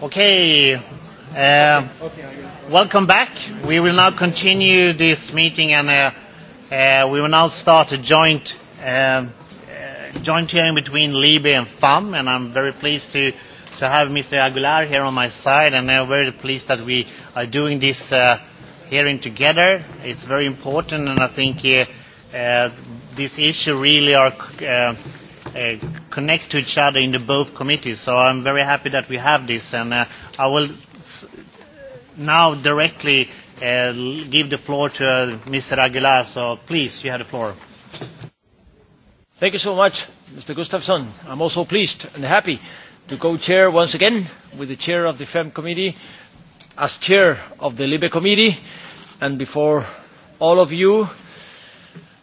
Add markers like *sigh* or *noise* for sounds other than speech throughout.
Okay, uh, welcome back. We will now continue this meeting and uh, uh, we will now start a joint, uh, uh, joint hearing between Libe and FAM and I'm very pleased to, to have Mr. Aguilar here on my side and I'm very pleased that we are doing this uh, hearing together. It's very important and I think uh, uh, this issue really are uh, uh, connect to each other in the both committees. So I'm very happy that we have this, and uh, I will s now directly uh, give the floor to uh, Mr. Aguilar. So please, you have the floor. Thank you so much, Mr. Gustafsson. I'm also pleased and happy to co-chair once again with the chair of the FEM committee, as chair of the LIBE committee, and before all of you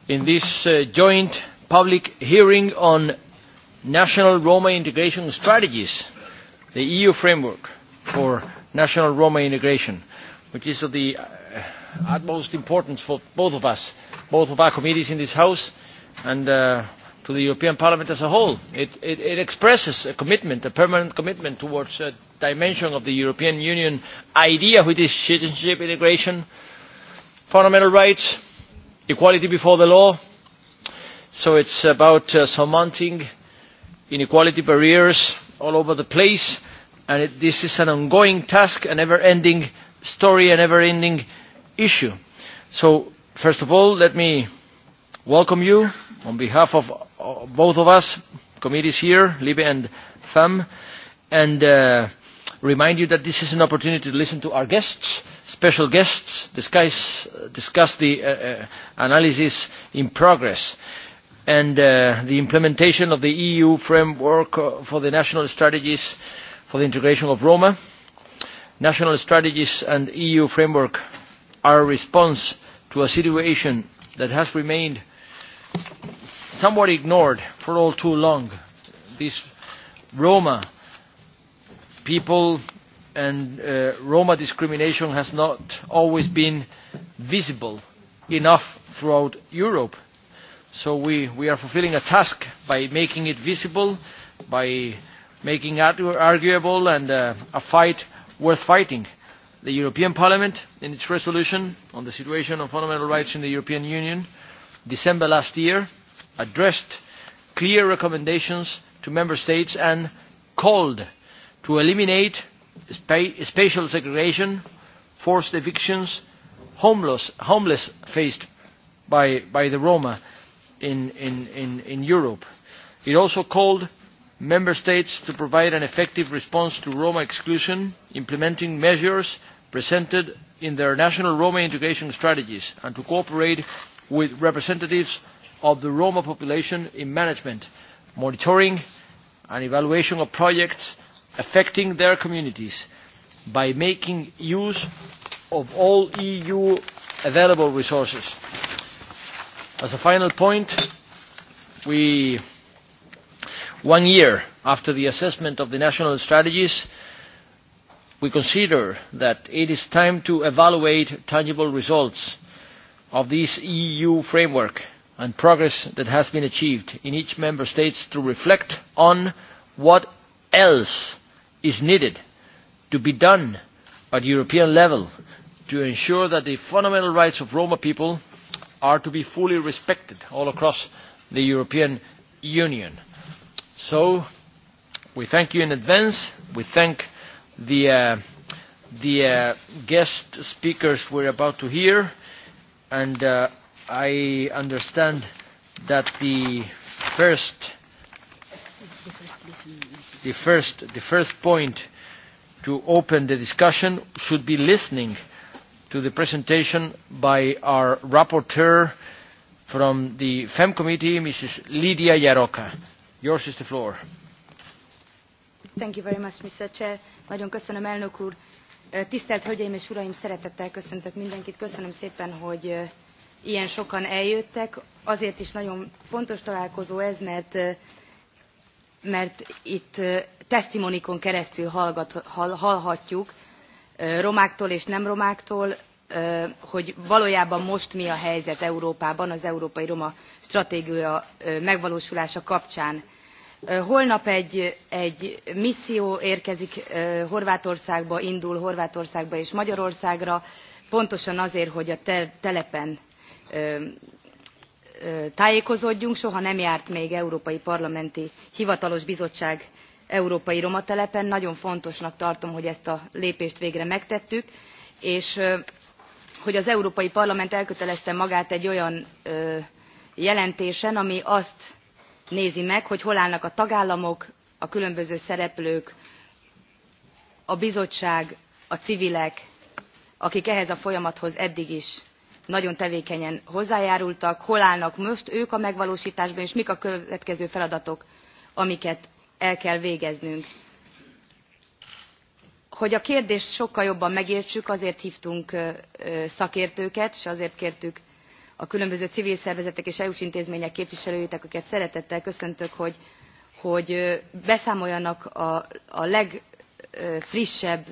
in this uh, joint public hearing on National Roma Integration Strategies, the EU framework for national Roma integration, which is of the uh utmost importance for both of us, both of our committees in this House and uh, to the European Parliament as a whole. It, it, it expresses a commitment, a permanent commitment towards a dimension of the European Union idea, which is citizenship, integration, fundamental rights, equality before the law. So it's about uh, surmounting inequality barriers all over the place, and it, this is an ongoing task, a never-ending story, a never-ending issue. So, first of all, let me welcome you on behalf of uh, both of us, committees here, Libe and FAM, and uh, remind you that this is an opportunity to listen to our guests, special guests, discuss, discuss the uh, uh, analysis in progress. Uh, and uh, the implementation of the EU framework uh, for the national strategies for the integration of Roma. National strategies and EU framework are a response to a situation that has remained somewhat ignored for all too long. These Roma people and uh, Roma discrimination has not always been visible enough throughout Europe So we, we are fulfilling a task by making it visible, by making it arguable and uh, a fight worth fighting. The European Parliament, in its resolution on the situation of fundamental rights in the European Union, December last year, addressed clear recommendations to member states and called to eliminate spatial segregation, forced evictions, homeless, homeless faced by, by the Roma, in, in, in, in Europe. It also called member states to provide an effective response to Roma exclusion, implementing measures presented in their national Roma integration strategies and to cooperate with representatives of the Roma population in management, monitoring and evaluation of projects affecting their communities by making use of all EU available resources. As a final point, we, one year after the assessment of the national strategies, we consider that it is time to evaluate tangible results of this EU framework and progress that has been achieved in each member States to reflect on what else is needed to be done at European level to ensure that the fundamental rights of Roma people are to be fully respected all across the European Union. So we thank you in advance. We thank the, uh, the uh, guest speakers we're about to hear. And uh, I understand that the first, the first, the first point to open the discussion should be listening to the presentation by our rapporteur from the FEM committee, Mrs. Lydia Jaroka. Yours is the floor. Thank you very much, Mr. Chair. Nagyon köszönöm, elnök úr. Tisztelt Hölgyeim és Uraim, szeretettel köszöntök mindenkit. Köszönöm szépen, hogy ilyen sokan eljöttek. Azért is nagyon fontos találkozó ez, mert, mert itt tesztimonikon keresztül hallgat, hall, hallhatjuk, romáktól és nem romáktól, hogy valójában most mi a helyzet Európában az Európai Roma Stratégia megvalósulása kapcsán. Holnap egy, egy misszió érkezik Horvátországba, indul Horvátországba és Magyarországra, pontosan azért, hogy a telepen tájékozódjunk, soha nem járt még Európai Parlamenti Hivatalos Bizottság európai roma telepen. Nagyon fontosnak tartom, hogy ezt a lépést végre megtettük, és hogy az Európai Parlament elkötelezte magát egy olyan jelentésen, ami azt nézi meg, hogy hol állnak a tagállamok, a különböző szereplők, a bizottság, a civilek, akik ehhez a folyamathoz eddig is nagyon tevékenyen hozzájárultak, hol állnak most ők a megvalósításban, és mik a következő feladatok, amiket el kell végeznünk. Hogy a kérdést sokkal jobban megértsük, azért hívtunk szakértőket, és azért kértük a különböző civil szervezetek és EU-s intézmények képviselőit, akiket szeretettel köszöntök, hogy, hogy beszámoljanak a, a legfrissebb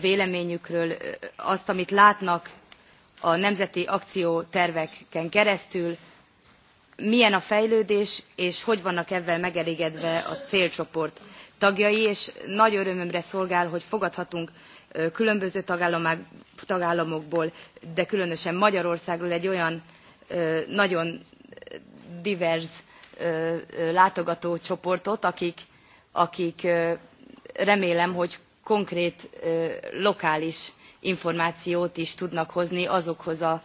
véleményükről azt, amit látnak a nemzeti terveken keresztül, milyen a fejlődés, és hogy vannak ebben megelégedve a célcsoport tagjai, és nagy örömömre szolgál, hogy fogadhatunk különböző tagállamokból, de különösen Magyarországról egy olyan nagyon divers látogatócsoportot, akik, akik remélem, hogy konkrét lokális információt is tudnak hozni azokhoz a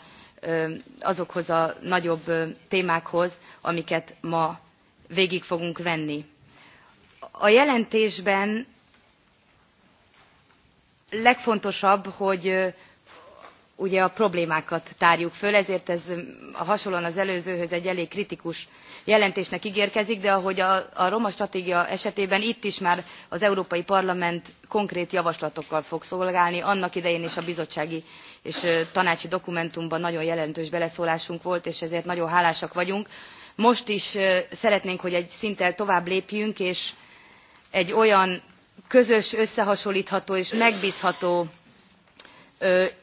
azokhoz a nagyobb témákhoz, amiket ma végig fogunk venni. A jelentésben legfontosabb, hogy ugye a problémákat tárjuk föl, ezért ez hasonlóan az előzőhöz egy elég kritikus jelentésnek ígérkezik, de ahogy a, a roma stratégia esetében itt is már az Európai Parlament konkrét javaslatokkal fog szolgálni, annak idején is a bizottsági és tanácsi dokumentumban nagyon jelentős beleszólásunk volt, és ezért nagyon hálásak vagyunk. Most is szeretnénk, hogy egy szinttel tovább lépjünk, és egy olyan közös, összehasonlítható és megbízható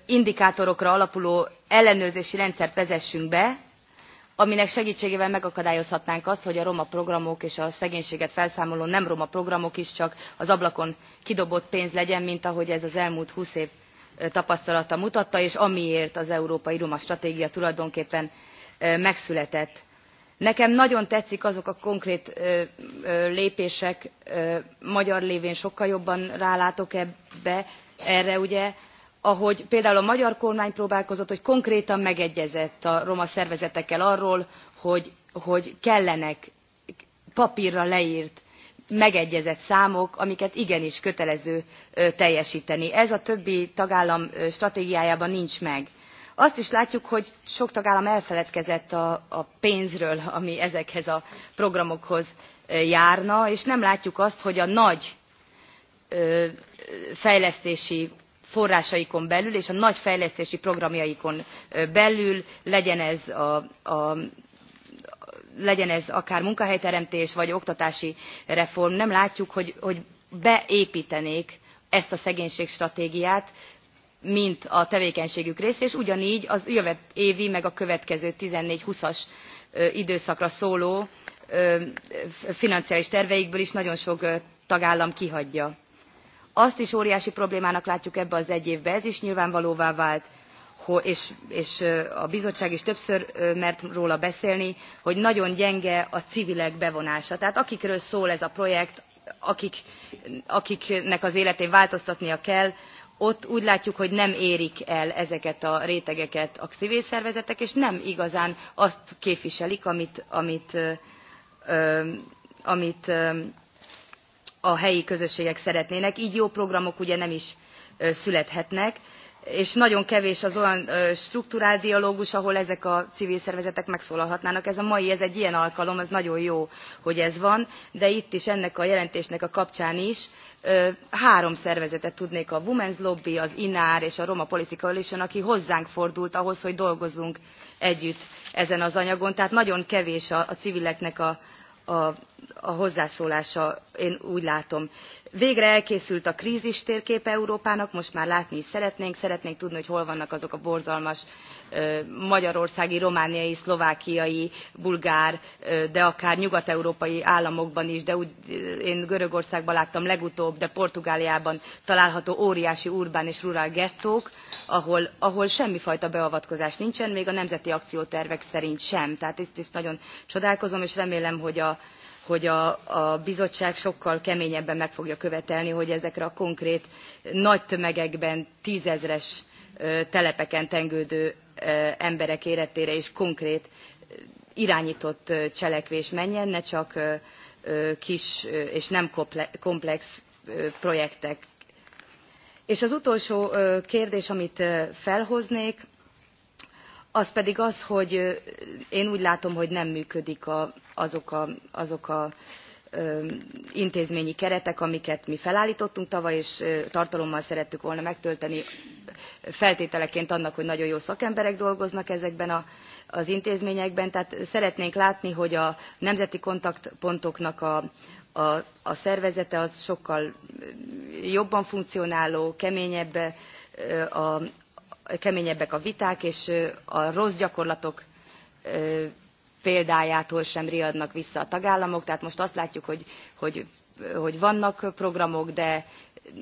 indikátorokra alapuló ellenőrzési rendszert vezessünk be, aminek segítségével megakadályozhatnánk azt, hogy a roma programok és a szegénységet felszámoló nem roma programok is csak az ablakon kidobott pénz legyen, mint ahogy ez az elmúlt 20 év tapasztalata mutatta, és amiért az Európai Roma Stratégia tulajdonképpen megszületett. Nekem nagyon tetszik azok a konkrét ö, ö, lépések, ö, magyar lévén sokkal jobban rálátok ebbe, erre ugye, ahogy például a magyar kormány próbálkozott, hogy konkrétan megegyezett a roma szervezetekkel arról, hogy, hogy kellenek papírra leírt megegyezett számok, amiket igenis kötelező teljesíteni. Ez a többi tagállam stratégiájában nincs meg. Azt is látjuk, hogy sok tagállam elfeledkezett a, a pénzről, ami ezekhez a programokhoz járna, és nem látjuk azt, hogy a nagy fejlesztési forrásaikon belül és a nagy fejlesztési programjaikon belül legyen ez a, a legyen ez akár munkahelyteremtés vagy oktatási reform, nem látjuk, hogy, hogy beépítenék ezt a szegénységstratégiát, mint a tevékenységük része, és ugyanígy az jövet évi, meg a következő 14-20-as időszakra szóló financiális terveikből is nagyon sok tagállam kihagyja. Azt is óriási problémának látjuk ebbe az egy évbe, ez is nyilvánvalóvá vált, és, és a bizottság is többször mert róla beszélni, hogy nagyon gyenge a civilek bevonása. Tehát akikről szól ez a projekt, akik, akiknek az életét változtatnia kell, ott úgy látjuk, hogy nem érik el ezeket a rétegeket a civil szervezetek, és nem igazán azt képviselik, amit, amit, amit a helyi közösségek szeretnének. Így jó programok ugye nem is születhetnek és nagyon kevés az olyan struktúrált dialógus, ahol ezek a civil szervezetek megszólalhatnának. Ez a mai, ez egy ilyen alkalom, ez nagyon jó, hogy ez van, de itt is ennek a jelentésnek a kapcsán is három szervezetet tudnék, a Women's Lobby, az INÁR és a Roma Policy Coalition, aki hozzánk fordult ahhoz, hogy dolgozzunk együtt ezen az anyagon. Tehát nagyon kevés a, a civileknek a a, a hozzászólása, én úgy látom. Végre elkészült a krízis térkép Európának, most már látni is szeretnénk, szeretnénk tudni, hogy hol vannak azok a borzalmas magyarországi, romániai, szlovákiai, bulgár, de akár nyugat-európai államokban is, de úgy én Görögországban láttam legutóbb, de Portugáliában található óriási urbán és rurál gettók, ahol, ahol semmifajta beavatkozás nincsen, még a nemzeti akciótervek szerint sem. Tehát ezt is nagyon csodálkozom, és remélem, hogy a, hogy a, a bizottság sokkal keményebben meg fogja követelni, hogy ezekre a konkrét nagy tömegekben tízezres telepeken tengődő emberek életére is konkrét irányított cselekvés menjen, ne csak kis és nem komplex projektek. És az utolsó kérdés, amit felhoznék, az pedig az, hogy én úgy látom, hogy nem működik a, azok a, azok a intézményi keretek, amiket mi felállítottunk tavaly, és tartalommal szerettük volna megtölteni feltételeként annak, hogy nagyon jó szakemberek dolgoznak ezekben a, az intézményekben. Tehát szeretnénk látni, hogy a nemzeti kontaktpontoknak a, a, a szervezete az sokkal jobban funkcionáló, keményebb a, keményebbek a viták, és a rossz gyakorlatok példájától sem riadnak vissza a tagállamok, tehát most azt látjuk, hogy, hogy, hogy vannak programok, de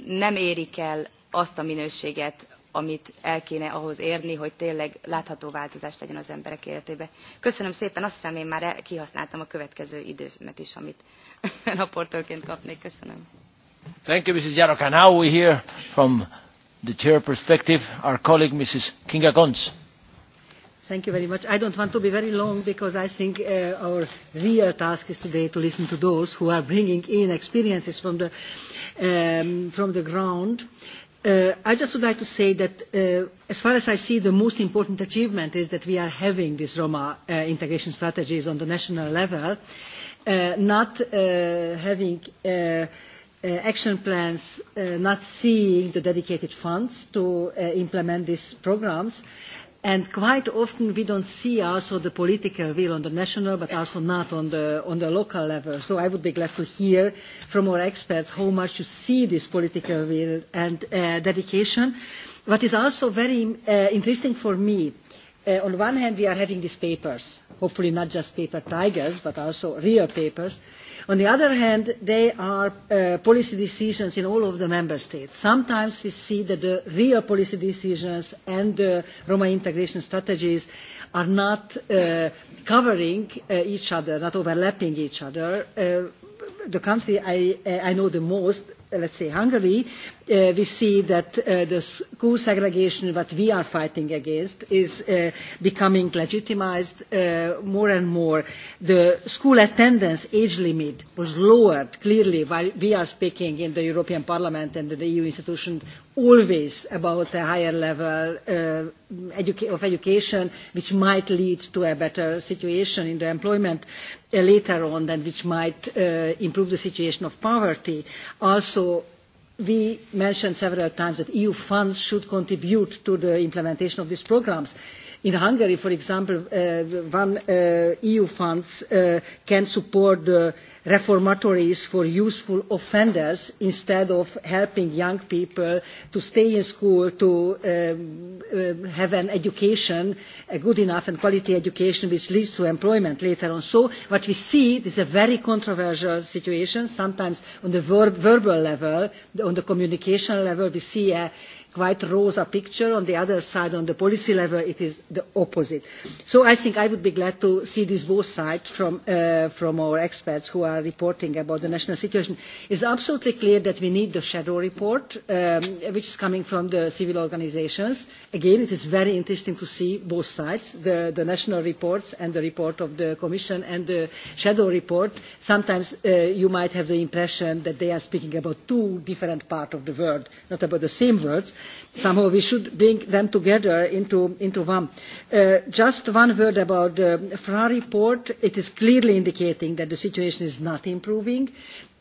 nem érik el azt a minőséget, amit el kéne ahhoz érni, hogy tényleg látható változást legyen az emberek életébe. Köszönöm szépen, azt hiszem én már kihasználtam a következő időmet is, amit *laughs* raportőrként kapnék. Köszönöm. Thank you, Mrs. Yaroka. Now we hear from the chair perspective our colleague, Mrs. Kinga Gons. Thank you very much. I don't want to be very long because I think uh, our real task is today to listen to those who are bringing in experiences from the, um, from the ground. Uh, I just would like to say that uh, as far as I see the most important achievement is that we are having these Roma uh, integration strategies on the national level, uh, not uh, having uh, uh, action plans, uh, not seeing the dedicated funds to uh, implement these programs. And quite often we don't see also the political will on the national, but also not on the, on the local level. So I would be glad to hear from our experts how much you see this political will and uh, dedication. What is also very uh, interesting for me, uh, on one hand we are having these papers, hopefully not just paper tigers, but also real papers, uh, On the other hand, they are uh, policy decisions in all of the member states. Sometimes we see that the real policy decisions and the Roma integration strategies are not uh, covering uh, each other, not overlapping each other. Uh, the country I, uh, I know the most let's say, Hungary, uh, we see that uh, the school segregation that we are fighting against is uh, becoming legitimized uh, more and more. The school attendance age limit was lowered clearly while we are speaking in the European Parliament and the EU institutions always about a higher level uh, educa of education which might lead to a better situation in the employment uh, later on and which might uh, improve the situation of poverty. Also, we mentioned several times that EU funds should contribute to the implementation of these programs. Uh, In Hungary, for example, uh, one uh, EU funds uh, can support the reformatories for useful offenders instead of helping young people to stay in school, to um, uh, have an education, a good enough and quality education which leads to employment later on. So what we see is a very controversial situation, sometimes on the ver verbal level, on the communication level, we see a, quite rosa picture. On the other side, on the policy level, it is the opposite. So I think I would be glad to see this both sides from, uh, from our experts who are reporting about the national situation. It's absolutely clear that we need the shadow report, um, which is coming from the civil organizations. Again, it is very interesting to see both sides, the, the national reports and the report of the Commission and the shadow report. Sometimes uh, you might have the impression that they are speaking about two different parts of the world, not about the same words, somehow we should bring them together into, into one. Uh, just one word about the FRA report. It is clearly indicating that the situation is not improving.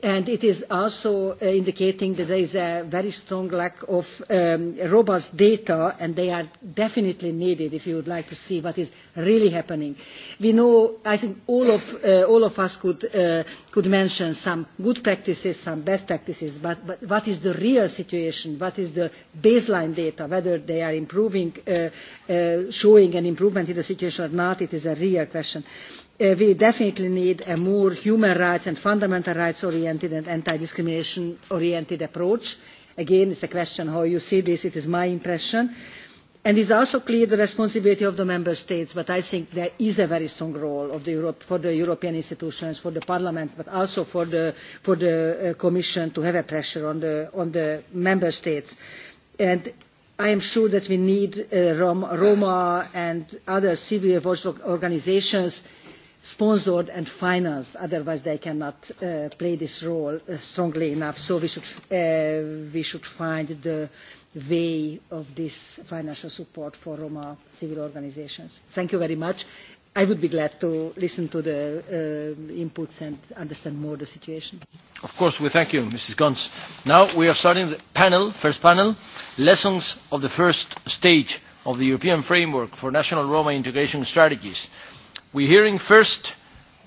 And it is also uh, indicating that there is a very strong lack of um, robust data, and they are definitely needed if you would like to see what is really happening. We know, I think all of, uh, all of us could, uh, could mention some good practices, some bad practices, but, but what is the real situation? What is the baseline data? Whether they are improving, uh, uh, showing an improvement in the situation or not, it is a real question. Uh, we definitely need a more human rights and fundamental rights oriented and anti-discrimination oriented approach. Again, it's a question how you see this, it is my impression. And it's also clear the responsibility of the member states, but I think there is a very strong role of the Europe, for the European institutions, for the Parliament, but also for the, for the uh, Commission to have a pressure on the, on the member states. And I am sure that we need uh, Roma and other civil watchdog organizations sponsored and financed, otherwise they cannot uh, play this role uh, strongly enough. So we should, uh, we should find the way of this financial support for Roma civil organizations. Thank you very much. I would be glad to listen to the uh, inputs and understand more the situation. Of course, we thank you, Mrs. Gons. Now we are starting the panel, first panel, lessons of the first stage of the European framework for national Roma integration strategies We're hearing first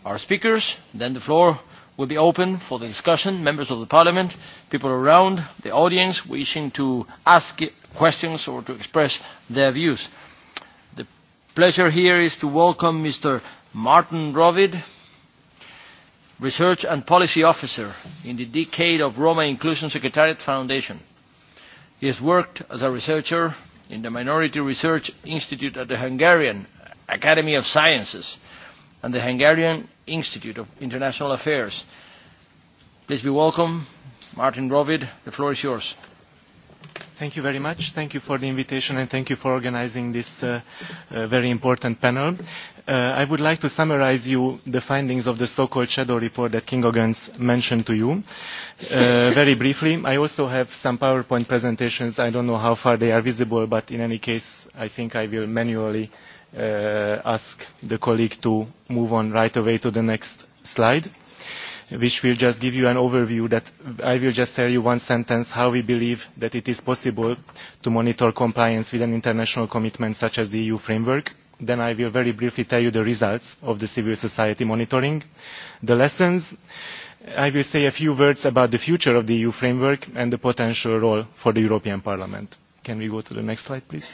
our speakers, then the floor will be open for the discussion, members of the parliament, people around the audience wishing to ask questions or to express their views. The pleasure here is to welcome Mr. Martin Rovid, Research and Policy Officer in the Decade of Roma Inclusion Secretariat Foundation. He has worked as a researcher in the Minority Research Institute at the Hungarian Academy of Sciences and the Hungarian Institute of International Affairs. Please be welcome, Martin Rovid, the floor is yours. Thank you very much. Thank you for the invitation and thank you for organizing this uh, uh, very important panel. Uh, I would like to summarize you the findings of the so-called shadow report that King Ogans mentioned to you. Uh, very briefly, I also have some PowerPoint presentations. I don't know how far they are visible, but in any case, I think I will manually uh, ask the colleague to move on right away to the next slide which will just give you an overview that I will just tell you one sentence how we believe that it is possible to monitor compliance with an international commitment such as the EU framework. Then I will very briefly tell you the results of the civil society monitoring, the lessons. I will say a few words about the future of the EU framework and the potential role for the European Parliament. Can we go to the next slide, please?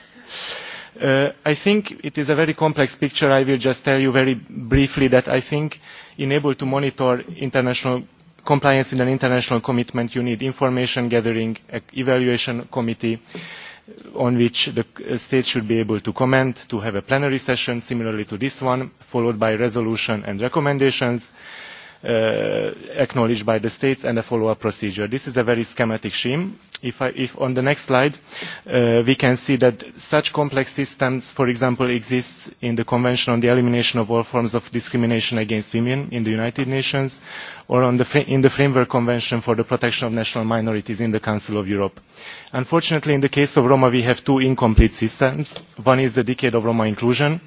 Uh, I think it is a very complex picture. I will just tell you very briefly that I think in able to monitor international compliance in an international commitment, you need information gathering, evaluation committee uh, on which the uh, state should be able to comment, to have a plenary session similarly to this one, followed by resolution and recommendations. Uh, uh, acknowledged by the states and a follow-up procedure. This is a very schematic scheme. If, I, if on the next slide, uh, we can see that such complex systems, for example, exist in the Convention on the Elimination of All Forms of Discrimination Against Women in the United Nations or on the, in the Framework Convention for the Protection of National Minorities in the Council of Europe. Unfortunately, in the case of Roma, we have two incomplete systems. One is the Decade of Roma Inclusion.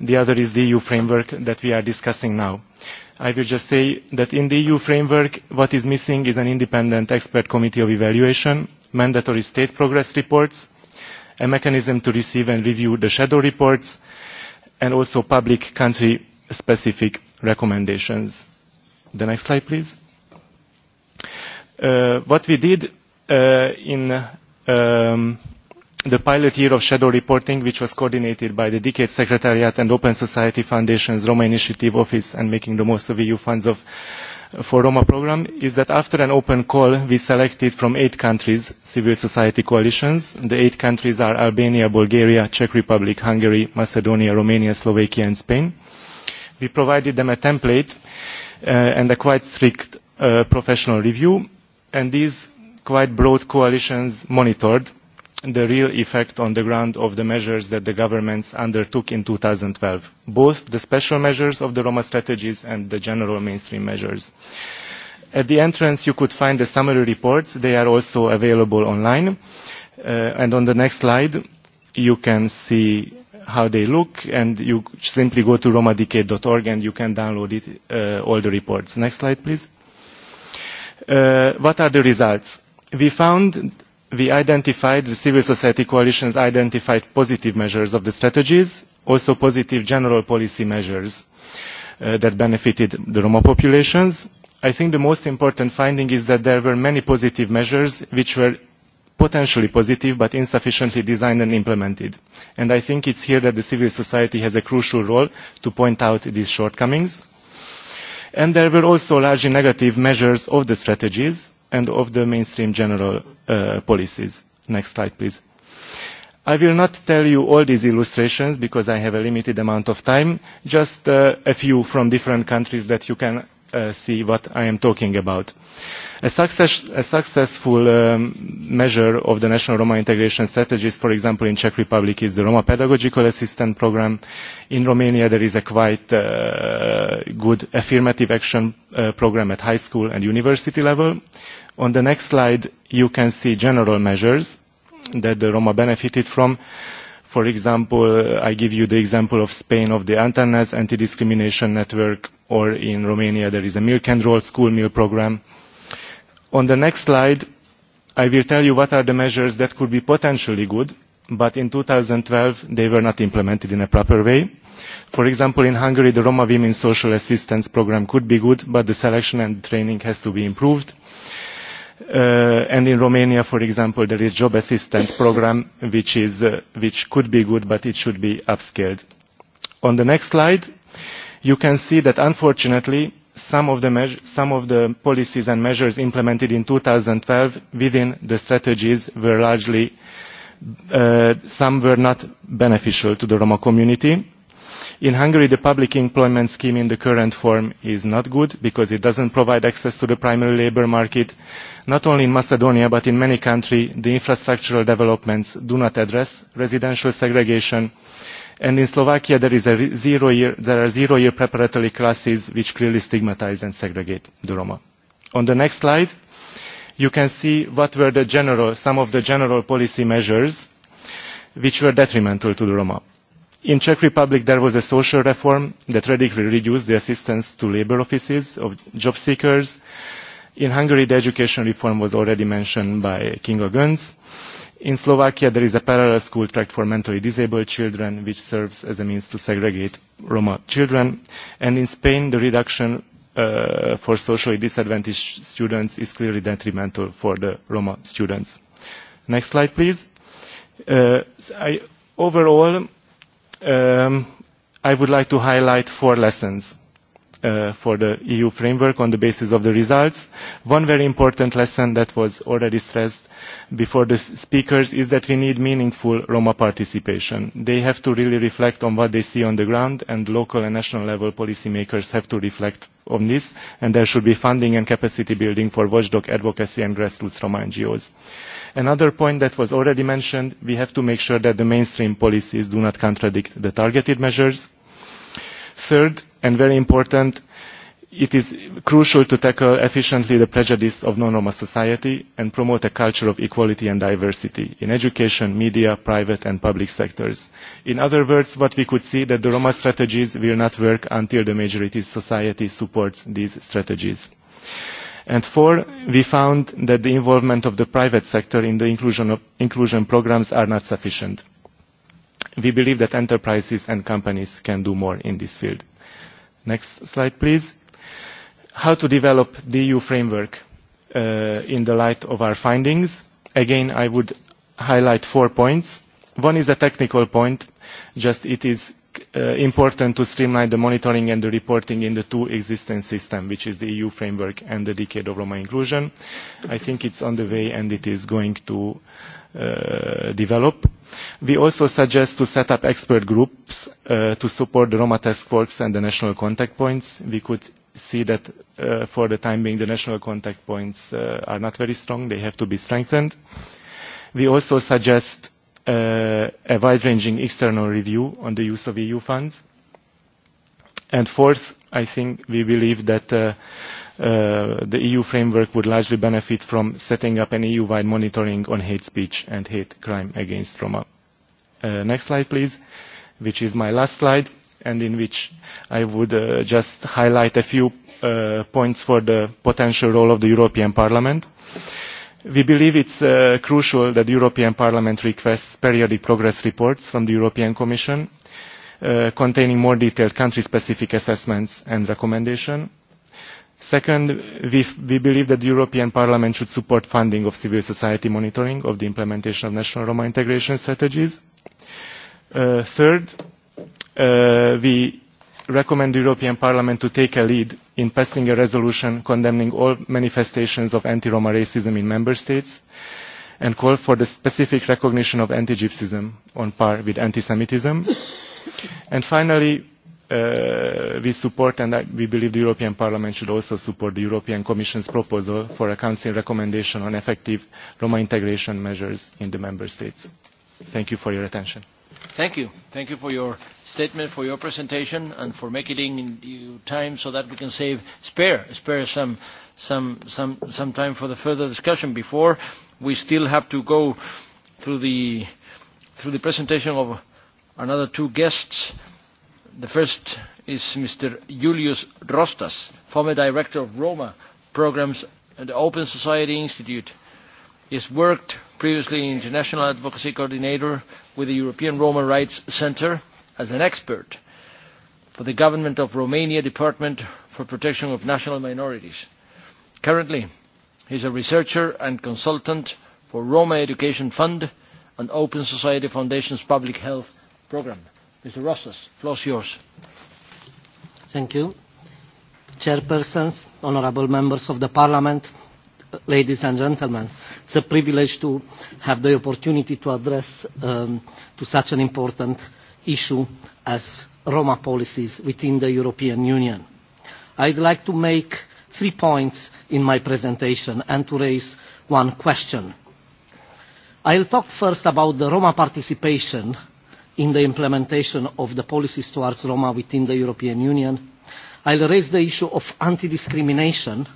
The other is the EU framework that we are discussing now. Uh, I will just say that in the EU framework, what is missing is an independent expert committee of evaluation, mandatory state progress reports, a mechanism to receive and review the shadow reports, and also public country-specific recommendations. The next slide, please. Uh, what we did uh, in um, the pilot year of shadow reporting, which was coordinated by the Decade Secretariat and Open Society Foundation's Roma Initiative Office and making the most of EU funds of, for Roma program, is that after an open call, we selected from eight countries, civil society coalitions. The eight countries are Albania, Bulgaria, Czech Republic, Hungary, Macedonia, Romania, Slovakia, and Spain. We provided them a template uh, and a quite strict uh, professional review, and these quite broad coalitions monitored the real effect on the ground of the measures that the governments undertook in 2012, both the special measures of the Roma strategies and the general mainstream measures. At the entrance, you could find the summary reports. They are also available online. Uh, and on the next slide, you can see how they look, and you simply go to romadecade.org and you can download it, uh, all the reports. Next slide, please. Uh, what are the results? We found we identified, the civil society coalitions identified positive measures of the strategies, also positive general policy measures uh, that benefited the Roma populations. I think the most important finding is that there were many positive measures which were potentially positive but insufficiently designed and implemented. And I think it's here that the civil society has a crucial role to point out these shortcomings. And there were also largely negative measures of the strategies, and of the mainstream general uh, policies. Next slide, please. I will not tell you all these illustrations because I have a limited amount of time, just uh, a few from different countries that you can uh, see what I am talking about. A, success, a successful um, measure of the national Roma integration strategies, for example, in Czech Republic is the Roma Pedagogical Assistance Program. In Romania, there is a quite uh, good affirmative action uh, program at high school and university level. On the next slide, you can see general measures that the Roma benefited from. For example, I give you the example of Spain of the Antanas anti-discrimination network, or in Romania there is a milk and roll school meal program. On the next slide, I will tell you what are the measures that could be potentially good, but in 2012 they were not implemented in a proper way. For example, in Hungary, the Roma Women Social Assistance Program could be good, but the selection and training has to be improved. Uh, and in Romania, for example, there is job assistance program, which, is, uh, which could be good, but it should be upscaled. On the next slide, you can see that unfortunately, some of the, some of the policies and measures implemented in 2012 within the strategies were largely, uh, some were not beneficial to the Roma community In Hungary, the public employment scheme in the current form is not good because it doesn't provide access to the primary labor market. Not only in Macedonia, but in many countries, the infrastructural developments do not address residential segregation. And in Slovakia, there, is a zero year, there are zero-year preparatory classes which clearly stigmatize and segregate the Roma. On the next slide, you can see what were the general, some of the general policy measures which were detrimental to the Roma. In Czech Republic, there was a social reform that radically reduced the assistance to labor offices of job seekers. In Hungary, the education reform was already mentioned by King Gönz. In Slovakia, there is a parallel school tract for mentally disabled children, which serves as a means to segregate Roma children. And in Spain, the reduction uh, for socially disadvantaged students is clearly detrimental for the Roma students. Next slide, please. Uh, I, overall, um, I would like to highlight four lessons uh, for the EU framework on the basis of the results. One very important lesson that was already stressed before the speakers is that we need meaningful Roma participation. They have to really reflect on what they see on the ground and local and national level policymakers have to reflect on this and there should be funding and capacity building for watchdog advocacy and grassroots Roma NGOs. Another point that was already mentioned, we have to make sure that the mainstream policies do not contradict the targeted measures. Third, and very important, it is crucial to tackle efficiently the prejudice of non-Roma society and promote a culture of equality and diversity in education, media, private and public sectors. In other words, what we could see that the Roma strategies will not work until the majority society supports these strategies. And four, we found that the involvement of the private sector in the inclusion, of, inclusion programs are not sufficient. We believe that enterprises and companies can do more in this field. Next slide, please. How to develop the EU framework uh, in the light of our findings. Again, I would highlight four points. One is a technical point, just it is uh, important to streamline the monitoring and the reporting in the two existing systems, which is the EU framework and the Decade of Roma Inclusion. I think it's on the way and it is going to uh, develop. We also suggest to set up expert groups uh, to support the Roma task force and the national contact points. We could see that uh, for the time being the national contact points uh, are not very strong. They have to be strengthened. We also suggest uh, a wide-ranging external review on the use of EU funds. And fourth, I think we believe that uh, Uh, the EU framework would largely benefit from setting up an EU-wide monitoring on hate speech and hate crime against Roma. Uh, next slide, please, which is my last slide, and in which I would uh, just highlight a few uh, points for the potential role of the European Parliament. We believe it's uh, crucial that the European Parliament requests periodic progress reports from the European Commission uh, containing more detailed country-specific assessments and recommendations Second, we, we believe that the European Parliament should support funding of civil society monitoring of the implementation of national Roma integration strategies. Uh, third, uh, we recommend the European Parliament to take a lead in passing a resolution condemning all manifestations of anti-Roma racism in member states and call for the specific recognition of anti-Gypsism on par with anti-Semitism. and finally, uh, we support and I, we believe the European Parliament should also support the European Commission's proposal for a Council recommendation on effective Roma integration measures in the Member States. Thank you for your attention. Thank you. Thank you for your statement, for your presentation, and for making time so that we can save, spare, spare some, some, some, some time for the further discussion before we still have to go through the, through the presentation of another two guests. The first is Mr. Julius Rostas, former director of Roma programs at the Open Society Institute. He has worked previously in international advocacy coordinator with the European Roma Rights Center as an expert for the government of Romania Department for Protection of National Minorities. Currently, he is a researcher and consultant for Roma Education Fund and Open Society Foundation's Public Health Programme. Mr. Rosas, floor is yours. Thank you. Chairpersons, honorable members of the Parliament, ladies and gentlemen, it's a privilege to have the opportunity to address um, to such an important issue as Roma policies within the European Union. I'd like to make three points in my presentation and to raise one question. I'll talk first about the Roma participation in the implementation of the policies towards Roma within the European Union. I'll raise the issue of anti-discrimination.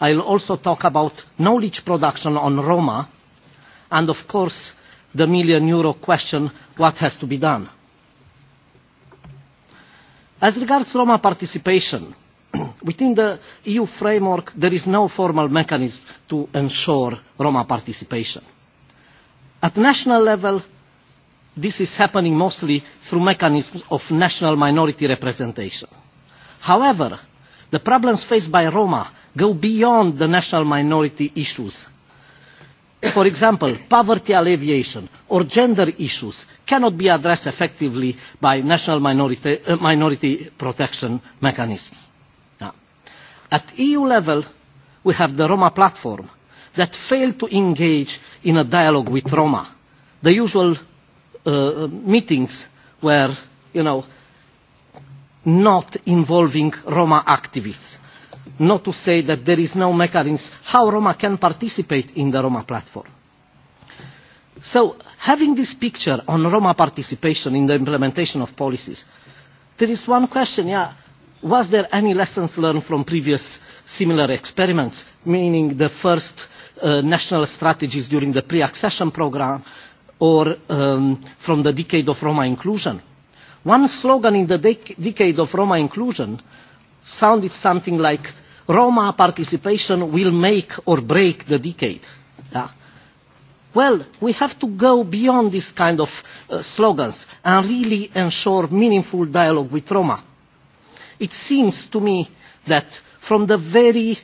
I'll also talk about knowledge production on Roma and of course the million euro question, what has to be done? As regards Roma participation, *clears throat* within the EU framework there is no formal mechanism to ensure Roma participation. At national level, this is happening mostly through mechanisms of national minority representation. However, the problems faced by Roma go beyond the national minority issues. For example, poverty alleviation or gender issues cannot be addressed effectively by national minority, uh, minority protection mechanisms. Now, at EU level, we have the Roma platform that failed to engage in a dialogue with Roma, the usual uh, meetings were, you know, not involving Roma activists. Not to say that there is no mechanism how Roma can participate in the Roma platform. So having this picture on Roma participation in the implementation of policies, there is one question, yeah, was there any lessons learned from previous similar experiments, meaning the first uh, national strategies during the pre-accession program, or um, from the decade of Roma inclusion. One slogan in the dec decade of Roma inclusion sounded something like Roma participation will make or break the decade. Yeah. Well, we have to go beyond this kind of uh, slogans and really ensure meaningful dialogue with Roma. It seems to me that from the very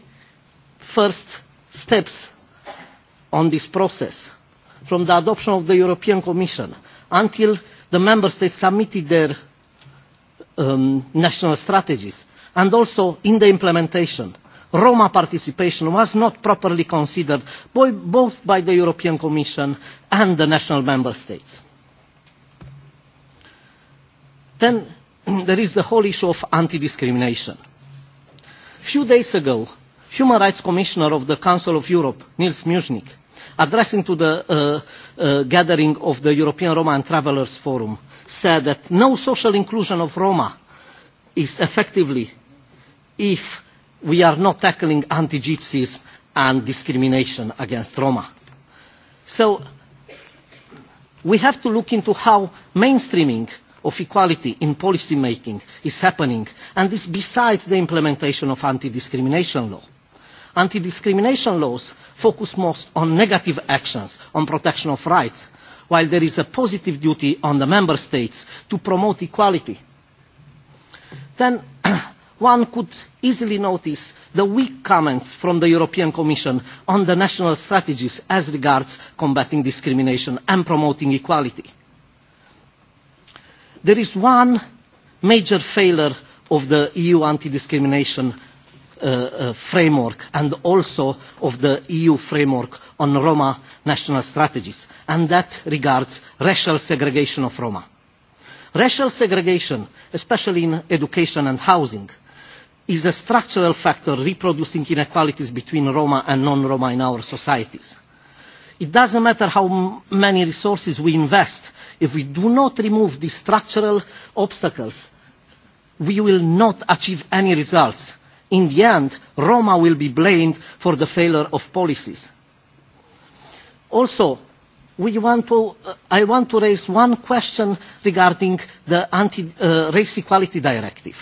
first steps on this process, from the adoption of the European Commission until the member states submitted their um, national strategies and also in the implementation. Roma participation was not properly considered by, both by the European Commission and the national member states. Then *clears throat* there is the whole issue of anti-discrimination. A few days ago, Human Rights Commissioner of the Council of Europe, Nils Muznik, addressing to the uh, uh, gathering of the European Roma and Travelers Forum, said that no social inclusion of Roma is effectively if we are not tackling anti-Gypsyism and discrimination against Roma. So we have to look into how mainstreaming of equality in policy making is happening, and this besides the implementation of anti-discrimination law. Anti-discrimination laws focus most on negative actions on protection of rights, while there is a positive duty on the member states to promote equality. Then *clears throat* one could easily notice the weak comments from the European Commission on the national strategies as regards combating discrimination and promoting equality. There is one major failure of the EU anti-discrimination Uh, uh, framework and also of the EU framework on Roma national strategies. And that regards racial segregation of Roma. Racial segregation, especially in education and housing, is a structural factor reproducing inequalities between Roma and non-Roma in our societies. It doesn't matter how many resources we invest, if we do not remove these structural obstacles, we will not achieve any results In the end, Roma will be blamed for the failure of policies. Also, we want to, uh, I want to raise one question regarding the Anti-Race uh, Equality Directive.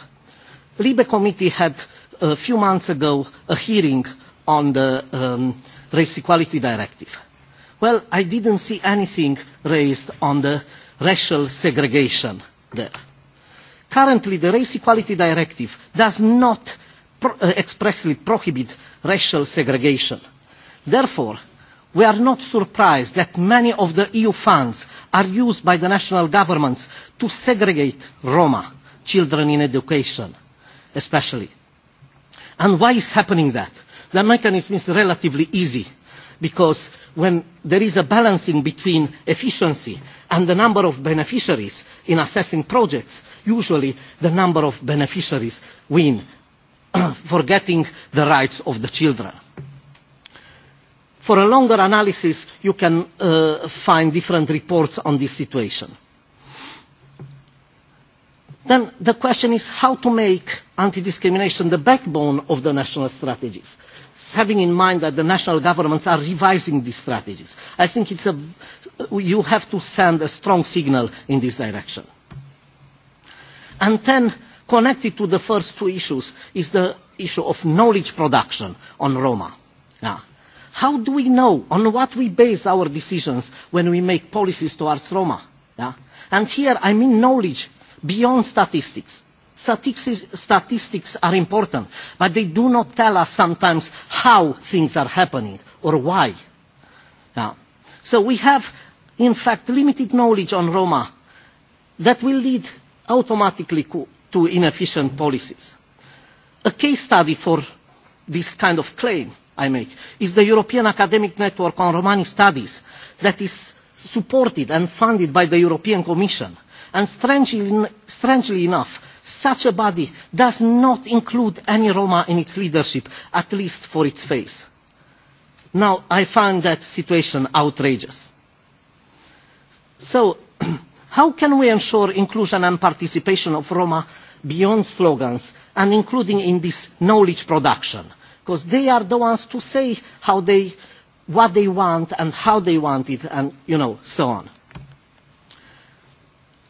Libe Committee had a uh, few months ago a hearing on the um, Race Equality Directive. Well, I didn't see anything raised on the racial segregation there. Currently, the Race Equality Directive does not pro eh, expressly prohibit racial segregation. Therefore, we are not surprised that many of the EU funds are used by the national governments to segregate Roma children in education, especially. And why is happening that? The mechanism is relatively easy because when there is a balancing between efficiency and the number of beneficiaries in assessing projects, usually the number of beneficiaries win *coughs* forgetting the rights of the children. For a longer analysis, you can uh, find different reports on this situation. Then the question is how to make anti-discrimination the backbone of the national strategies, having in mind that the national governments are revising these strategies. I think it's a, you have to send a strong signal in this direction. And then Connected to the first two issues is the issue of knowledge production on Roma. Yeah. How do we know on what we base our decisions when we make policies towards Roma? Yeah? And here I mean knowledge beyond statistics. Statistics, statistics are important, but they do not tell us sometimes how things are happening or why. Yeah. So we have, in fact, limited knowledge on Roma that will lead automatically to inefficient policies. A case study for this kind of claim I make is the European Academic Network on Romani Studies that is supported and funded by the European Commission. And strangely, strangely enough, such a body does not include any Roma in its leadership, at least for its face. Now, I find that situation outrageous. So, *clears throat* how can we ensure inclusion and participation of Roma beyond slogans and including in this knowledge production because they are the ones to say how they what they want and how they want it and you know so on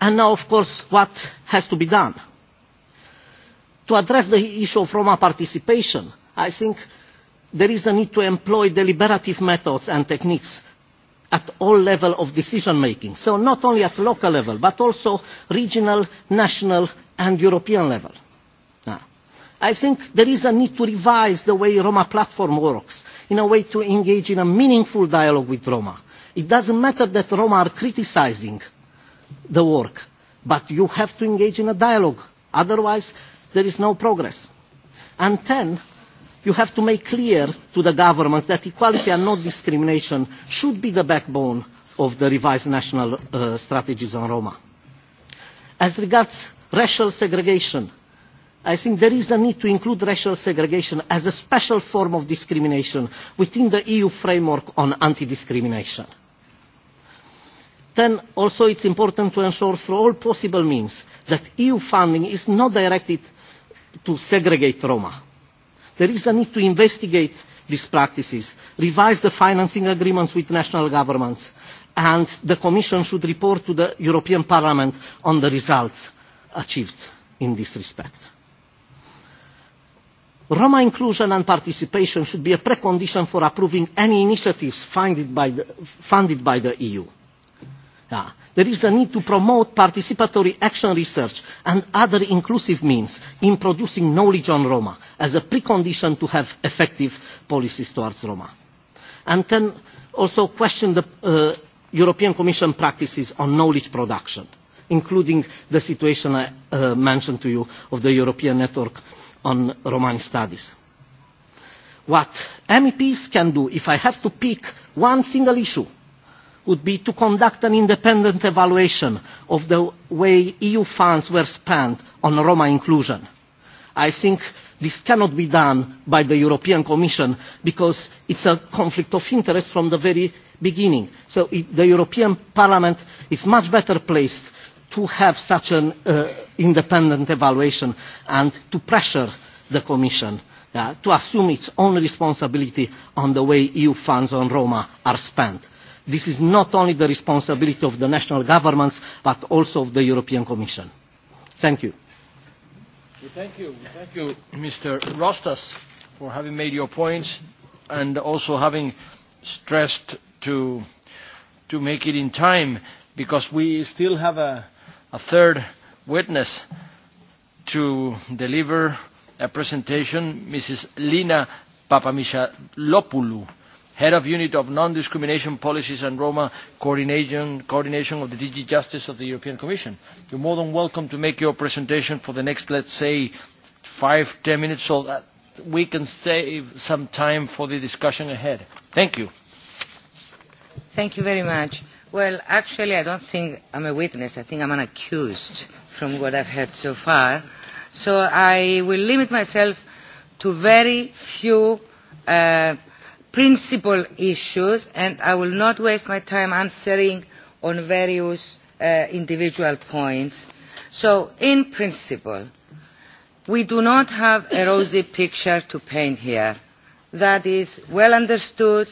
and now of course what has to be done to address the issue of Roma participation I think there is a need to employ deliberative methods and techniques at all level of decision making. So not only at local level, but also regional, national, and European level. Now, ah. I think there is a need to revise the way Roma platform works in a way to engage in a meaningful dialogue with Roma. It doesn't matter that Roma are criticizing the work, but you have to engage in a dialogue. Otherwise, there is no progress. And then, you have to make clear to the governments that equality and not discrimination should be the backbone of the revised national uh, strategies on Roma. As regards racial segregation. I think there is a need to include racial segregation as a special form of discrimination within the EU framework on anti-discrimination. Then also it's important to ensure through all possible means that EU funding is not directed to segregate Roma. There is a need to investigate these practices, revise the financing agreements with national governments, and the Commission should report to the European Parliament on the results achieved in this respect. Roma inclusion and participation should be a precondition for approving any initiatives funded by the, funded by the EU. Yeah. There is a need to promote participatory action research and other inclusive means in producing knowledge on Roma as a precondition to have effective policies towards Roma. And then also question the uh, European Commission practices on knowledge production including the situation I uh, mentioned to you of the European Network on Romani Studies. What MEPs can do, if I have to pick one single issue, would be to conduct an independent evaluation of the way EU funds were spent on Roma inclusion. I think this cannot be done by the European Commission because it's a conflict of interest from the very beginning. So it, the European Parliament is much better placed to have such an uh, independent evaluation and to pressure the Commission uh, to assume its own responsibility on the way EU funds on Roma are spent. This is not only the responsibility of the national governments, but also of the European Commission. Thank you. We thank you. We thank you, Mr. Rostas, for having made your points and also having stressed to, to make it in time, because we still have a a third witness to deliver a presentation, Mrs. Lina Papamichalopoulou, Head of Unit of Non-Discrimination Policies and Roma Coordination, Coordination of the DG Justice of the European Commission. You're more than welcome to make your presentation for the next, let's say, five, ten minutes so that we can save some time for the discussion ahead. Thank you. Thank you very much. Well, actually, I don't think I'm a witness. I think I'm an accused from what I've heard so far. So I will limit myself to very few uh, principal issues, and I will not waste my time answering on various uh, individual points. So, in principle, we do not have a rosy picture to paint here. That is well understood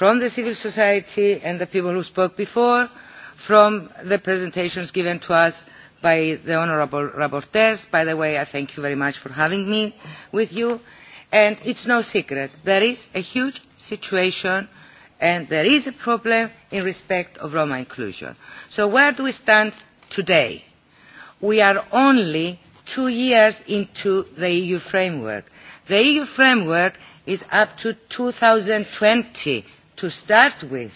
from the civil society and the people who spoke before, from the presentations given to us by the honourable rapporteurs. By the way, I thank you very much for having me with you. And it's no secret, there is a huge situation and there is a problem in respect of Roma inclusion. So where do we stand today? We are only two years into the EU framework. The EU framework is up to 2020 to start with.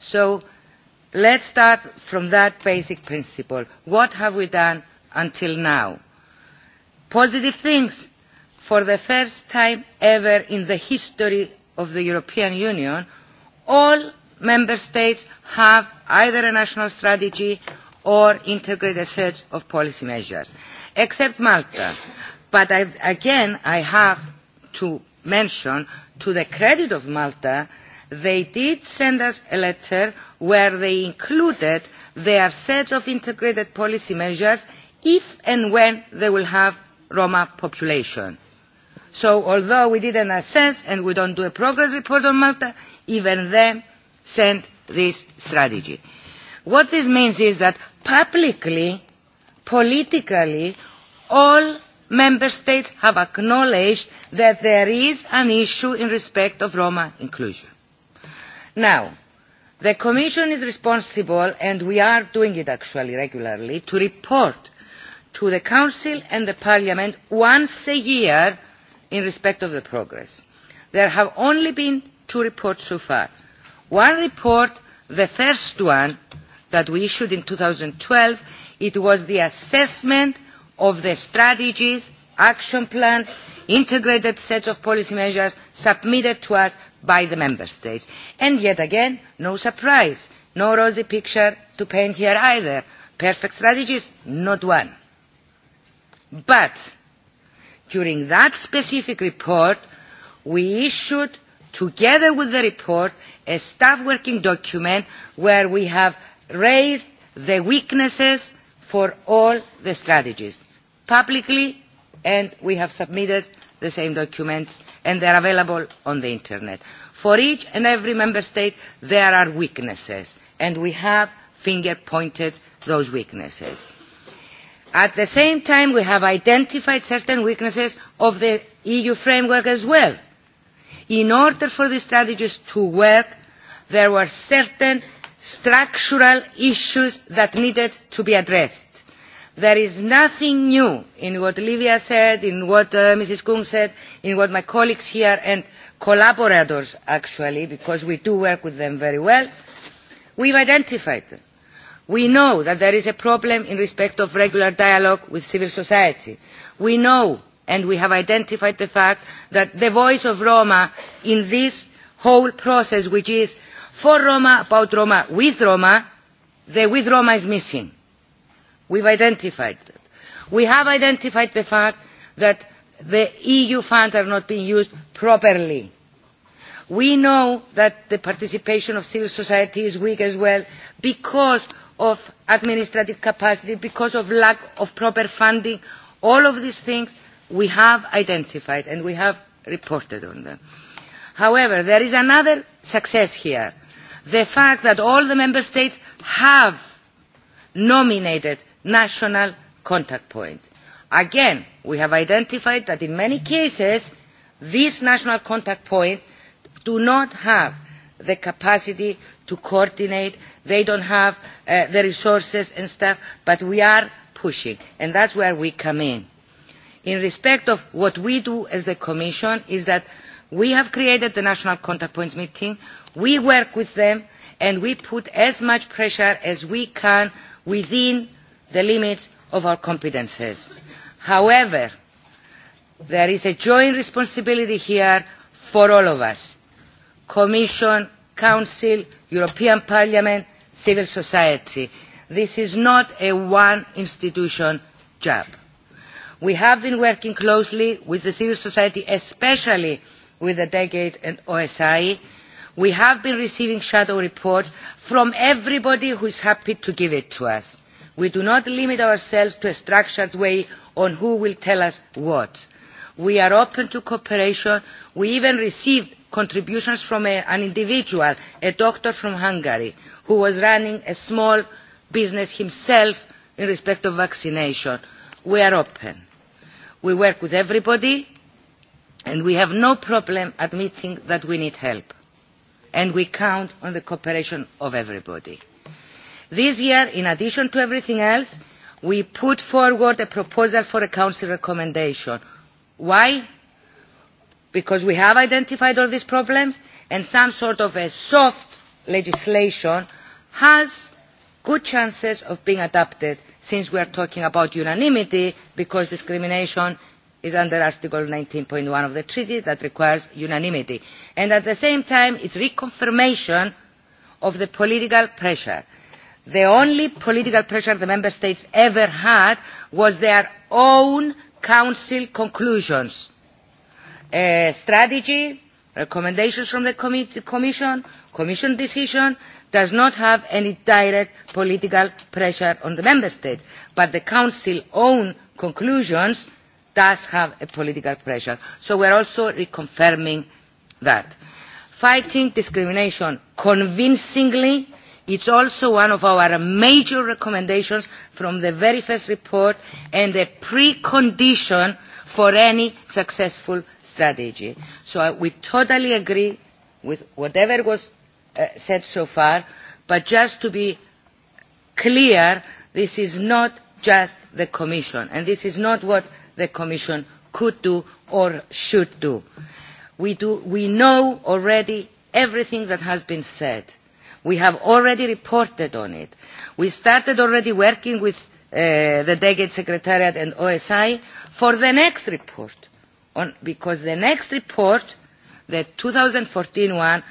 So let's start from that basic principle. What have we done until now? Positive things. For the first time ever in the history of the European Union, all member states have either a national strategy or integrated set of policy measures, except Malta. But I, again, I have to mention, to the credit of Malta, They did send us a letter where they included their set of integrated policy measures if and when they will have Roma population. So although we didn't assess and we don't do a progress report on Malta, even them sent this strategy. What this means is that publicly, politically, all member states have acknowledged that there is an issue in respect of Roma inclusion. Now, the Commission is responsible, and we are doing it actually regularly, to report to the Council and the Parliament once a year in respect of the progress. There have only been two reports so far. One report, the first one that we issued in 2012, it was the assessment of the strategies, action plans, integrated sets of policy measures submitted to us by the member states. And yet again, no surprise, no rosy picture to paint here either. Perfect strategies, not one. But during that specific report, we issued, together with the report, a staff working document where we have raised the weaknesses for all the strategies, publicly, and we have submitted the same documents and they are available on the internet. For each and every member state there are weaknesses and we have finger pointed those weaknesses. At the same time we have identified certain weaknesses of the EU framework as well. In order for the strategies to work there were certain structural issues that needed to be addressed There is nothing new in what Livia said, in what uh, Mrs. Kung said, in what my colleagues here and collaborators actually, because we do work with them very well. We've identified them. We know that there is a problem in respect of regular dialogue with civil society. We know and we have identified the fact that the voice of Roma in this whole process, which is for Roma, about Roma, with Roma, the with Roma is missing. We've identified that. We have identified the fact that the EU funds are not being used properly. We know that the participation of civil society is weak as well because of administrative capacity, because of lack of proper funding. All of these things we have identified and we have reported on them. However, there is another success here. The fact that all the member states have nominated national contact points. Again, we have identified that in many cases, these national contact points do not have the capacity to coordinate, they don't have uh, the resources and stuff, but we are pushing, and that's where we come in. In respect of what we do as the Commission is that we have created the National Contact Points meeting, we work with them, and we put as much pressure as we can within the limits of our competences. However, there is a joint responsibility here for all of us, Commission, Council, European Parliament, civil society. This is not a one institution job. We have been working closely with the civil society, especially with the Decade and OSI, We have been receiving shadow reports from everybody who is happy to give it to us. We do not limit ourselves to a structured way on who will tell us what. We are open to cooperation. We even received contributions from a, an individual, a doctor from Hungary, who was running a small business himself in respect of vaccination. We are open. We work with everybody, and we have no problem admitting that we need help and we count on the cooperation of everybody. This year, in addition to everything else, we put forward a proposal for a Council recommendation. Why? Because we have identified all these problems and some sort of a soft legislation has good chances of being adopted since we are talking about unanimity because discrimination is under Article 19.1 of the treaty that requires unanimity. And at the same time, it's reconfirmation of the political pressure. The only political pressure the member states ever had was their own council conclusions, A strategy, recommendations from the commission, commission decision, does not have any direct political pressure on the member states. But the council own conclusions does have a political pressure. So we're also reconfirming that. Fighting discrimination convincingly is also one of our major recommendations from the very first report and a precondition for any successful strategy. So we totally agree with whatever was uh, said so far, but just to be clear, this is not just the Commission, and this is not what the Commission could do or should do. We, do, we know already everything that has been said. We have already reported on it. We started already working with uh, the Degate Secretariat and OSI for the next report, on, because the next report, the 2014 one,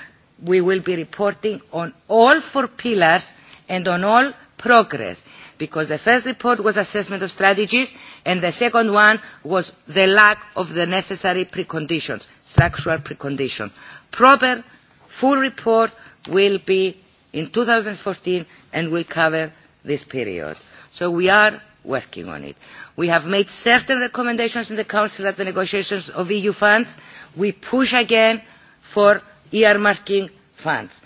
we will be reporting on all four pillars and on all progress because the first report was assessment of strategies and the second one was the lack of the necessary preconditions, structural preconditions. Proper full report will be in 2014 and will cover this period. So we are working on it. We have made certain recommendations in the Council at the negotiations of EU funds. We push again for earmarking funds.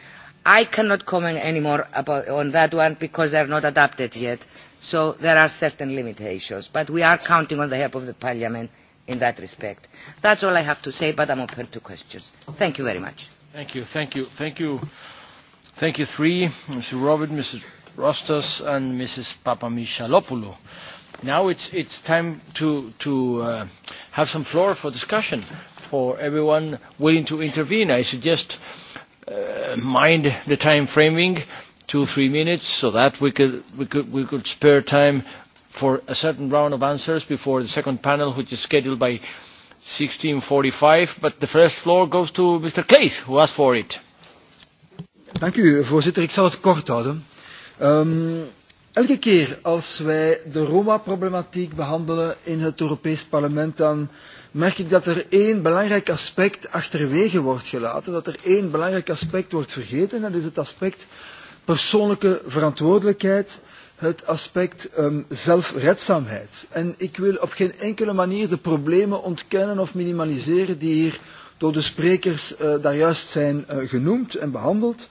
I cannot comment anymore about, on that one because they're not adapted yet. So there are certain limitations. But we are counting on the help of the Parliament in that respect. That's all I have to say, but I'm open to questions. Thank you very much. Thank you, thank you, thank you. Thank you three, Mr. Robert, Mrs. Rostos and Mrs. Papamishalopoulou. Now it's, it's time to, to uh, have some floor for discussion for everyone willing to intervene. I suggest uh, mind the time framing, two, three minutes, so that we could, we could, we could spare time for a certain round of answers before the second panel, which is scheduled by 1645. But the first floor goes to Mr. Claes, who asked for it. Thank you, voorzitter. Ik zal het kort houden. Um, elke keer als wij de Roma-problematiek behandelen in het Europees Parlement, dan merk ik dat er één belangrijk aspect achterwege wordt gelaten, dat er één belangrijk aspect wordt vergeten, en dat is het aspect persoonlijke verantwoordelijkheid, het aspect um, zelfredzaamheid. En ik wil op geen enkele manier de problemen ontkennen of minimaliseren die hier door de sprekers uh, daar juist zijn uh, genoemd en behandeld.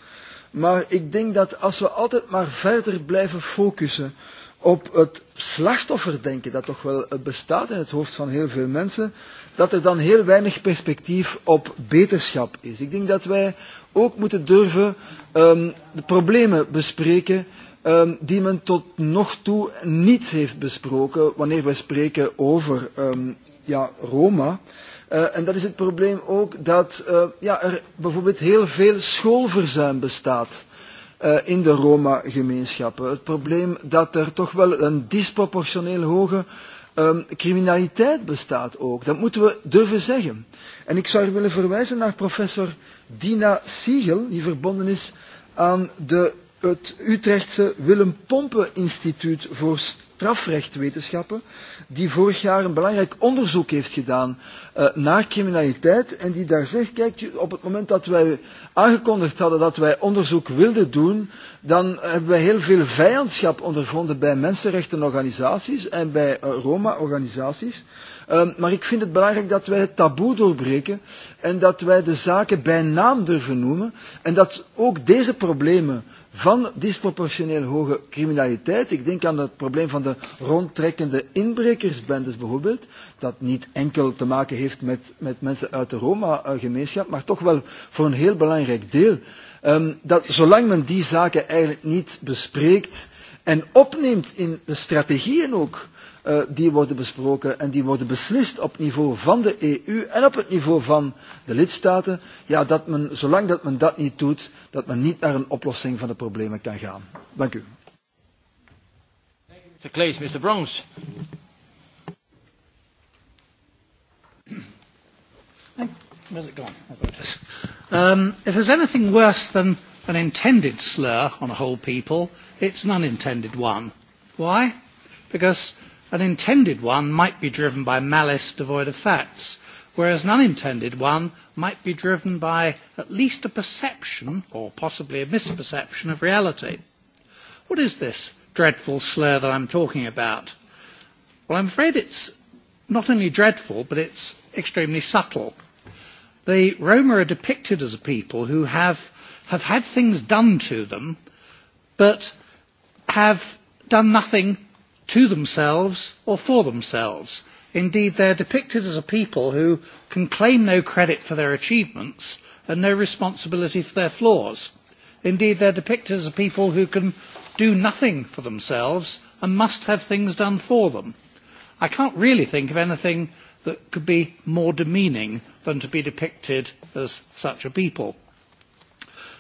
Maar ik denk dat als we altijd maar verder blijven focussen op het slachtofferdenken dat toch wel eh, bestaat in het hoofd van heel veel mensen, dat er dan heel weinig perspectief op beterschap is. Ik denk dat wij ook moeten durven um, de problemen bespreken um, die men tot nog toe niet heeft besproken wanneer wij spreken over um, ja, Roma. Uh, en dat is het probleem ook dat uh, ja, er bijvoorbeeld heel veel schoolverzuim bestaat uh, in de Roma-gemeenschappen. Het probleem dat er toch wel een disproportioneel hoge um, criminaliteit bestaat ook. Dat moeten we durven zeggen. En ik zou er willen verwijzen naar professor Dina Siegel, die verbonden is aan de het Utrechtse Willem Pompen Instituut voor strafrechtwetenschappen, die vorig jaar een belangrijk onderzoek heeft gedaan uh, naar criminaliteit en die daar zegt, kijk, op het moment dat wij aangekondigd hadden dat wij onderzoek wilden doen, dan hebben wij heel veel vijandschap ondervonden bij mensenrechtenorganisaties en bij uh, Roma-organisaties. Um, maar ik vind het belangrijk dat wij het taboe doorbreken en dat wij de zaken bij naam durven noemen en dat ook deze problemen van disproportioneel hoge criminaliteit, ik denk aan het probleem van de rondtrekkende inbrekersbendes bijvoorbeeld, dat niet enkel te maken heeft met, met mensen uit de Roma-gemeenschap, maar toch wel voor een heel belangrijk deel, um, dat zolang men die zaken eigenlijk niet bespreekt en opneemt in de strategieën ook, uh, die worden besproken en die worden beslist op niveau van de EU en op het niveau van de lidstaten, ja, dat men, zolang dat men dat niet doet, dat men niet naar een oplossing van de problemen kan gaan. Dank u. Mr. Claes, Mr. Brons. Where's it gone? Um, if there's anything worse than an intended slur on a whole people, it's an unintended one. Why? Because An intended one might be driven by malice devoid of facts, whereas an unintended one might be driven by at least a perception, or possibly a misperception, of reality. What is this dreadful slur that I'm talking about? Well, I'm afraid it's not only dreadful, but it's extremely subtle. The Roma are depicted as a people who have, have had things done to them, but have done nothing to themselves or for themselves. Indeed, they're depicted as a people who can claim no credit for their achievements and no responsibility for their flaws. Indeed, they're depicted as a people who can do nothing for themselves and must have things done for them. I can't really think of anything that could be more demeaning than to be depicted as such a people.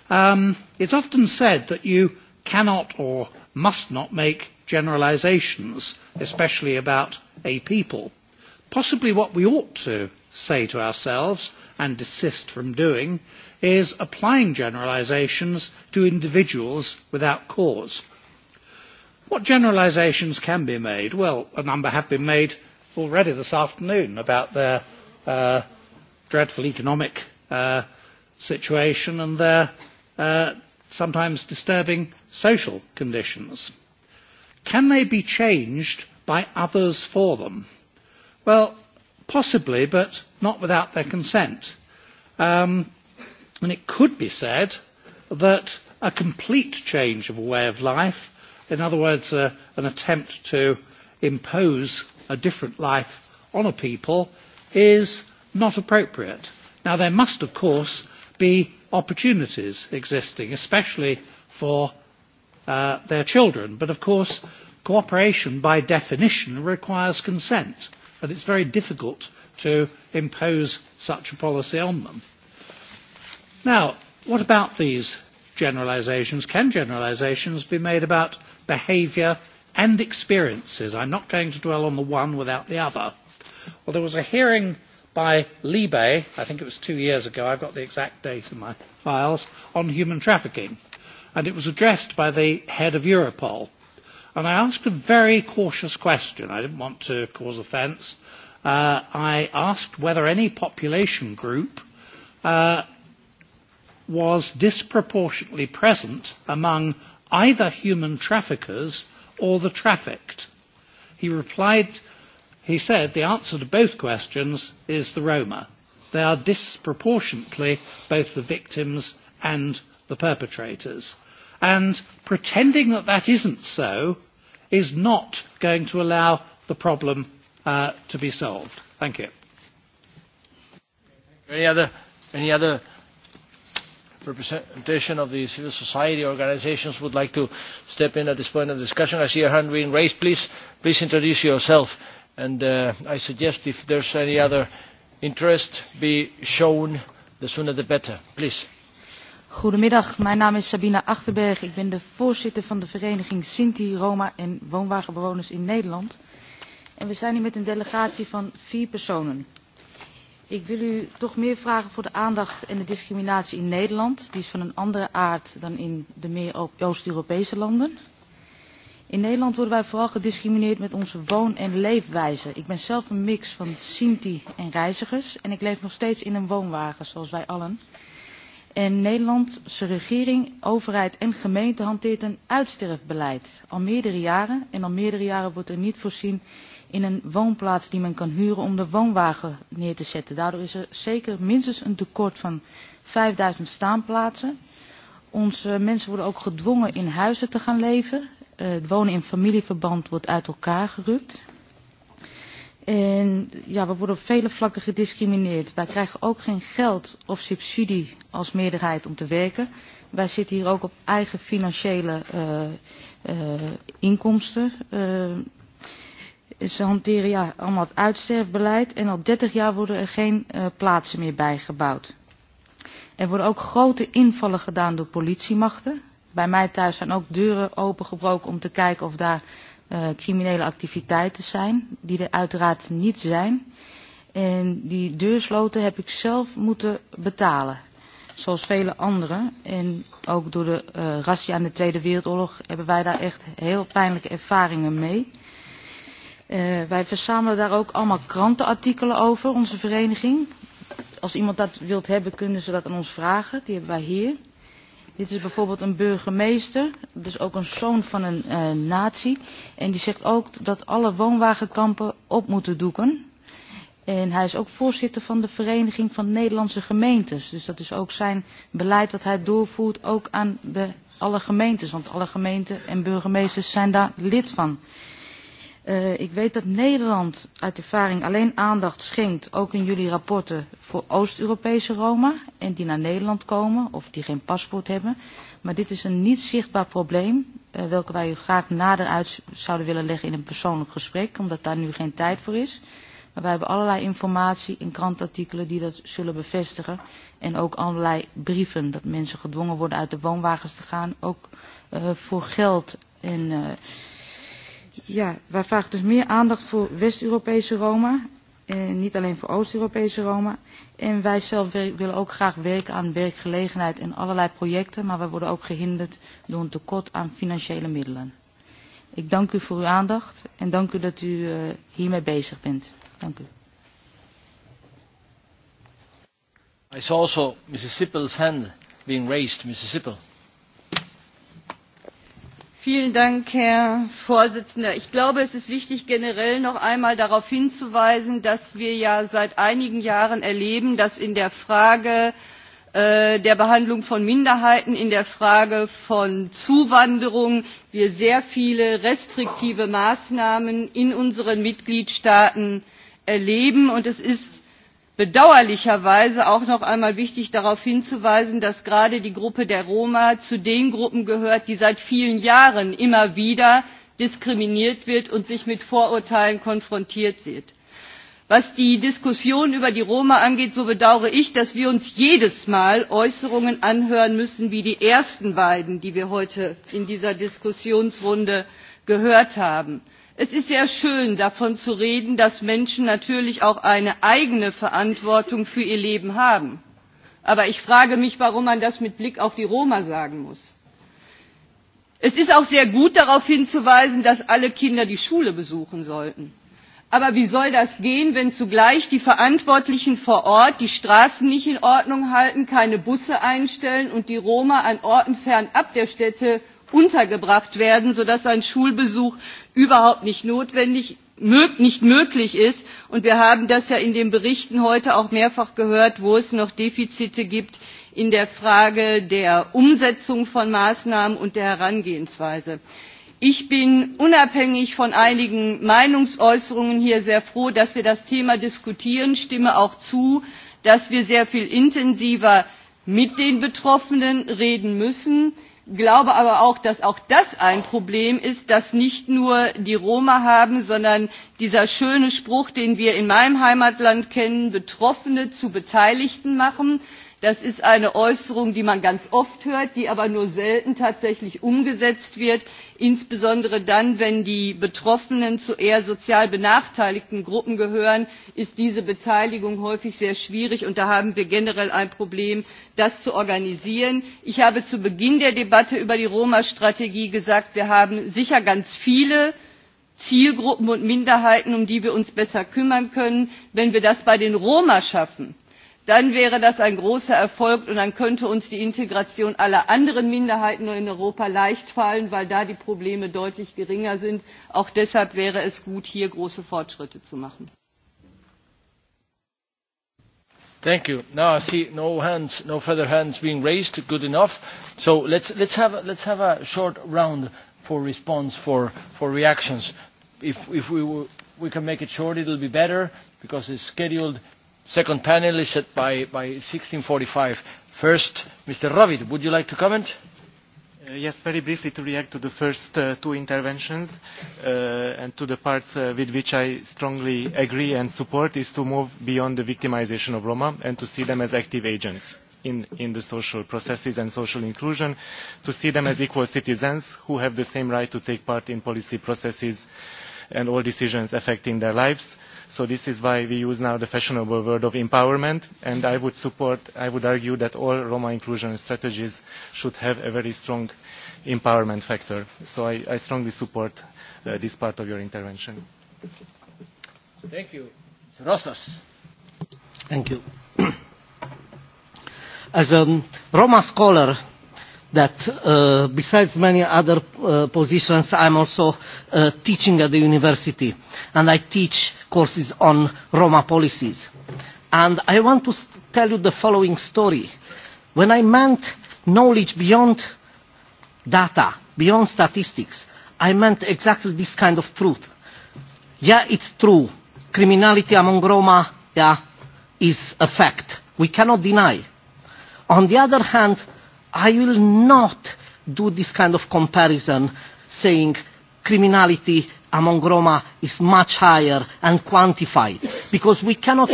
Um, it's often said that you cannot or must not make generalisations, especially about a people. Possibly what we ought to say to ourselves and desist from doing is applying generalisations to individuals without cause. What generalisations can be made? Well, a number have been made already this afternoon about their uh, dreadful economic uh, situation and their uh, sometimes disturbing social conditions. Can they be changed by others for them? Well, possibly, but not without their consent. Um, and it could be said that a complete change of a way of life, in other words, uh, an attempt to impose a different life on a people, is not appropriate. Now, there must, of course, be opportunities existing, especially for uh, their children. But of course, cooperation by definition requires consent, and it's very difficult to impose such a policy on them. Now, what about these generalizations? Can generalizations be made about behavior and experiences? I'm not going to dwell on the one without the other. Well, there was a hearing by Libe, I think it was two years ago, I've got the exact date in my files, on human trafficking and it was addressed by the head of Europol. And I asked a very cautious question. I didn't want to cause offence. Uh, I asked whether any population group uh, was disproportionately present among either human traffickers or the trafficked. He replied, he said, the answer to both questions is the Roma. They are disproportionately both the victims and the perpetrators. And pretending that that isn't so is not going to allow the problem uh, to be solved. Thank you. Any other, any other representation of the civil society organizations would like to step in at this point of discussion. I see a hand being raised. Please, please introduce yourself. And uh, I suggest if there's any other interest, be shown the sooner the better. Please. Goedemiddag, mijn naam is Sabina Achterberg. Ik ben de voorzitter van de vereniging Sinti, Roma en woonwagenbewoners in Nederland. En we zijn hier met een delegatie van vier personen. Ik wil u toch meer vragen voor de aandacht en de discriminatie in Nederland. Die is van een andere aard dan in de meer Oost-Europese landen. In Nederland worden wij vooral gediscrimineerd met onze woon- en leefwijze. Ik ben zelf een mix van Sinti en reizigers en ik leef nog steeds in een woonwagen, zoals wij allen. In zijn regering, overheid en gemeente hanteert een uitsterfbeleid. Al meerdere jaren en al meerdere jaren wordt er niet voorzien in een woonplaats die men kan huren om de woonwagen neer te zetten. Daardoor is er zeker minstens een tekort van 5000 staanplaatsen. Onze mensen worden ook gedwongen in huizen te gaan leven. Eh, het wonen in familieverband wordt uit elkaar gerukt. En ja, we worden op vele vlakken gediscrimineerd. Wij krijgen ook geen geld of subsidie als meerderheid om te werken. Wij zitten hier ook op eigen financiële uh, uh, inkomsten. Uh, ze hanteren ja, allemaal het uitsterfbeleid en al 30 jaar worden er geen uh, plaatsen meer bijgebouwd. Er worden ook grote invallen gedaan door politiemachten. Bij mij thuis zijn ook deuren opengebroken om te kijken of daar uh, criminele activiteiten zijn, die er uiteraard niet zijn. En die deursloten heb ik zelf moeten betalen, zoals vele anderen. En ook door de uh, eh, rassie aan de Tweede Wereldoorlog hebben wij daar echt heel pijnlijke ervaringen mee. Uh, wij verzamelen daar ook allemaal krantenartikelen over, onze vereniging. Als iemand dat wilt hebben, kunnen ze dat aan ons vragen. Die hebben wij hier. Dit is bijvoorbeeld een burgemeester, dus ook een zoon van een uh, natie. En die zegt ook dat alle woonwagenkampen op moeten doeken. En hij is ook voorzitter van de Vereniging van Nederlandse Gemeentes. Dus dat is ook zijn beleid wat hij doorvoert, ook aan de, alle gemeentes. Want alle gemeenten en burgemeesters zijn daar lid van. Uh, ik weet dat Nederland uit ervaring alleen aandacht schenkt, ook in jullie rapporten, voor Oost-Europese Roma en die naar Nederland komen of die geen paspoort hebben. Maar dit is een niet zichtbaar probleem, uh, welke wij u graag nader uit zouden willen leggen in een persoonlijk gesprek, omdat daar nu geen tijd voor is. Maar wij hebben allerlei informatie in krantartikelen die dat zullen bevestigen. En ook allerlei brieven dat mensen gedwongen worden uit de woonwagens te gaan, ook uh, voor geld en... Uh, ja, wij vragen dus meer aandacht voor West-Europese Roma. En eh, niet alleen voor Oost-Europese Roma. En wij zelf willen ook graag werken aan werkgelegenheid en allerlei projecten. Maar wij worden ook gehinderd door een tekort aan financiële middelen. Ik dank u voor uw aandacht en dank u dat u uh, hiermee bezig bent. Dank u. I saw also Mrs. Sippel's hand being raised, Mrs. Sippel. Vielen Dank, Herr Vorsitzender. Ich glaube, es ist wichtig, generell noch einmal darauf hinzuweisen, dass wir ja seit einigen Jahren erleben, dass in der Frage äh, der Behandlung von Minderheiten, in der Frage von Zuwanderung wir sehr viele restriktive Maßnahmen in unseren Mitgliedstaaten erleben. Und es ist bedauerlicherweise auch noch einmal wichtig darauf hinzuweisen, dass gerade die Gruppe der Roma zu den Gruppen gehört, die seit vielen Jahren immer wieder diskriminiert wird und sich mit Vorurteilen konfrontiert sieht. Was die Diskussion über die Roma angeht, so bedauere ich, dass wir uns jedes Mal Äußerungen anhören müssen wie die ersten beiden, die wir heute in dieser Diskussionsrunde gehört haben. Es ist sehr schön, davon zu reden, dass Menschen natürlich auch eine eigene Verantwortung für ihr Leben haben. Aber ich frage mich, warum man das mit Blick auf die Roma sagen muss. Es ist auch sehr gut darauf hinzuweisen, dass alle Kinder die Schule besuchen sollten. Aber wie soll das gehen, wenn zugleich die Verantwortlichen vor Ort die Straßen nicht in Ordnung halten, keine Busse einstellen und die Roma an Orten fernab der Städte untergebracht werden, sodass ein Schulbesuch überhaupt nicht notwendig, nicht möglich ist. Und wir haben das ja in den Berichten heute auch mehrfach gehört, wo es noch Defizite gibt in der Frage der Umsetzung von Maßnahmen und der Herangehensweise. Ich bin unabhängig von einigen Meinungsäußerungen hier sehr froh, dass wir das Thema diskutieren, stimme auch zu, dass wir sehr viel intensiver mit den Betroffenen reden müssen glaube aber auch, dass auch das ein Problem ist, dass nicht nur die Roma haben, sondern dieser schöne Spruch, den wir in meinem Heimatland kennen, Betroffene zu Beteiligten machen Das ist eine Äußerung, die man ganz oft hört, die aber nur selten tatsächlich umgesetzt wird, insbesondere dann, wenn die Betroffenen zu eher sozial benachteiligten Gruppen gehören, ist diese Beteiligung häufig sehr schwierig und da haben wir generell ein Problem, das zu organisieren. Ich habe zu Beginn der Debatte über die Roma-Strategie gesagt, wir haben sicher ganz viele Zielgruppen und Minderheiten, um die wir uns besser kümmern können. Wenn wir das bei den Roma schaffen, dann wäre das ein großer Erfolg und dann könnte uns die Integration aller anderen Minderheiten in Europa leicht fallen, weil da die Probleme deutlich geringer sind. Auch deshalb wäre es gut, hier große Fortschritte zu machen. Thank you. Now I see no hands, no further hands being raised. Good enough. So let's, let's, have, let's have a short round for response, for, for reactions. If, if we, we can make it short, it'll be better because it's scheduled Second panel is set by, by 1645. First, Mr. Ravid, would you like to comment? Uh, yes, very briefly to react to the first uh, two interventions uh, and to the parts uh, with which I strongly agree and support is to move beyond the victimization of Roma and to see them as active agents in, in the social processes and social inclusion, to see them as equal citizens who have the same right to take part in policy processes and all decisions affecting their lives So this is why we use now the fashionable word of empowerment, and I would support, I would argue that all Roma inclusion strategies should have a very strong empowerment factor. So I, I strongly support uh, this part of your intervention. Thank you. Rostas. Thank you. *clears throat* As a Roma scholar, that uh, besides many other uh, positions, I'm also uh, teaching at the university, and I teach courses on Roma policies. And I want to tell you the following story. When I meant knowledge beyond data, beyond statistics, I meant exactly this kind of truth. Yeah, it's true. Criminality among Roma yeah, is a fact. We cannot deny. On the other hand, I will not do this kind of comparison saying criminality among Roma is much higher and quantified because we cannot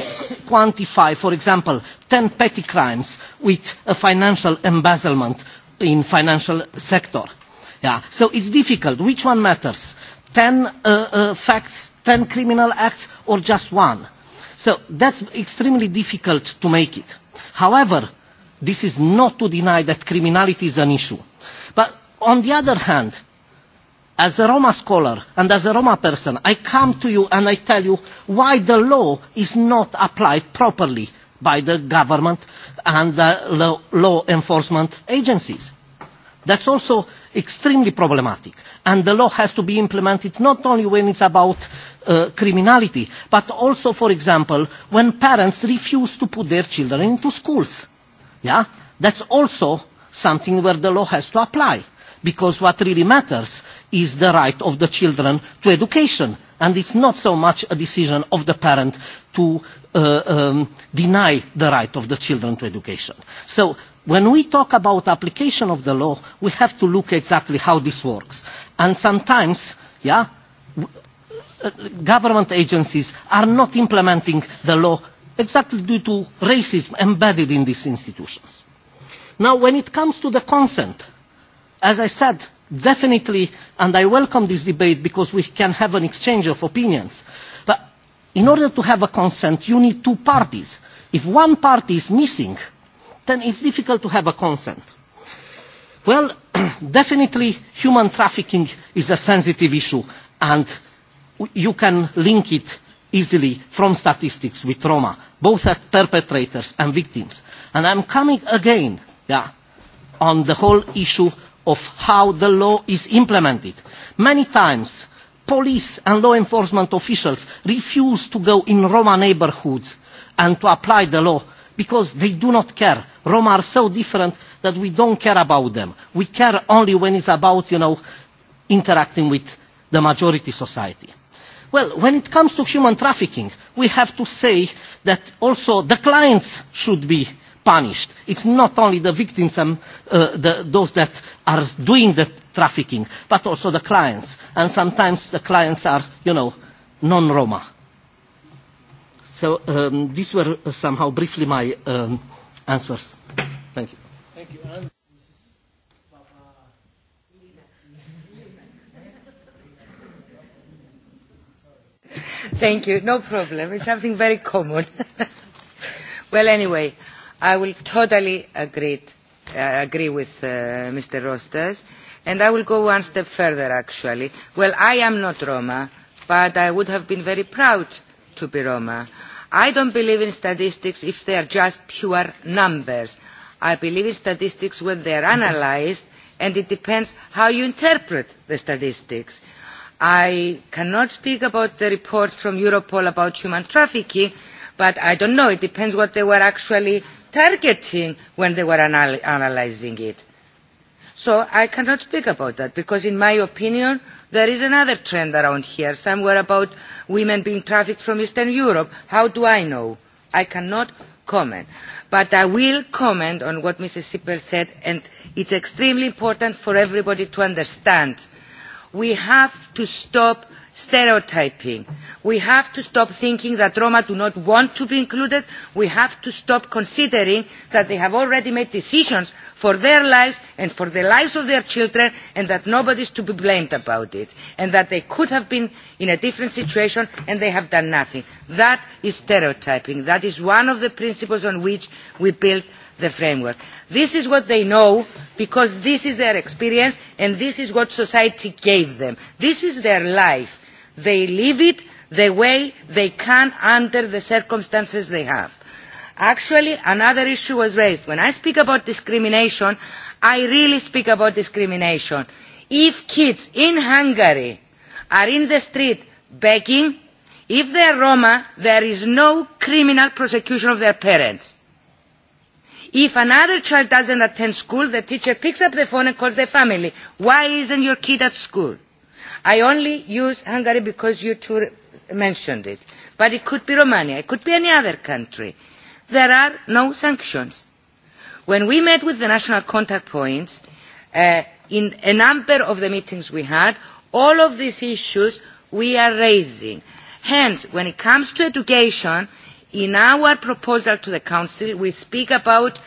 quantify, for example, 10 petty crimes with a financial embezzlement in financial sector. Yeah. So it's difficult. Which one matters? 10 uh, uh, facts, 10 criminal acts or just one? So that's extremely difficult to make it. However, This is not to deny that criminality is an issue. But on the other hand, as a Roma scholar and as a Roma person, I come to you and I tell you why the law is not applied properly by the government and the law enforcement agencies. That's also extremely problematic. And the law has to be implemented not only when it's about uh, criminality, but also, for example, when parents refuse to put their children into schools Yeah? That's also something where the law has to apply. Because what really matters is the right of the children to education. And it's not so much a decision of the parent to uh, um, deny the right of the children to education. So when we talk about application of the law, we have to look exactly how this works. And sometimes, yeah, uh, government agencies are not implementing the law exactly due to racism embedded in these institutions. Now, when it comes to the consent, as I said, definitely, and I welcome this debate because we can have an exchange of opinions, but in order to have a consent, you need two parties. If one party is missing, then it's difficult to have a consent. Well, *clears throat* definitely human trafficking is a sensitive issue and you can link it easily from statistics with Roma, both as perpetrators and victims. And I'm coming again yeah, on the whole issue of how the law is implemented. Many times, police and law enforcement officials refuse to go in Roma neighborhoods and to apply the law because they do not care. Roma are so different that we don't care about them. We care only when it's about, you know, interacting with the majority society. Well, when it comes to human trafficking, we have to say that also the clients should be punished. It's not only the victims and uh, the, those that are doing the trafficking, but also the clients. And sometimes the clients are, you know, non-Roma. So um, these were somehow briefly my um, answers. Thank you. Thank you. Thank you. No problem. It's something very common. *laughs* well, anyway, I will totally agree, uh, agree with uh, Mr. Rosters, and I will go one step further, actually. Well, I am not Roma, but I would have been very proud to be Roma. I don't believe in statistics if they are just pure numbers. I believe in statistics when they are analyzed, and it depends how you interpret the statistics. I cannot speak about the report from Europol about human trafficking, but I don't know. It depends what they were actually targeting when they were anal analyzing it. So I cannot speak about that because in my opinion there is another trend around here somewhere about women being trafficked from Eastern Europe. How do I know? I cannot comment. But I will comment on what Mrs. Sippel said and it's extremely important for everybody to understand We have to stop stereotyping. We have to stop thinking that Roma do not want to be included. We have to stop considering that they have already made decisions for their lives and for the lives of their children and that nobody is to be blamed about it and that they could have been in a different situation and they have done nothing. That is stereotyping. That is one of the principles on which we build the framework. This is what they know because this is their experience and this is what society gave them. This is their life. They live it the way they can under the circumstances they have. Actually, another issue was raised. When I speak about discrimination, I really speak about discrimination. If kids in Hungary are in the street begging, if they are Roma, there is no criminal prosecution of their parents. If another child doesn't attend school, the teacher picks up the phone and calls the family. Why isn't your kid at school? I only use Hungary because you two mentioned it. But it could be Romania, it could be any other country. There are no sanctions. When we met with the national contact points, uh, in a number of the meetings we had, all of these issues we are raising. Hence, when it comes to education, In our proposal to the Council, we speak about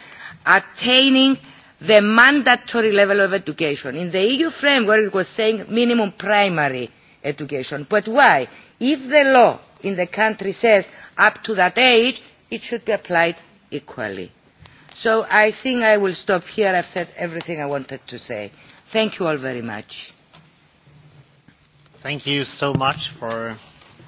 attaining the mandatory level of education. In the EU framework, it was saying minimum primary education. But why? If the law in the country says up to that age, it should be applied equally. So I think I will stop here. I've said everything I wanted to say. Thank you all very much. Thank you so much for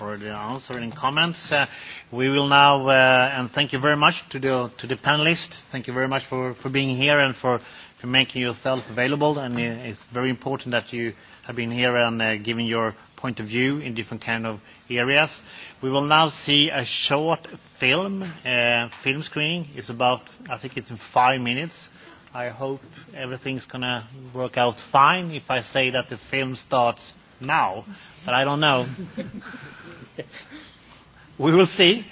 for the answer and comments. Uh, we will now, uh, and thank you very much to the, to the panelists. Thank you very much for, for being here and for, for making yourself available. And it's very important that you have been here and uh, given your point of view in different kind of areas. We will now see a short film, uh, film screening. It's about, I think it's in five minutes. I hope everything's going to work out fine if I say that the film starts now, but I don't know. *laughs* we will see. *laughs*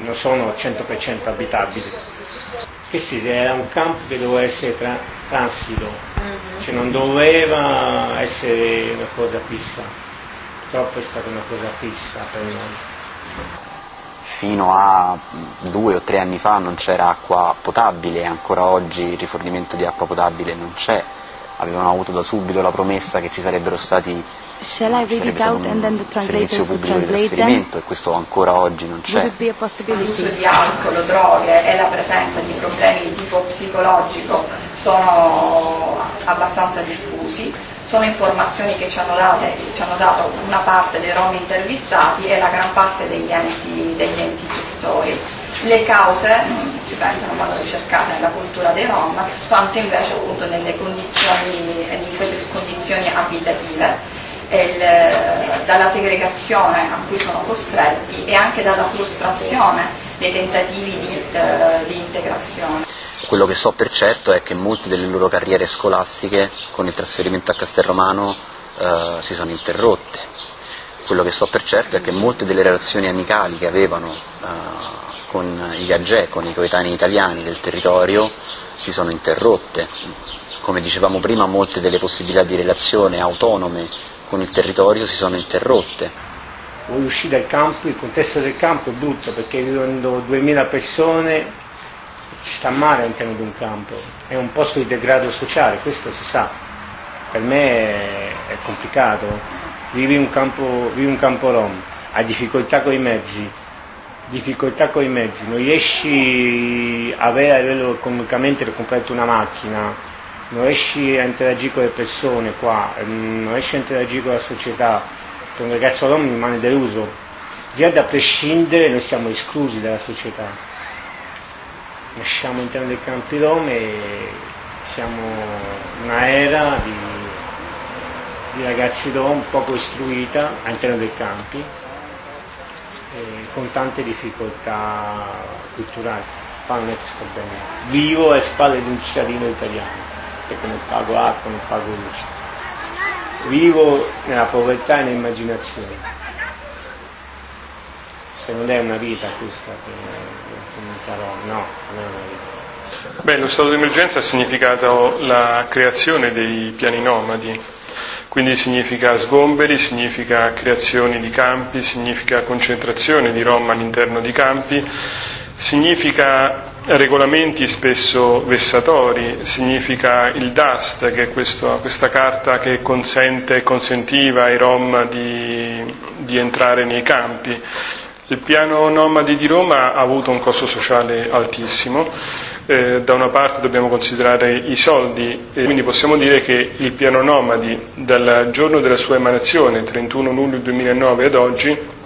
non sono 100% abitabili. sì, era un campo che doveva essere tra, transito, mm-hmm. cioè non doveva essere una cosa fissa, purtroppo è stata una cosa fissa per noi fino a due o tre anni fa non c'era acqua potabile, ancora oggi il rifornimento di acqua potabile non c'è, avevano avuto da subito la promessa che ci sarebbero stati Shall I read it out and then the translator will translate them? e questo ancora oggi non c'è. Would it be a possibility? L'uso di alcol, droghe e la presenza di problemi di tipo psicologico sono abbastanza diffusi. Sono informazioni che ci hanno, date, ci hanno dato una parte dei rom intervistati e la gran parte degli enti, degli enti gestori. Le cause ci pensano vanno ricercate nella cultura dei rom, quanto invece appunto nelle condizioni, in queste condizioni abitative E il, eh, dalla segregazione a cui sono costretti e anche dalla frustrazione dei tentativi di, eh, di integrazione. Quello che so per certo è che molte delle loro carriere scolastiche con il trasferimento a Castelromano eh, si sono interrotte. Quello che so per certo è che molte delle relazioni amicali che avevano eh, con i gaggè, con i coetanei italiani del territorio, si sono interrotte. Come dicevamo prima, molte delle possibilità di relazione autonome con il territorio si sono interrotte. Vuoi uscire dal campo, il contesto del campo è brutto perché vivendo 2000 persone ci sta male all'interno di un campo, è un posto di degrado sociale, questo si sa, per me è complicato, vivi un campo, vivi un campo rom, hai difficoltà con i mezzi, difficoltà con i mezzi, non riesci a avere a livello economicamente per comprare una macchina, non riesci a interagire con le persone qua, ehm, non riesci a interagire con la società, con un ragazzo mi rimane deluso. Già da prescindere noi siamo esclusi dalla società. Nasciamo all'interno del campi rom e siamo una era di, di ragazzi rom poco istruita all'interno dei campi, e con tante difficoltà culturali. Parlo sto bene. Vivo alle spalle di un cittadino italiano se come pago acqua, non pago luce. Vivo nella povertà e nell'immaginazione. Se non è una vita questa che comunicherò, no, non è una vita. Beh, lo stato d'emergenza ha significato la creazione dei piani nomadi, quindi significa sgomberi, significa creazione di campi, significa concentrazione di Roma all'interno di campi, significa regolamenti spesso vessatori, significa il DAST, che è questo, questa carta che consente, consentiva ai Rom di, di entrare nei campi. Il piano nomadi di Roma ha avuto un costo sociale altissimo, eh, da una parte dobbiamo considerare i soldi e quindi possiamo dire che il piano nomadi dal giorno della sua emanazione, 31 luglio 2009 ad oggi,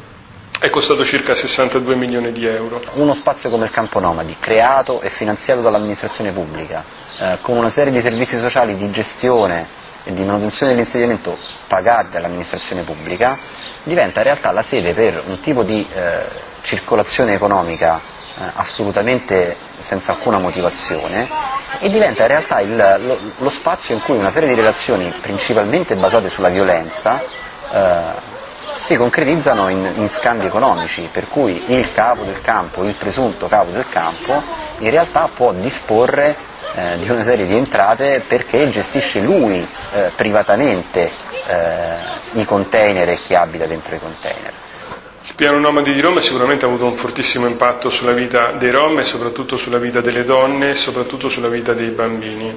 è costato circa 62 milioni di euro. Uno spazio come il Campo Nomadi, creato e finanziato dall'amministrazione pubblica, eh, con una serie di servizi sociali di gestione e di manutenzione dell'insediamento pagati dall'amministrazione pubblica, diventa in realtà la sede per un tipo di eh, circolazione economica eh, assolutamente senza alcuna motivazione e diventa in realtà il, lo, lo spazio in cui una serie di relazioni principalmente basate sulla violenza eh, si concretizzano in, in scambi economici, per cui il capo del campo, il presunto capo del campo, in realtà può disporre eh, di una serie di entrate perché gestisce lui eh, privatamente eh, i container e chi abita dentro i container. Il piano nomadi di Roma sicuramente ha avuto un fortissimo impatto sulla vita dei Rom e soprattutto sulla vita delle donne e soprattutto sulla vita dei bambini.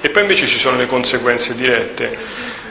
E poi invece ci sono le conseguenze dirette.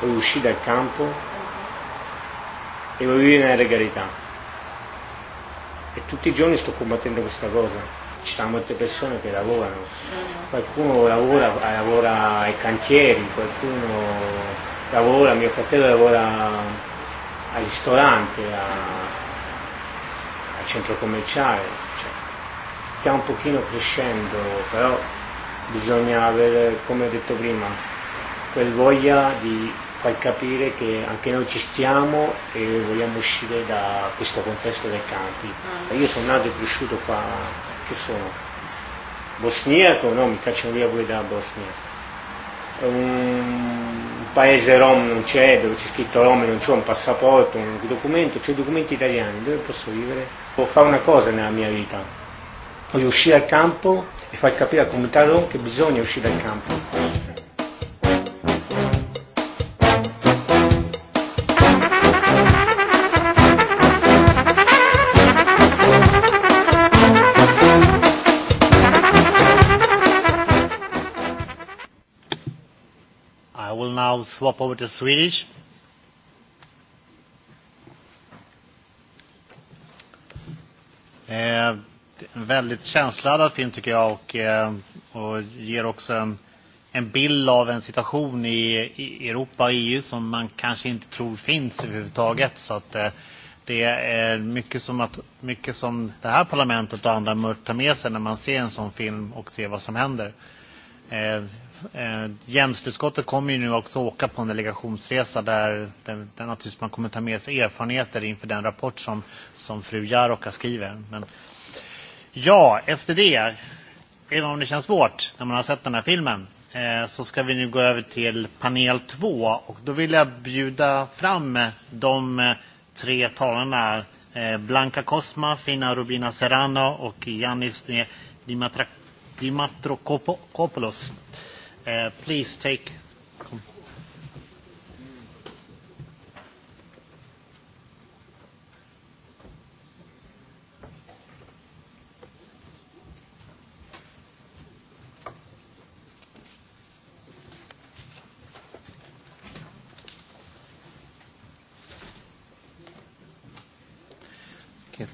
poi e uscì dal campo e voglio vivere nella regalità. E tutti i giorni sto combattendo questa cosa. Ci sono molte persone che lavorano, qualcuno lavora, lavora ai cantieri, qualcuno lavora, mio fratello lavora al ristorante, a, al centro commerciale. Cioè, stiamo un pochino crescendo, però bisogna avere, come ho detto prima, quel voglia di far capire che anche noi ci stiamo e vogliamo uscire da questo contesto dei campi. Mm. Io sono nato e cresciuto qua, che sono? Bosniaco? No, mi cacciano via pure da Bosnia. Un paese rom non c'è, dove c'è scritto rom non c'è un passaporto, un documento, c'è documenti italiani, dove posso vivere? Devo fare una cosa nella mia vita, voglio uscire al campo e far capire al comunità rom che bisogna uscire dal campo. now swap over to Swedish. Eh, väldigt känsloladdad film tycker jag och, eh, och ger också en, en bild av en situation i, i Europa och e EU som man kanske inte tror finns överhuvudtaget. Så att, eh, det är mycket som, att, mycket som det här parlamentet och andra mörkt tar med sig när man ser en sån film och ser vad som händer. Eh, Eh, jämställdhetsutskottet kommer ju nu också åka på en delegationsresa där, där, där naturligtvis man kommer ta med sig erfarenheter inför den rapport som, som fru Jaroka skriver. Men, ja, efter det, även om det känns svårt när man har sett den här filmen, eh, så ska vi nu gå över till panel två. Och då vill jag bjuda fram de eh, tre talarna, eh, Blanca Cosma, Fina Rubina Serrano och Janis Dimatrakopoulos. Uh, please take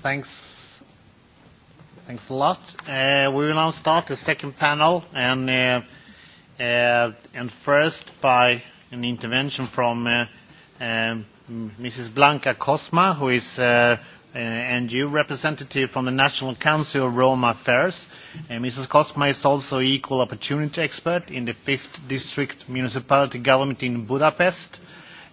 thanks. Thanks a lot. Uh, we will now start the second panel, and uh, Uh, and first by an intervention from uh, um, Mrs. Blanca Cosma, who is uh, uh an NGO representative from the National Council of Roma Affairs. And uh, Mrs. Cosma is also equal opportunity expert in the 5th District Municipality Government in Budapest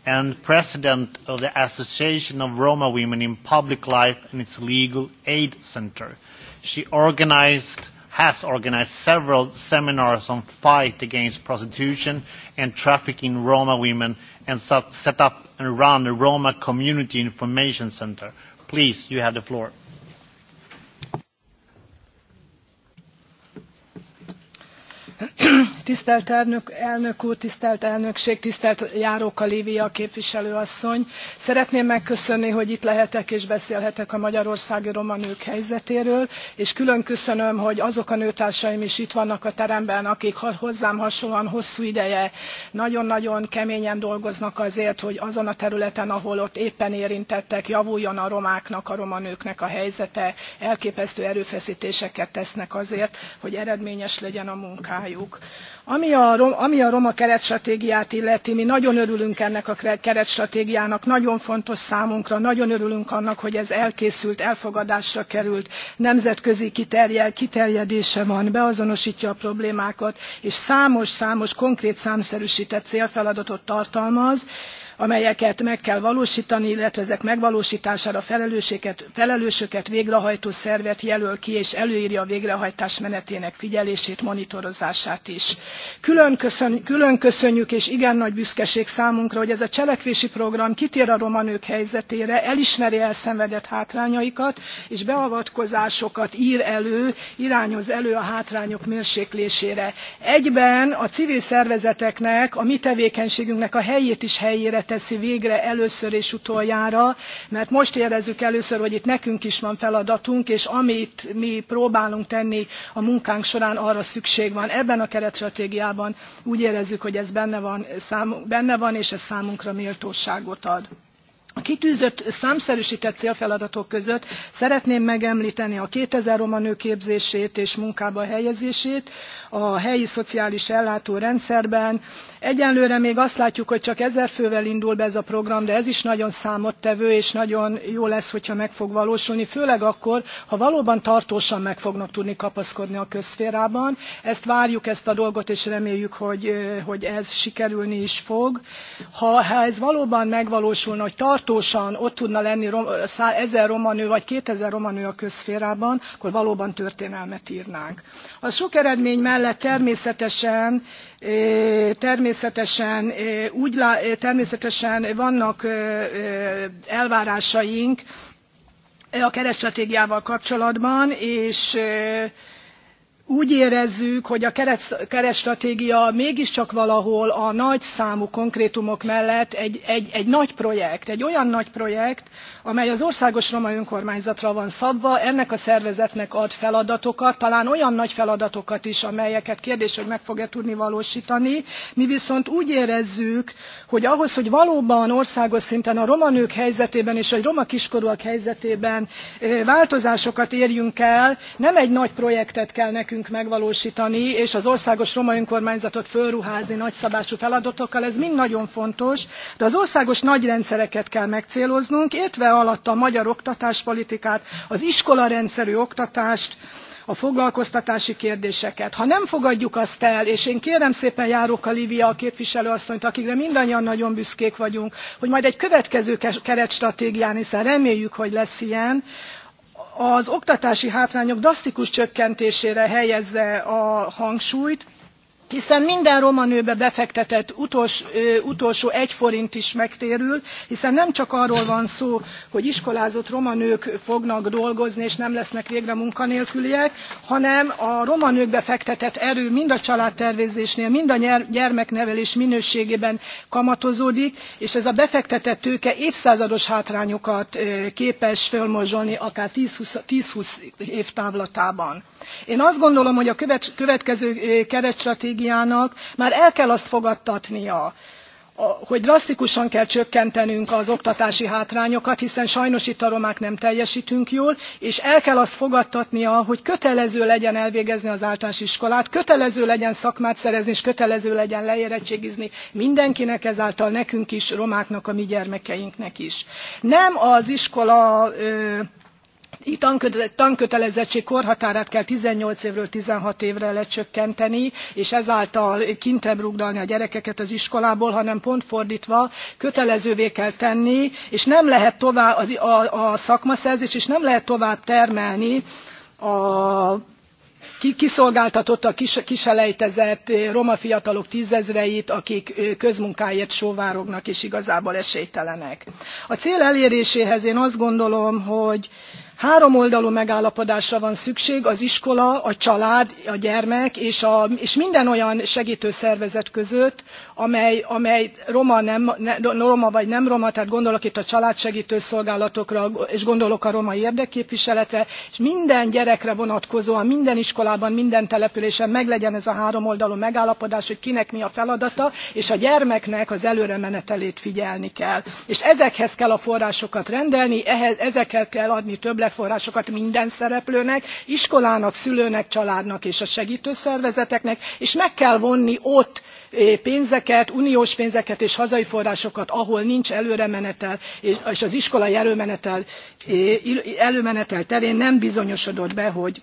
and president of the Association of Roma Women in Public Life and its Legal Aid Center. She organized has organized several seminars on fight against prostitution and trafficking Roma women and set up and run a Roma Community Information Center. Please, you have the floor. *clears throat* Tisztelt elnök, elnök úr, tisztelt elnökség, tisztelt Járóka Lívia képviselőasszony! Szeretném megköszönni, hogy itt lehetek és beszélhetek a magyarországi roma nők helyzetéről, és külön köszönöm, hogy azok a nőtársaim is itt vannak a teremben, akik hozzám hasonlóan hosszú ideje nagyon-nagyon keményen dolgoznak azért, hogy azon a területen, ahol ott éppen érintettek, javuljon a romáknak, a roma nőknek a helyzete, elképesztő erőfeszítéseket tesznek azért, hogy eredményes legyen a munkájuk céljuk. Ami a, ami a roma keretstratégiát illeti, mi nagyon örülünk ennek a keretstratégiának, nagyon fontos számunkra, nagyon örülünk annak, hogy ez elkészült, elfogadásra került, nemzetközi kiterjel, kiterjedése van, beazonosítja a problémákat, és számos-számos konkrét számszerűsített célfeladatot tartalmaz, amelyeket meg kell valósítani, illetve ezek megvalósítására felelősöket, végrehajtó szervet jelöl ki, és előírja a végrehajtás menetének figyelését, monitorozását is. Külön, köszön, külön köszönjük, és igen nagy büszkeség számunkra, hogy ez a cselekvési program kitér a romanők helyzetére, elismeri elszenvedett hátrányaikat, és beavatkozásokat ír elő, irányoz elő a hátrányok mérséklésére. Egyben a civil szervezeteknek, a mi tevékenységünknek a helyét is helyére teszi végre először és utoljára, mert most érezzük először, hogy itt nekünk is van feladatunk, és amit mi próbálunk tenni a munkánk során, arra szükség van. Ebben a keretstratégiában úgy érezzük, hogy ez benne van, szám, benne van és ez számunkra méltóságot ad. A kitűzött számszerűsített célfeladatok között szeretném megemlíteni a 2000 roma képzését és munkába helyezését, a helyi szociális ellátórendszerben, Egyenlőre még azt látjuk, hogy csak ezer fővel indul be ez a program, de ez is nagyon számottevő, és nagyon jó lesz, hogyha meg fog valósulni, főleg akkor, ha valóban tartósan meg fognak tudni kapaszkodni a közszférában. Ezt várjuk, ezt a dolgot, és reméljük, hogy, hogy ez sikerülni is fog. Ha, ha ez valóban megvalósulna, hogy tartósan ott tudna lenni rom, ezer romanő vagy kétezer romanő a közszférában, akkor valóban történelmet írnánk. A sok eredmény mellett természetesen Eh, természetesen, eh, úgy, eh, természetesen vannak elvárásaink a keresztratégiával kapcsolatban, és úgy érezzük, hogy a keresztratégia mégiscsak valahol a nagy számú konkrétumok mellett egy, egy, egy nagy projekt, egy olyan nagy projekt, amely az országos roma önkormányzatra van szabva, ennek a szervezetnek ad feladatokat, talán olyan nagy feladatokat is, amelyeket kérdés, hogy meg fogja e tudni valósítani. Mi viszont úgy érezzük, hogy ahhoz, hogy valóban országos szinten a roma nők helyzetében és a roma kiskorúak helyzetében változásokat érjünk el, nem egy nagy projektet kell nekünk nekünk megvalósítani, és az országos roma önkormányzatot fölruházni nagyszabású feladatokkal, ez mind nagyon fontos, de az országos nagyrendszereket kell megcéloznunk, értve alatt a magyar oktatáspolitikát, az iskolarendszerű oktatást, a foglalkoztatási kérdéseket. Ha nem fogadjuk azt el, és én kérem szépen járok a Livia a képviselőasszonyt, akikre mindannyian nagyon büszkék vagyunk, hogy majd egy következő keretstratégián, hiszen reméljük, hogy lesz ilyen, az oktatási hátrányok drasztikus csökkentésére helyezze a hangsúlyt, hiszen minden roma nőbe befektetett utos, ö, utolsó egy forint is megtérül, hiszen nem csak arról van szó, hogy iskolázott roma nők fognak dolgozni, és nem lesznek végre munkanélküliek, hanem a roma nőkbe fektetett erő mind a családtervezésnél, mind a gyermeknevelés minőségében kamatozódik, és ez a befektetett tőke évszázados hátrányokat képes fölmozsolni akár 10-20 év távlatában. Én azt gondolom, hogy a következő keretstratégiának már el kell azt fogadtatnia, hogy drasztikusan kell csökkentenünk az oktatási hátrányokat, hiszen sajnos itt a romák nem teljesítünk jól, és el kell azt fogadtatnia, hogy kötelező legyen elvégezni az általános iskolát, kötelező legyen szakmát szerezni, és kötelező legyen leérettségizni mindenkinek, ezáltal nekünk is, romáknak, a mi gyermekeinknek is. Nem az iskola... Ö, Itt tankötelezettség korhatárát kell 18 évről 16 évre lecsökkenteni, és ezáltal kintebb rugdalni a gyerekeket az iskolából, hanem pont fordítva kötelezővé kell tenni, és nem lehet tovább a, a, a szakmaszerzés, és nem lehet tovább termelni a a kis, kiselejtezett eh, roma fiatalok tízezreit, akik eh, közmunkáért sóvárognak és igazából esélytelenek. A cél eléréséhez én azt gondolom, hogy Három oldalú megállapodásra van szükség az iskola, a család, a gyermek és, a, és minden olyan segítő szervezet között, amely, amely roma, nem, ne, roma vagy nem roma, tehát gondolok itt a családsegítő szolgálatokra, és gondolok a roma érdekképviseletre, és minden gyerekre vonatkozóan, minden iskolában, minden településen meglegyen ez a három oldalú megállapodás, hogy kinek mi a feladata, és a gyermeknek az előre menetelét figyelni kell. És ezekhez kell a forrásokat rendelni, ehhez, ezekkel kell adni több forrásokat minden szereplőnek, iskolának, szülőnek, családnak és a segítőszervezeteknek, és meg kell vonni ott eh, pénzeket, uniós pénzeket és hazai forrásokat, ahol nincs előremenetel, és az iskolai előmenetel, eh, előmenetel terén nem bizonyosodott be, hogy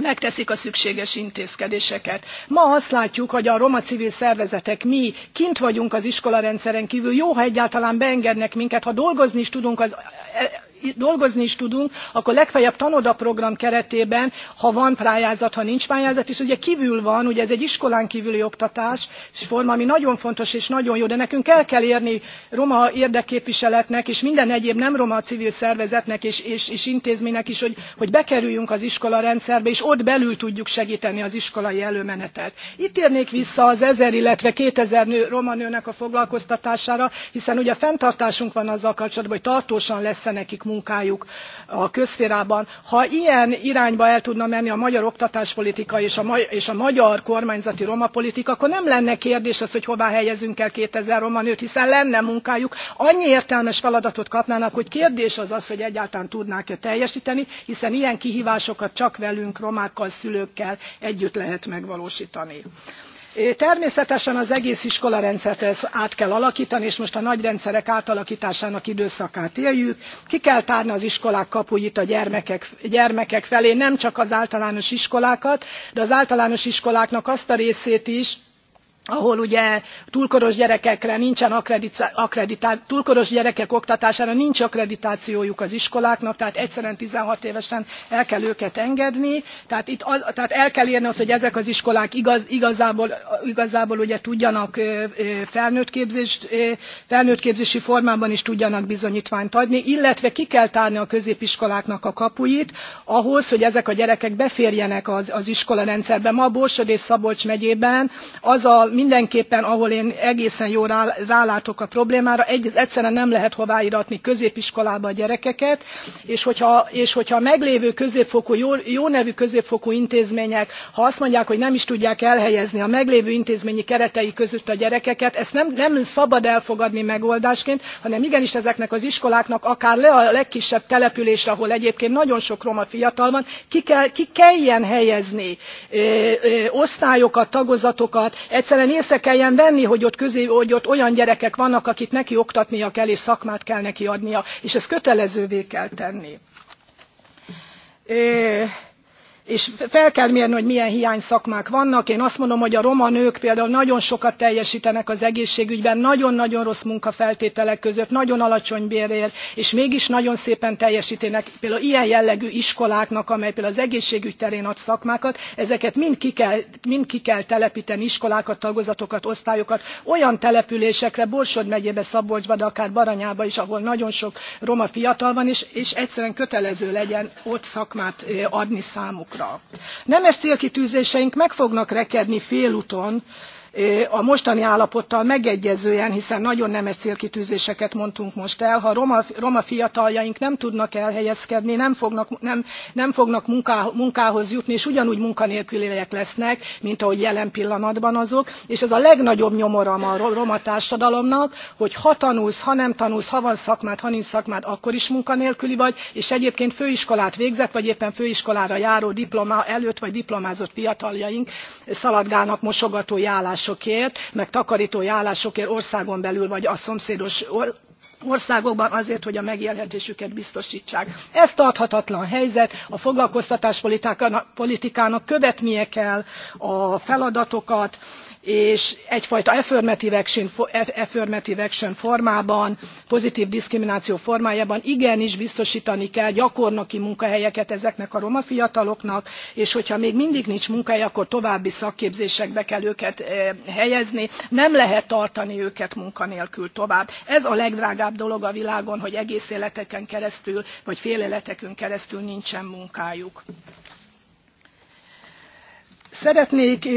megteszik a szükséges intézkedéseket. Ma azt látjuk, hogy a roma civil szervezetek mi kint vagyunk az iskolarendszeren kívül, jó, ha egyáltalán beengednek minket, ha dolgozni is tudunk az e, dolgozni is tudunk, akkor legfeljebb tanoda program keretében, ha van pályázat, ha nincs pályázat, és ugye kívül van, ugye ez egy iskolán kívüli oktatás és forma, ami nagyon fontos és nagyon jó, de nekünk el kell érni roma érdekképviseletnek és minden egyéb nem roma civil szervezetnek és, és, és intézménynek is, hogy, hogy bekerüljünk az iskola rendszerbe, és ott belül tudjuk segíteni az iskolai előmenetet. Itt érnék vissza az ezer, illetve 2000 nő, roma nőnek a foglalkoztatására, hiszen ugye fenntartásunk van azzal kapcsolatban, hogy tartósan lesz -e nekik munkájuk a közférában. Ha ilyen irányba el tudna menni a magyar oktatáspolitika és a, ma és a magyar kormányzati roma politika, akkor nem lenne kérdés az, hogy hová helyezünk el 2000 roma nőt, hiszen lenne munkájuk. Annyi értelmes feladatot kapnának, hogy kérdés az az, hogy egyáltalán tudnák-e teljesíteni, hiszen ilyen kihívásokat csak velünk, romákkal, szülőkkel együtt lehet megvalósítani. Természetesen az egész iskolarendszert át kell alakítani, és most a nagy rendszerek átalakításának időszakát éljük. Ki kell tárni az iskolák kapuit a gyermekek, gyermekek felé, nem csak az általános iskolákat, de az általános iskoláknak azt a részét is, ahol ugye túlkoros gyerekekre nincsen akkreditáció, túlkoros gyerekek oktatására nincs akkreditációjuk az iskoláknak, tehát egyszerűen 16 évesen el kell őket engedni, tehát, itt az, tehát el kell érni azt, hogy ezek az iskolák igaz, igazából, igazából ugye tudjanak felnőtt felnőttképzési formában is tudjanak bizonyítványt adni, illetve ki kell tárni a középiskoláknak a kapuit, ahhoz, hogy ezek a gyerekek beférjenek az, az iskola rendszerbe. Ma a Borsod és Szabolcs megyében az a mindenképpen, ahol én egészen jól rálátok a problémára, egy, egyszerűen nem lehet hová iratni középiskolába a gyerekeket, és hogyha, és hogyha a meglévő középfokú, jó, jó nevű középfokú intézmények, ha azt mondják, hogy nem is tudják elhelyezni a meglévő intézményi keretei között a gyerekeket, ezt nem, nem szabad elfogadni megoldásként, hanem igenis ezeknek az iskoláknak akár le a legkisebb településre, ahol egyébként nagyon sok roma fiatal van, ki, kell, ki kelljen helyezni ö, ö, osztályokat, tagozatokat, egyszerűen Aztán észre kelljen venni, hogy ott, közé, hogy ott olyan gyerekek vannak, akit neki oktatnia kell, és szakmát kell neki adnia, és ezt kötelezővé kell tenni. Ö, és fel kell mérni, hogy milyen hiány szakmák vannak. Én azt mondom, hogy a roma nők például nagyon sokat teljesítenek az egészségügyben, nagyon-nagyon rossz munkafeltételek között, nagyon alacsony bérért, és mégis nagyon szépen teljesítenek például ilyen jellegű iskoláknak, amely például az egészségügy terén ad szakmákat, ezeket mind ki kell, mind ki kell telepíteni, iskolákat, tagozatokat, osztályokat, olyan településekre, Borsod megyébe, Szabolcsba, de akár Baranyába is, ahol nagyon sok roma fiatal van, és, és egyszerűen kötelező legyen ott szakmát adni számukra. Nem Nemes célkitűzéseink meg fognak rekedni félúton, a mostani állapottal megegyezően, hiszen nagyon nemes célkitűzéseket mondtunk most el, ha roma, roma fiataljaink nem tudnak elhelyezkedni, nem fognak, nem, nem fognak munká, munkához jutni, és ugyanúgy munkanélküliek lesznek, mint ahogy jelen pillanatban azok, és ez a legnagyobb nyomoram a roma társadalomnak, hogy ha tanulsz, ha nem tanulsz, ha van szakmád, ha nincs szakmád, akkor is munkanélküli vagy, és egyébként főiskolát végzett, vagy éppen főiskolára járó diploma előtt, vagy diplomázott fiataljaink szaladgálnak mosogató állás állásokért, meg takarító állásokért országon belül vagy a szomszédos országokban azért, hogy a megélhetésüket biztosítsák. Ez tarthatatlan helyzet, a foglalkoztatás politikának követnie kell a feladatokat, és egyfajta affirmative action, affirmative action formában, pozitív diszkrimináció formájában igenis biztosítani kell gyakornoki munkahelyeket ezeknek a roma fiataloknak, és hogyha még mindig nincs munkahely, akkor további szakképzésekbe kell őket eh, helyezni, nem lehet tartani őket munkanélkül tovább. Ez a legdrágább dolog a világon, hogy egész életeken keresztül, vagy fél keresztül nincsen munkájuk. Szeretnék,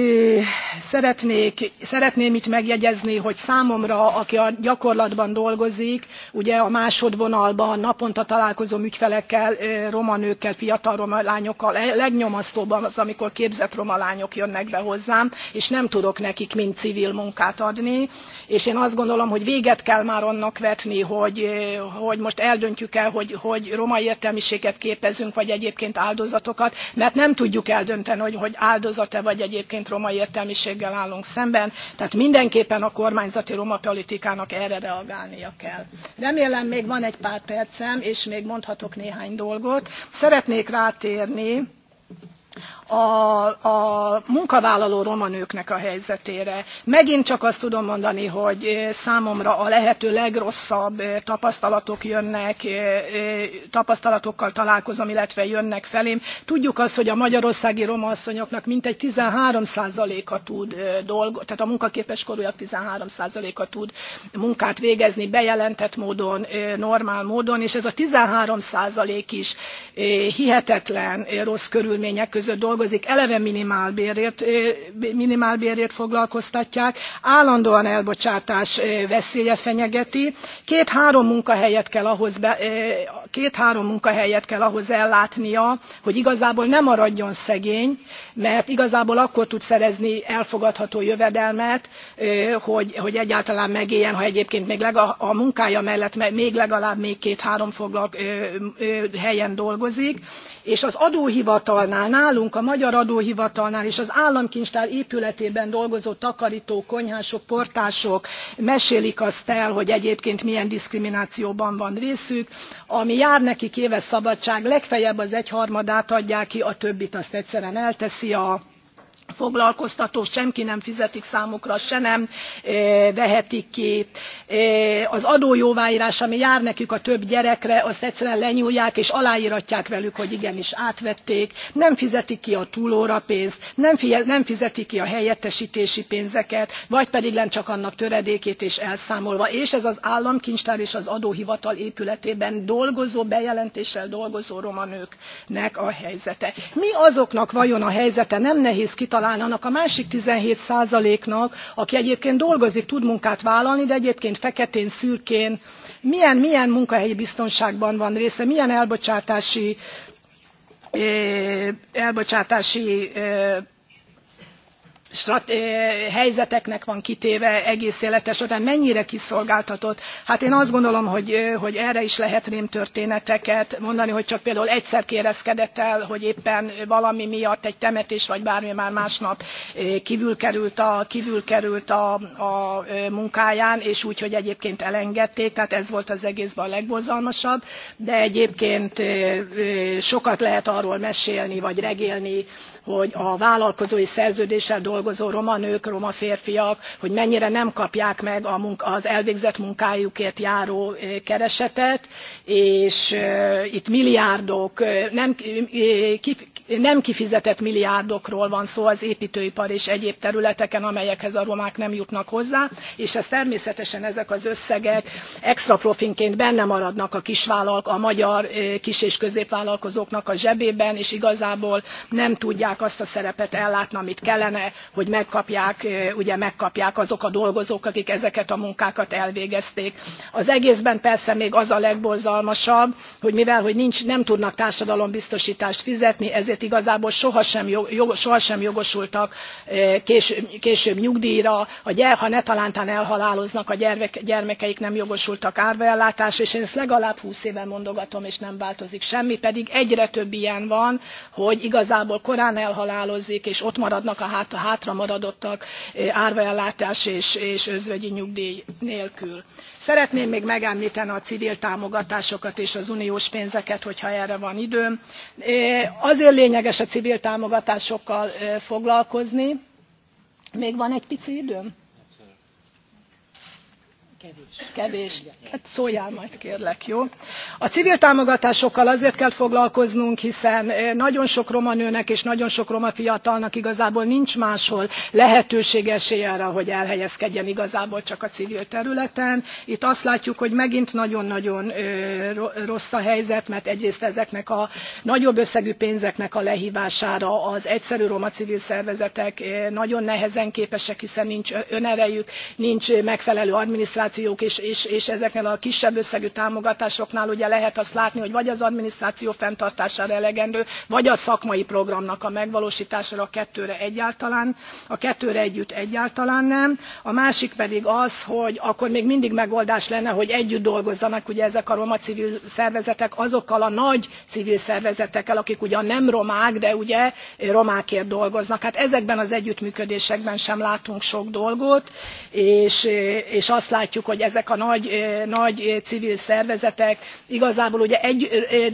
szeretnék, szeretném itt megjegyezni, hogy számomra, aki a gyakorlatban dolgozik, ugye a másodvonalban naponta találkozom ügyfelekkel, roma nőkkel, fiatal roma lányokkal, legnyomasztóbb az, amikor képzett roma lányok jönnek be hozzám, és nem tudok nekik mind civil munkát adni, és én azt gondolom, hogy véget kell már annak vetni, hogy, eh, hogy most eldöntjük el, hogy, hogy romai értelmiséget képezünk, vagy egyébként áldozatokat, mert nem tudjuk eldönteni, hogy, hogy áldozat vagy egyébként romai értelmiséggel állunk szemben, tehát mindenképpen a kormányzati roma politikának erre reagálnia kell. Remélem még van egy pár percem, és még mondhatok néhány dolgot. Szeretnék rátérni a, a munkavállaló romanőknek a helyzetére. Megint csak azt tudom mondani, hogy eh, számomra a lehető legrosszabb eh, tapasztalatok jönnek, eh, tapasztalatokkal találkozom, illetve jönnek felém. Tudjuk azt, hogy a magyarországi roma asszonyoknak mintegy 13%-a tud dolgozni, tehát a munkaképes korúak 13%-a tud munkát végezni bejelentett módon, normál módon, és ez a 13% is hihetetlen rossz körülmények között dolgozik, dolgozik, eleve minimálbérért, minimálbérért foglalkoztatják, állandóan elbocsátás veszélye fenyegeti, két-három munkahelyet kell ahhoz, be, két-három munkahelyet kell ahhoz ellátnia, hogy igazából nem maradjon szegény, mert igazából akkor tud szerezni elfogadható jövedelmet, hogy, hogy egyáltalán megéljen, ha egyébként még lega, a munkája mellett még legalább még két-három helyen dolgozik, és az adóhivatalnál nálunk a Magyar Adóhivatalnál és az államkincstár épületében dolgozó takarítók, konyhások, portások mesélik azt el, hogy egyébként milyen diszkriminációban van részük. Ami jár nekik éves szabadság, legfeljebb az egyharmadát adják ki, a többit azt egyszerűen elteszi a foglalkoztató, semki nem fizetik számukra, se nem vehetik ki. Az adójóváírás, ami jár nekik a több gyerekre, azt egyszerűen lenyúlják és aláíratják velük, hogy igenis átvették, nem fizetik ki a túlóra pénzt, nem, nem fizetik ki a helyettesítési pénzeket, vagy pedig nem csak annak töredékét és elszámolva. És ez az államkincstár és az adóhivatal épületében dolgozó, bejelentéssel dolgozó romanőknek a helyzete. Mi azoknak vajon a helyzete? Nem nehéz kitalálni, talán annak a másik 17 százaléknak, aki egyébként dolgozik, tud munkát vállalni, de egyébként feketén, szürkén, milyen, milyen munkahelyi biztonságban van része, milyen elbocsátási eh, elbocsátási eh, strat eh, helyzeteknek van kitéve egész élete során, mennyire kiszolgáltatott. Hát én azt gondolom, hogy, eh, hogy erre is lehet rém történeteket mondani, hogy csak például egyszer kérezkedett el, hogy éppen valami miatt egy temetés vagy bármi már másnap eh, kívül került a, kívül került a, a munkáján, és úgy, hogy egyébként elengedték, tehát ez volt az egészben a legbozalmasabb, de egyébként sokat lehet arról mesélni, vagy regélni, hogy a vállalkozói szerződéssel dolgozó roma nők, roma férfiak, hogy mennyire nem kapják meg a munka, az elvégzett munkájukért járó keresetet, és itt milliárdok nem nem kifizetett milliárdokról van szó az építőipar és egyéb területeken, amelyekhez a romák nem jutnak hozzá, és ez természetesen ezek az összegek extra profinként benne maradnak a kisvállalk, a magyar eh, kis- és középvállalkozóknak a zsebében, és igazából nem tudják azt a szerepet ellátni, amit kellene, hogy megkapják, eh, ugye megkapják azok a dolgozók, akik ezeket a munkákat elvégezték. Az egészben persze még az a legborzalmasabb, hogy mivel hogy nincs, nem tudnak társadalombiztosítást fizetni, ezért ezért igazából sohasem, jog, sohasem jogosultak eh, kés, később nyugdíjra, a gyere, ha ne talántán elhaláloznak, a gyermek, gyermekeik nem jogosultak árvaellátás, és én ezt legalább húsz éve mondogatom, és nem változik semmi, pedig egyre több ilyen van, hogy igazából korán elhalálozik, és ott maradnak a hát, hátra maradottak eh, árvaellátás és, és özvegyi nyugdíj nélkül. Szeretném még megemlíteni a civil támogatásokat és az uniós pénzeket, hogyha erre van időm. Azért lényeges a civil támogatásokkal foglalkozni. Még van egy pici időm? Kevés. Kevés. Hát szóljál majd kérlek, jó? A civil támogatásokkal azért kell foglalkoznunk, hiszen eh, nagyon sok roma nőnek és nagyon sok roma fiatalnak igazából nincs máshol lehetőség esélye arra, hogy elhelyezkedjen igazából csak a civil területen. Itt azt látjuk, hogy megint nagyon-nagyon eh, rossz a helyzet, mert egyrészt ezeknek a nagyobb összegű pénzeknek a lehívására az egyszerű roma civil szervezetek eh, nagyon nehezen képesek, hiszen nincs önerejük, nincs megfelelő adminisztráció, adminisztrációk és, és, és ezeknél a kisebb összegű támogatásoknál ugye lehet azt látni, hogy vagy az adminisztráció fenntartására elegendő, vagy a szakmai programnak a megvalósítására a kettőre egyáltalán, a kettőre együtt egyáltalán nem. A másik pedig az, hogy akkor még mindig megoldás lenne, hogy együtt dolgozzanak ugye ezek a roma civil szervezetek azokkal a nagy civil szervezetekkel, akik ugyan nem romák, de ugye romákért dolgoznak. Hát ezekben az együttműködésekben sem látunk sok dolgot, és, és azt látjuk, tudjuk, hogy ezek a nagy, nagy civil szervezetek igazából ugye egy,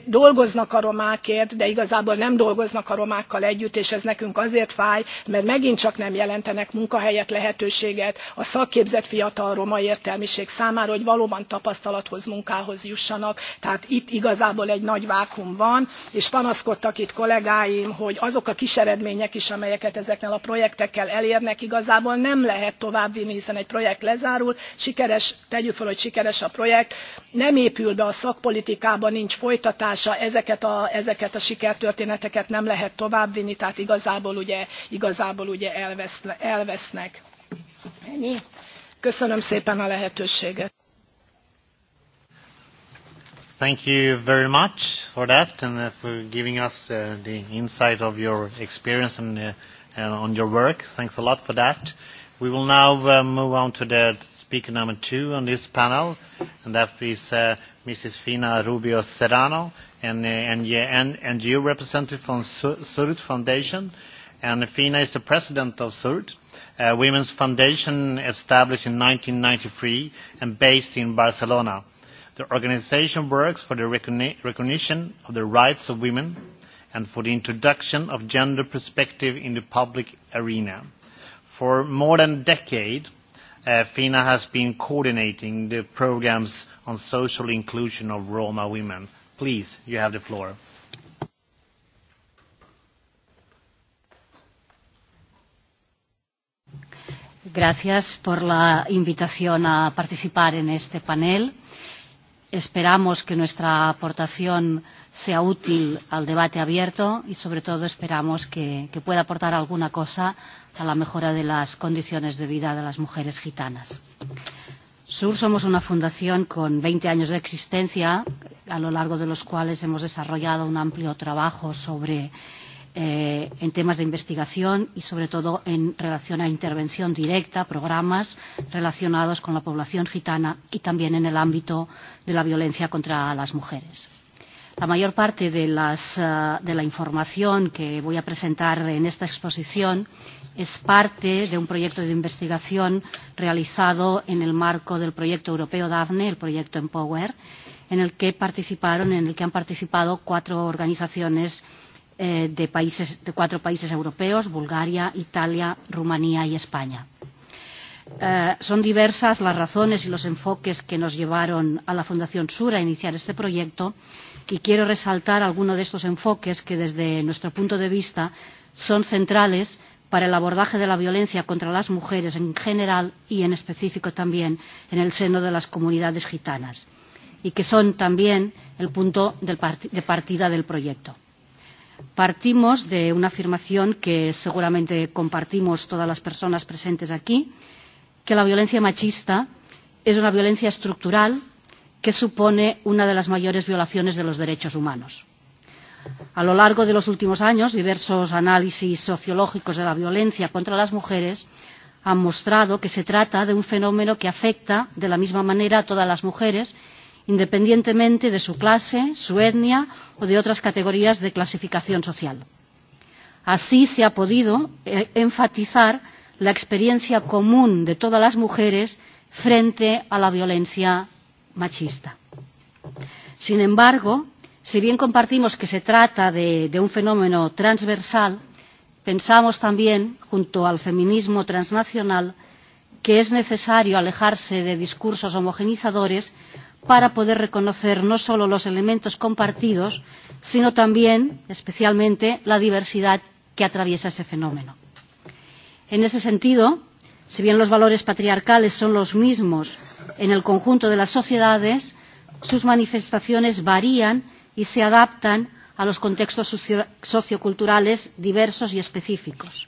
dolgoznak a romákért, de igazából nem dolgoznak a romákkal együtt, és ez nekünk azért fáj, mert megint csak nem jelentenek munkahelyet, lehetőséget a szakképzett fiatal roma értelmiség számára, hogy valóban tapasztalathoz, munkához jussanak. Tehát itt igazából egy nagy vákum van, és panaszkodtak itt kollégáim, hogy azok a kis eredmények is, amelyeket ezeknél a projektekkel elérnek, igazából nem lehet továbbvinni, hiszen egy projekt lezárul, sikeres sikeres, tegyük fel, hogy sikeres a projekt, nem épül be a szakpolitikában, nincs folytatása, ezeket a, ezeket a sikertörténeteket nem lehet továbbvinni, tehát igazából ugye, igazából ugye elveszne, elvesznek. Ennyi. Köszönöm szépen a lehetőséget. Thank you very much for that and uh, for giving us uh, the insight of your experience and, uh, and on your work. Thanks a lot for that. We will now uh, move on to the speaker number two on this panel, and that is uh, Mrs. Fina Rubio Serrano, an uh, NGO e representative from Surut Foundation. And Fina is the president of Surut, a women's foundation established in 1993 and based in Barcelona. The organization works for the recogni recognition of the rights of women and for the introduction of gender perspective in the public arena. For more than a decade, uh, FINA has been coordinating the programs on social inclusion of Roma women. Please, you have the floor. Gracias por la invitación a participar en este panel. Esperamos que nuestra aportación sea útil al debate abierto y sobre todo esperamos que, que pueda aportar alguna cosa a la mejora de las condiciones de vida de las mujeres gitanas. SUR somos una fundación con 20 años de existencia, a lo largo de los cuales hemos desarrollado un amplio trabajo sobre eh, en temas de investigación y sobre todo en relación a intervención directa, programas relacionados con la población gitana y también en el ámbito de la violencia contra las mujeres. La mayor parte de, las, uh, de la información que voy a presentar en esta exposición es parte de un proyecto de investigación realizado en el marco del proyecto europeo DAFNE, el proyecto Empower, en el que participaron, en el que han participado cuatro organizaciones eh, de, países, de cuatro países europeos, Bulgaria, Italia, Rumanía y España. Eh, son diversas las razones y los enfoques que nos llevaron a la Fundación Sur a iniciar este proyecto y quiero resaltar algunos de estos enfoques que desde nuestro punto de vista son centrales para el abordaje de la violencia contra las mujeres en general y en específico también en el seno de las comunidades gitanas y que son también el punto de partida del proyecto. Partimos de una afirmación que seguramente compartimos todas las personas presentes aquí, que la violencia machista es una violencia estructural que supone una de las mayores violaciones de los derechos humanos. A lo largo de los últimos años, diversos análisis sociológicos de la violencia contra las mujeres han mostrado que se trata de un fenómeno que afecta de la misma manera a todas las mujeres independientemente de su clase, su etnia o de otras categorías de clasificación social. Así se ha podido eh, enfatizar la experiencia común de todas las mujeres frente a la violencia machista. Sin embargo, si bien compartimos que se trata de, de un fenómeno transversal, pensamos también, junto al feminismo transnacional, que es necesario alejarse de discursos homogenizadores para poder reconocer no solo los elementos compartidos, sino también, especialmente, la diversidad que atraviesa ese fenómeno. En ese sentido, si bien los valores patriarcales son los mismos en el conjunto de las sociedades, sus manifestaciones varían y se adaptan a los contextos socioculturales diversos y específicos.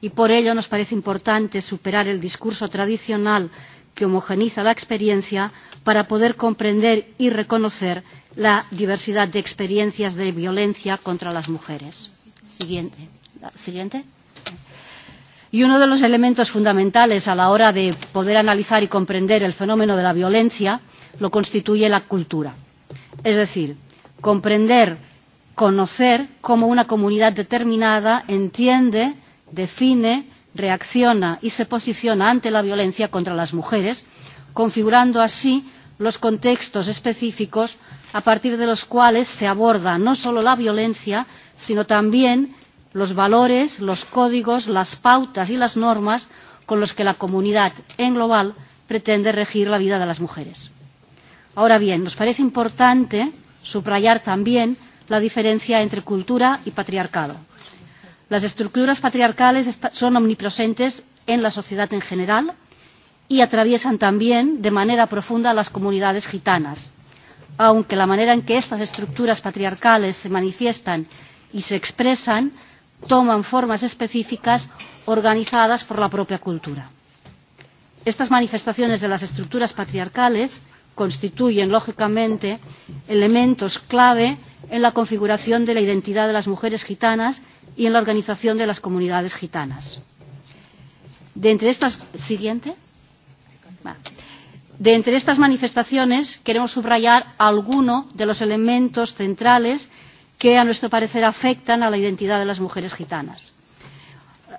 Y por ello nos parece importante superar el discurso tradicional que homogeniza la experiencia para poder comprender y reconocer la diversidad de experiencias de violencia contra las mujeres. Siguiente. Siguiente. Y uno de los elementos fundamentales a la hora de poder analizar y comprender el fenómeno de la violencia lo constituye la cultura. Es decir, comprender, conocer cómo una comunidad determinada entiende, define, reacciona y se posiciona ante la violencia contra las mujeres configurando así los contextos específicos a partir de los cuales se aborda no solo la violencia, sino también los valores, los códigos, las pautas y las normas con los que la comunidad en global pretende regir la vida de las mujeres. Ahora bien, nos parece importante subrayar también la diferencia entre cultura y patriarcado. Las estructuras patriarcales son omnipresentes en la sociedad en general, y atraviesan también de manera profunda las comunidades gitanas. Aunque la manera en que estas estructuras patriarcales se manifiestan y se expresan toman formas específicas organizadas por la propia cultura. Estas manifestaciones de las estructuras patriarcales constituyen, lógicamente, elementos clave en la configuración de la identidad de las mujeres gitanas y en la organización de las comunidades gitanas. De entre estas, siguiente. De entre estas manifestaciones queremos subrayar alguno de los elementos centrales que a nuestro parecer afectan a la identidad de las mujeres gitanas.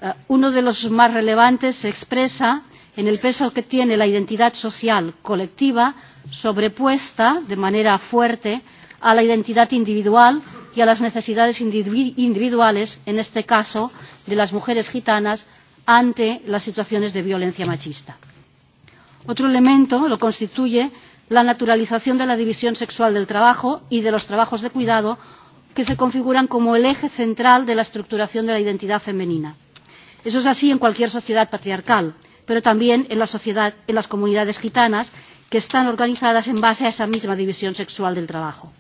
Eh, uno de los más relevantes se expresa en el peso que tiene la identidad social colectiva sobrepuesta de manera fuerte a la identidad individual y a las necesidades individuales, en este caso de las mujeres gitanas, ante las situaciones de violencia machista. Otro elemento lo constituye la naturalización de la división sexual del trabajo y de los trabajos de cuidado que se configuran como el eje central de la estructuración de la identidad femenina. Eso es así en cualquier sociedad patriarcal, pero también en, la sociedad, en las comunidades gitanas que están organizadas en base a esa misma división sexual del trabajo.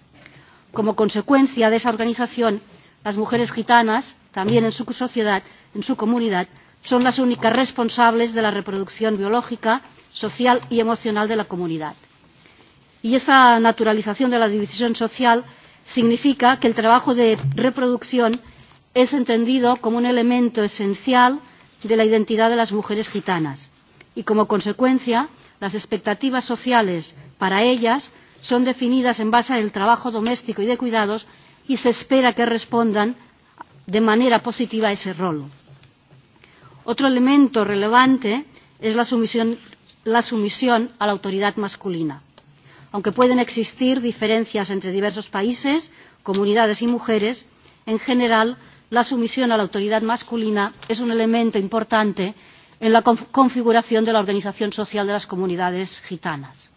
Como consecuencia de esa organización, las mujeres gitanas, también en su sociedad, en su comunidad, son las únicas responsables de la reproducción biológica social y emocional de la comunidad. Y esa naturalización de la división social significa que el trabajo de reproducción es entendido como un elemento esencial de la identidad de las mujeres gitanas y como consecuencia las expectativas sociales para ellas son definidas en base al trabajo doméstico y de cuidados y se espera que respondan de manera positiva a ese rol. Otro elemento relevante es la sumisión la sumisión a la autoridad masculina. Aunque pueden existir diferencias entre diversos países, comunidades y mujeres, en general la sumisión a la autoridad masculina es un elemento importante en la configuración de la organización social de las comunidades gitanas.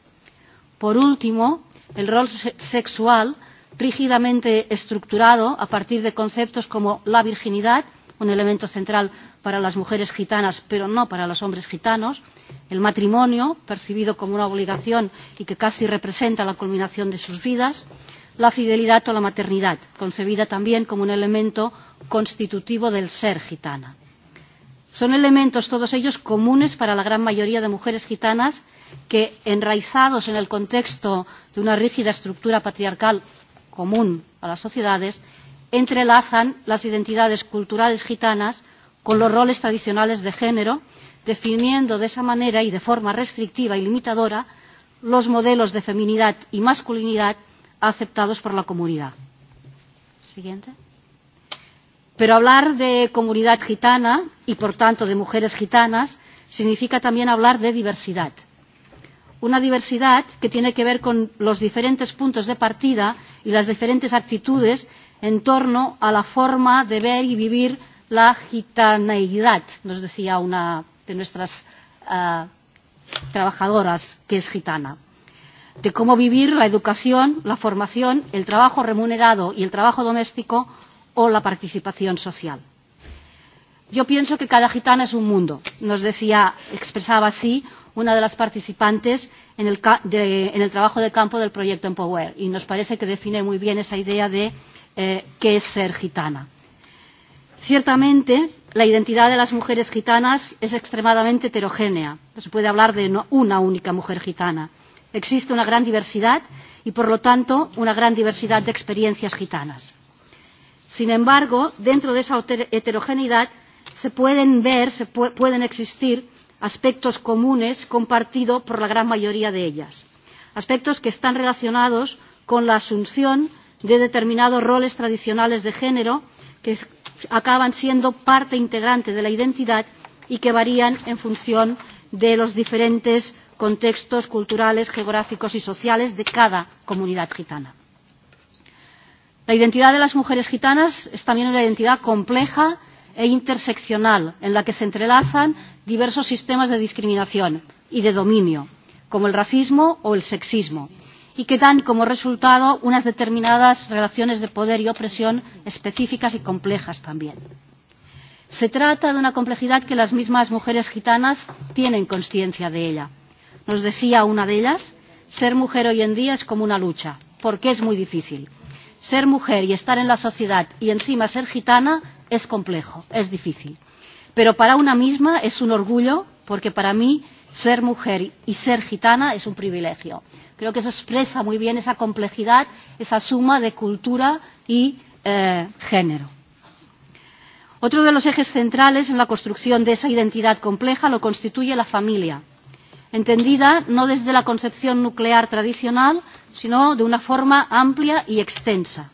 Por último, el rol sexual rígidamente estructurado a partir de conceptos como la virginidad, un elemento central para las mujeres gitanas, pero no para los hombres gitanos, el matrimonio, percibido como una obligación y que casi representa la culminación de sus vidas, la fidelidad o la maternidad, concebida también como un elemento constitutivo del ser gitana. Son elementos todos ellos comunes para la gran mayoría de mujeres gitanas que, enraizados en el contexto de una rígida estructura patriarcal común a las sociedades, entrelazan las identidades culturales gitanas con los roles tradicionales de género, definiendo de esa manera y de forma restrictiva y limitadora los modelos de feminidad y masculinidad aceptados por la comunidad. Siguiente. Pero hablar de comunidad gitana y por tanto de mujeres gitanas significa también hablar de diversidad. Una diversidad que tiene que ver con los diferentes puntos de partida y las diferentes actitudes en torno a la forma de ver y vivir la gitaneidad, nos decía una de nuestras uh, trabajadoras que es gitana, de cómo vivir la educación, la formación, el trabajo remunerado y el trabajo doméstico o la participación social. Yo pienso que cada gitana es un mundo, nos decía, expresaba así una de las participantes en el, de, en el trabajo de campo del proyecto Empower y nos parece que define muy bien esa idea de eh, qué es ser gitana. Ciertamente, la identidad de las mujeres gitanas es extremadamente heterogénea. No se puede hablar de una única mujer gitana. Existe una gran diversidad y, por lo tanto, una gran diversidad de experiencias gitanas. Sin embargo, dentro de esa heterogeneidad se pueden ver, se pu pueden existir aspectos comunes compartidos por la gran mayoría de ellas. Aspectos que están relacionados con la asunción de determinados roles tradicionales de género que acaban siendo parte integrante de la identidad y que varían en función de los diferentes contextos culturales, geográficos y sociales de cada comunidad gitana. La identidad de las mujeres gitanas es también una identidad compleja e interseccional en la que se entrelazan diversos sistemas de discriminación y de dominio, como el racismo o el sexismo y que dan como resultado unas determinadas relaciones de poder y opresión específicas y complejas también. Se trata de una complejidad que las mismas mujeres gitanas tienen conciencia de ella. Nos decía una de ellas, ser mujer hoy en día es como una lucha, porque es muy difícil. Ser mujer y estar en la sociedad y encima ser gitana es complejo, es difícil. Pero para una misma es un orgullo, porque para mí ser mujer y ser gitana es un privilegio. Creo que eso expresa muy bien esa complejidad, esa suma de cultura y eh, género. Otro de los ejes centrales en la construcción de esa identidad compleja lo constituye la familia, entendida no desde la concepción nuclear tradicional, sino de una forma amplia y extensa.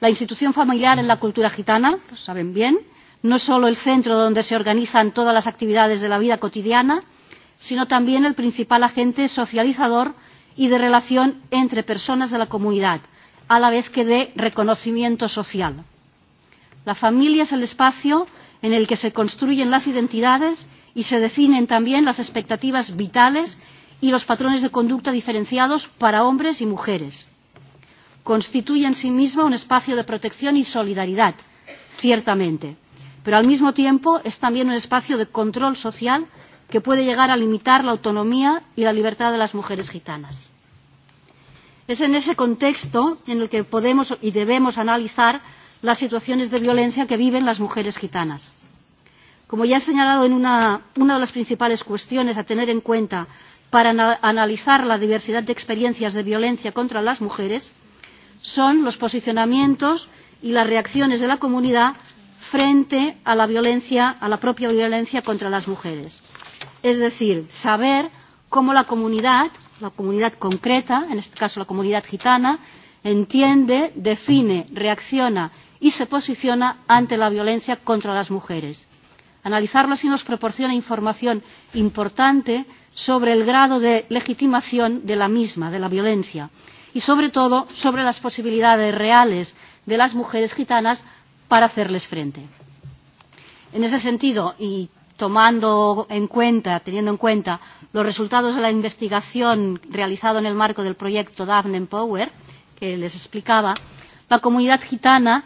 La institución familiar en la cultura gitana, lo saben bien, no es solo el centro donde se organizan todas las actividades de la vida cotidiana, sino también el principal agente socializador y de relación entre personas de la comunidad, a la vez que de reconocimiento social. La familia es el espacio en el que se construyen las identidades y se definen también las expectativas vitales y los patrones de conducta diferenciados para hombres y mujeres. Constituye en sí misma un espacio de protección y solidaridad, ciertamente, pero al mismo tiempo es también un espacio de control social que puede llegar a limitar la autonomía y la libertad de las mujeres gitanas. Es en ese contexto en el que podemos y debemos analizar las situaciones de violencia que viven las mujeres gitanas. Como ya he señalado en una, una de las principales cuestiones a tener en cuenta para analizar la diversidad de experiencias de violencia contra las mujeres son los posicionamientos y las reacciones de la comunidad frente a la violencia, a la propia violencia contra las mujeres. Es decir, saber cómo la comunidad la comunidad concreta, en este caso la comunidad gitana, entiende, define, reacciona y se posiciona ante la violencia contra las mujeres. Analizarlo así nos proporciona información importante sobre el grado de legitimación de la misma, de la violencia, y sobre todo sobre las posibilidades reales de las mujeres gitanas para hacerles frente. En ese sentido, y tomando en cuenta, teniendo en cuenta los resultados de la investigación realizada en el marco del proyecto Daphne Power, que les explicaba, la comunidad gitana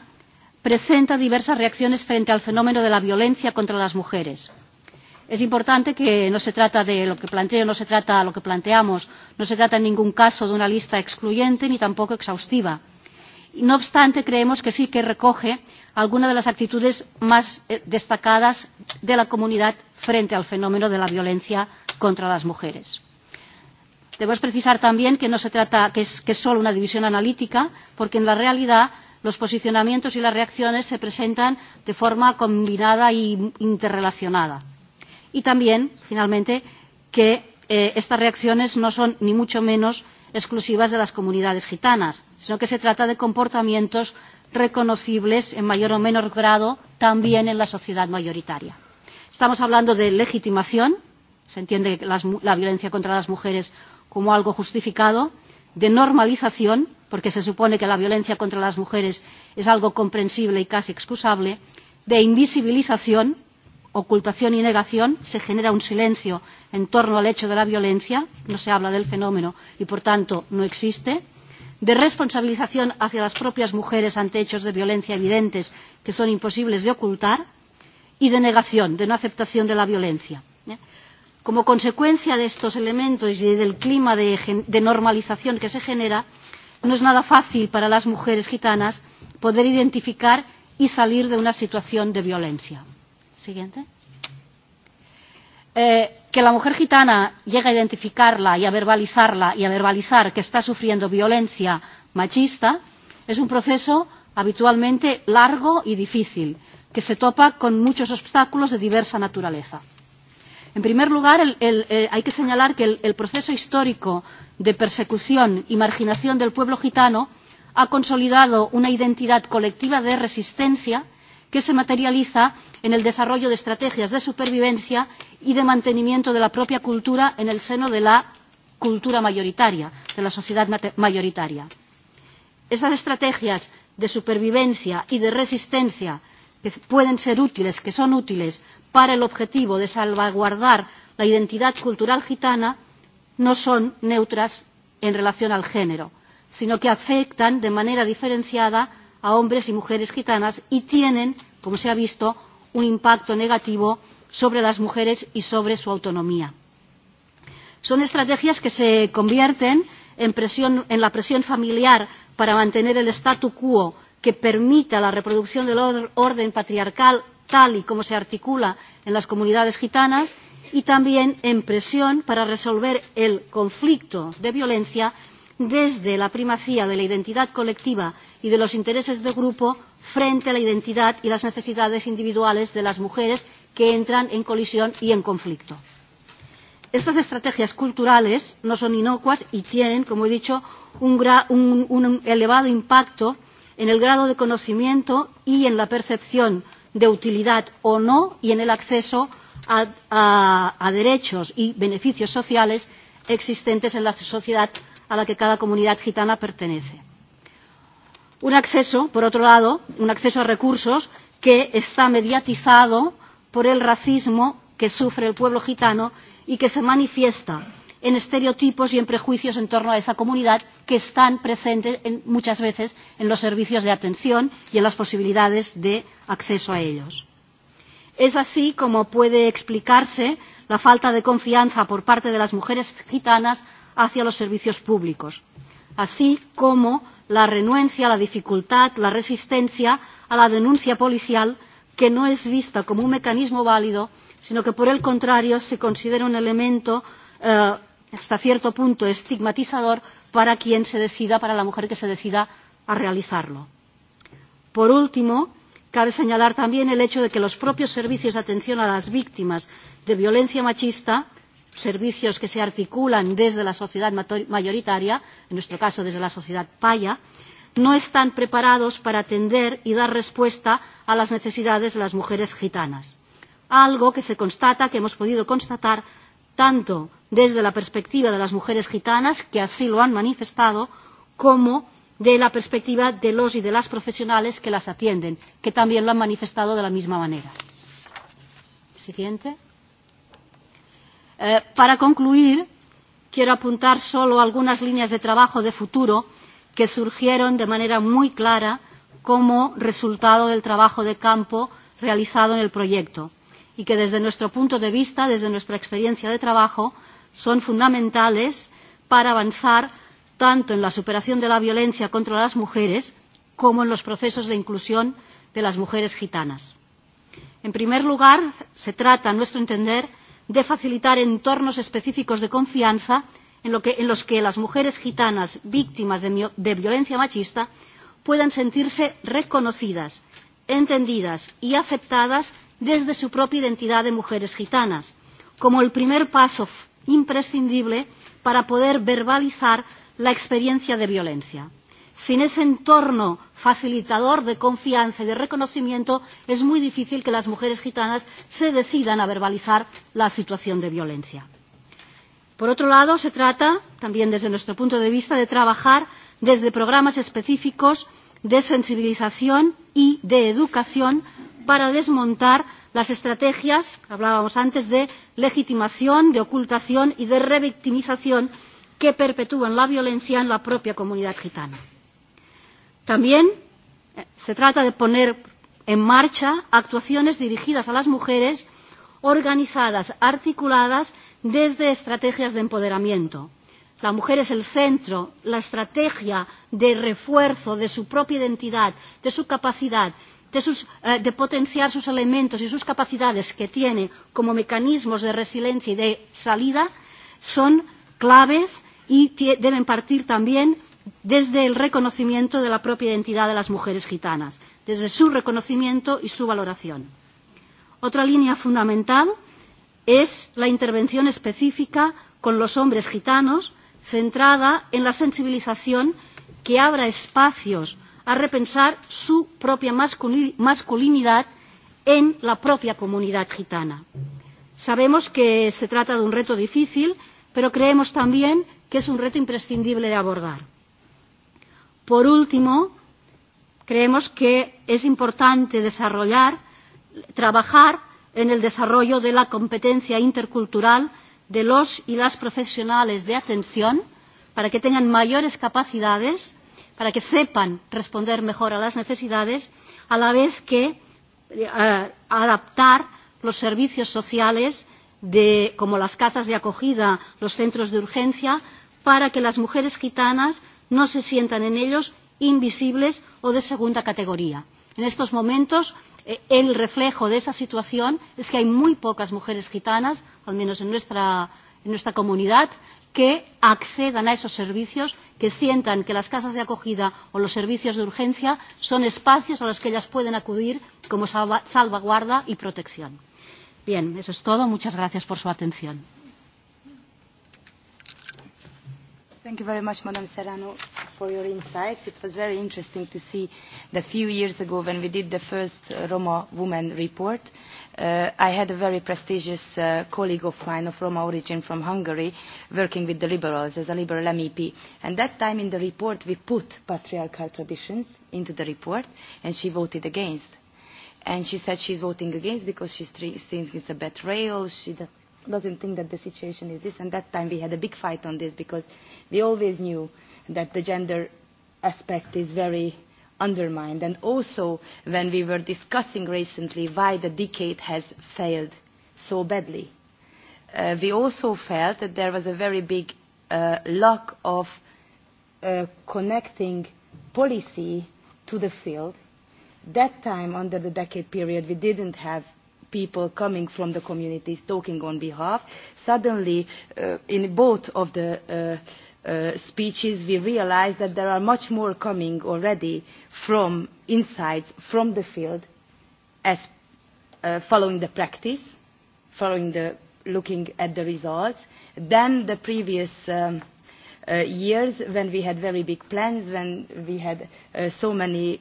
presenta diversas reacciones frente al fenómeno de la violencia contra las mujeres. Es importante que no se trata de lo que planteo, no se trata de lo que planteamos, no se trata en ningún caso de una lista excluyente ni tampoco exhaustiva. No obstante, creemos que sí que recoge algunas de las actitudes más eh, destacadas de la comunidad frente al fenómeno de la violencia contra las mujeres. Debemos precisar también que no se trata que es, que es solo una división analítica, porque en la realidad los posicionamientos y las reacciones se presentan de forma combinada e interrelacionada. Y también, finalmente, que eh, estas reacciones no son ni mucho menos exclusivas de las comunidades gitanas, sino que se trata de comportamientos reconocibles en mayor o menor grado también en la sociedad mayoritaria. Estamos hablando de legitimación, se entiende que las, la violencia contra las mujeres como algo justificado, de normalización, porque se supone que la violencia contra las mujeres es algo comprensible y casi excusable, de invisibilización, ocultación y negación, se genera un silencio en torno al hecho de la violencia, no se habla del fenómeno y por tanto no existe, de responsabilización hacia las propias mujeres ante hechos de violencia evidentes que son imposibles de ocultar y de negación, de no aceptación de la violencia. Como consecuencia de estos elementos y del clima de, de normalización que se genera, no es nada fácil para las mujeres gitanas poder identificar y salir de una situación de violencia. Siguiente eh, que la mujer gitana llegue a identificarla y a verbalizarla y a verbalizar que está sufriendo violencia machista es un proceso habitualmente largo y difícil, que se topa con muchos obstáculos de diversa naturaleza. En primer lugar, el, el, el, eh, hay que señalar que el, el proceso histórico de persecución y marginación del pueblo gitano ha consolidado una identidad colectiva de resistencia que se materializa en el desarrollo de estrategias de supervivencia y de mantenimiento de la propia cultura en el seno de la cultura mayoritaria, de la sociedad mayoritaria. Esas estrategias de supervivencia y de resistencia que pueden ser útiles, que son útiles para el objetivo de salvaguardar la identidad cultural gitana, no son neutras en relación al género, sino que afectan de manera diferenciada a hombres y mujeres gitanas y tienen, como se ha visto, un impacto negativo sobre las mujeres y sobre su autonomía. Son estrategias que se convierten en, presión, en la presión familiar para mantener el statu quo que permita la reproducción del orden patriarcal tal y como se articula en las comunidades gitanas y también en presión para resolver el conflicto de violencia desde la primacía de la identidad colectiva y de los intereses de grupo frente a la identidad y las necesidades individuales de las mujeres que entran en colisión y en conflicto. Estas estrategias culturales no son inocuas y tienen, como he dicho, un, gra un, un elevado impacto en el grado de conocimiento y en la percepción de utilidad o no y en el acceso a, a, a derechos y beneficios sociales existentes en la sociedad a la que cada comunidad gitana pertenece. Un acceso, por otro lado, un acceso a recursos que está mediatizado por el racismo que sufre el pueblo gitano y que se manifiesta en estereotipos y en prejuicios en torno a esa comunidad que están presentes en, muchas veces en los servicios de atención y en las posibilidades de acceso a ellos. Es así como puede explicarse la falta de confianza por parte de las mujeres gitanas hacia los servicios públicos, así como la renuencia, la dificultad, la resistencia a la denuncia policial que no es vista como un mecanismo válido, sino que por el contrario se considera un elemento eh, hasta cierto punto estigmatizador para quien se decida, para la mujer que se decida a realizarlo. Por último, cabe señalar también el hecho de que los propios servicios de atención a las víctimas de violencia machista servicios que se articulan desde la sociedad mayoritaria, en nuestro caso desde la sociedad paya, no están preparados para atender y dar respuesta a las necesidades de las mujeres gitanas. Algo que se constata, que hemos podido constatar tanto desde la perspectiva de las mujeres gitanas, que así lo han manifestado, como de la perspectiva de los y de las profesionales que las atienden, que también lo han manifestado de la misma manera. Siguiente. Eh, para concluir, quiero apuntar solo algunas líneas de trabajo de futuro que surgieron de manera muy clara como resultado del trabajo de campo realizado en el proyecto y que desde nuestro punto de vista, desde nuestra experiencia de trabajo, son fundamentales para avanzar tanto en la superación de la violencia contra las mujeres como en los procesos de inclusión de las mujeres gitanas. En primer lugar, se trata, a nuestro entender, de facilitar entornos específicos de confianza en, lo que, en los que las mujeres gitanas víctimas de, de violencia machista puedan sentirse reconocidas, entendidas y aceptadas desde su propia identidad de mujeres gitanas, como el primer paso imprescindible para poder verbalizar la experiencia de violencia. Sin ese entorno facilitador de confianza y de reconocimiento, es muy difícil que las mujeres gitanas se decidan a verbalizar la situación de violencia. Por otro lado, se trata, también desde nuestro punto de vista, de trabajar desde programas específicos de sensibilización y de educación para desmontar las estrategias, hablábamos antes, de legitimación, de ocultación y de revictimización que perpetúan la violencia en la propia comunidad gitana. También eh, se trata de poner en marcha actuaciones dirigidas a las mujeres organizadas, articuladas desde estrategias de empoderamiento. La mujer es el centro, la estrategia de refuerzo de su propia identidad, de su capacidad, de, sus, eh, de potenciar sus elementos y sus capacidades que tiene como mecanismos de resiliencia y de salida son claves y deben partir también desde el reconocimiento de la propia identidad de las mujeres gitanas, desde su reconocimiento y su valoración. Otra línea fundamental es la intervención específica con los hombres gitanos, centrada en la sensibilización que abra espacios a repensar su propia masculinidad en la propia comunidad gitana. Sabemos que se trata de un reto difícil, pero creemos también que es un reto imprescindible de abordar. Por último, creemos que es importante desarrollar, trabajar en el desarrollo de la competencia intercultural de los y las profesionales de atención para que tengan mayores capacidades, para que sepan responder mejor a las necesidades, a la vez que eh, adaptar los servicios sociales de, como las casas de acogida, los centros de urgencia, para que las mujeres gitanas no se sientan en ellos invisibles o de segunda categoría. En estos momentos, eh, el reflejo de esa situación es que hay muy pocas mujeres gitanas, al menos en nuestra, en nuestra comunidad, que accedan a esos servicios, que sientan que las casas de acogida o los servicios de urgencia son espacios a los que ellas pueden acudir como salvaguarda y protección. Bien, eso es todo. Muchas gracias por su atención. Thank you very much, Madam Serrano, for your insights. It was very interesting to see the few years ago when we did the first uh, Roma woman report. Uh, I had a very prestigious uh, colleague of mine of Roma origin from Hungary working with the Liberals as a Liberal MEP. And that time in the report we put patriarchal traditions into the report and she voted against. And she said she's voting against because she thinks it's a betrayal, she, doesn't think that the situation is this. And that time we had a big fight on this because we always knew that the gender aspect is very undermined. And also when we were discussing recently why the decade has failed so badly, uh, we also felt that there was a very big uh, lack of uh, connecting policy to the field. That time, under the decade period, we didn't have people coming from the communities talking on behalf. Suddenly, uh, in both of the uh, uh, speeches, we realized that there are much more coming already from insights from the field as uh, following the practice, following the looking at the results, than the previous um, uh, years when we had very big plans, when we had uh, so many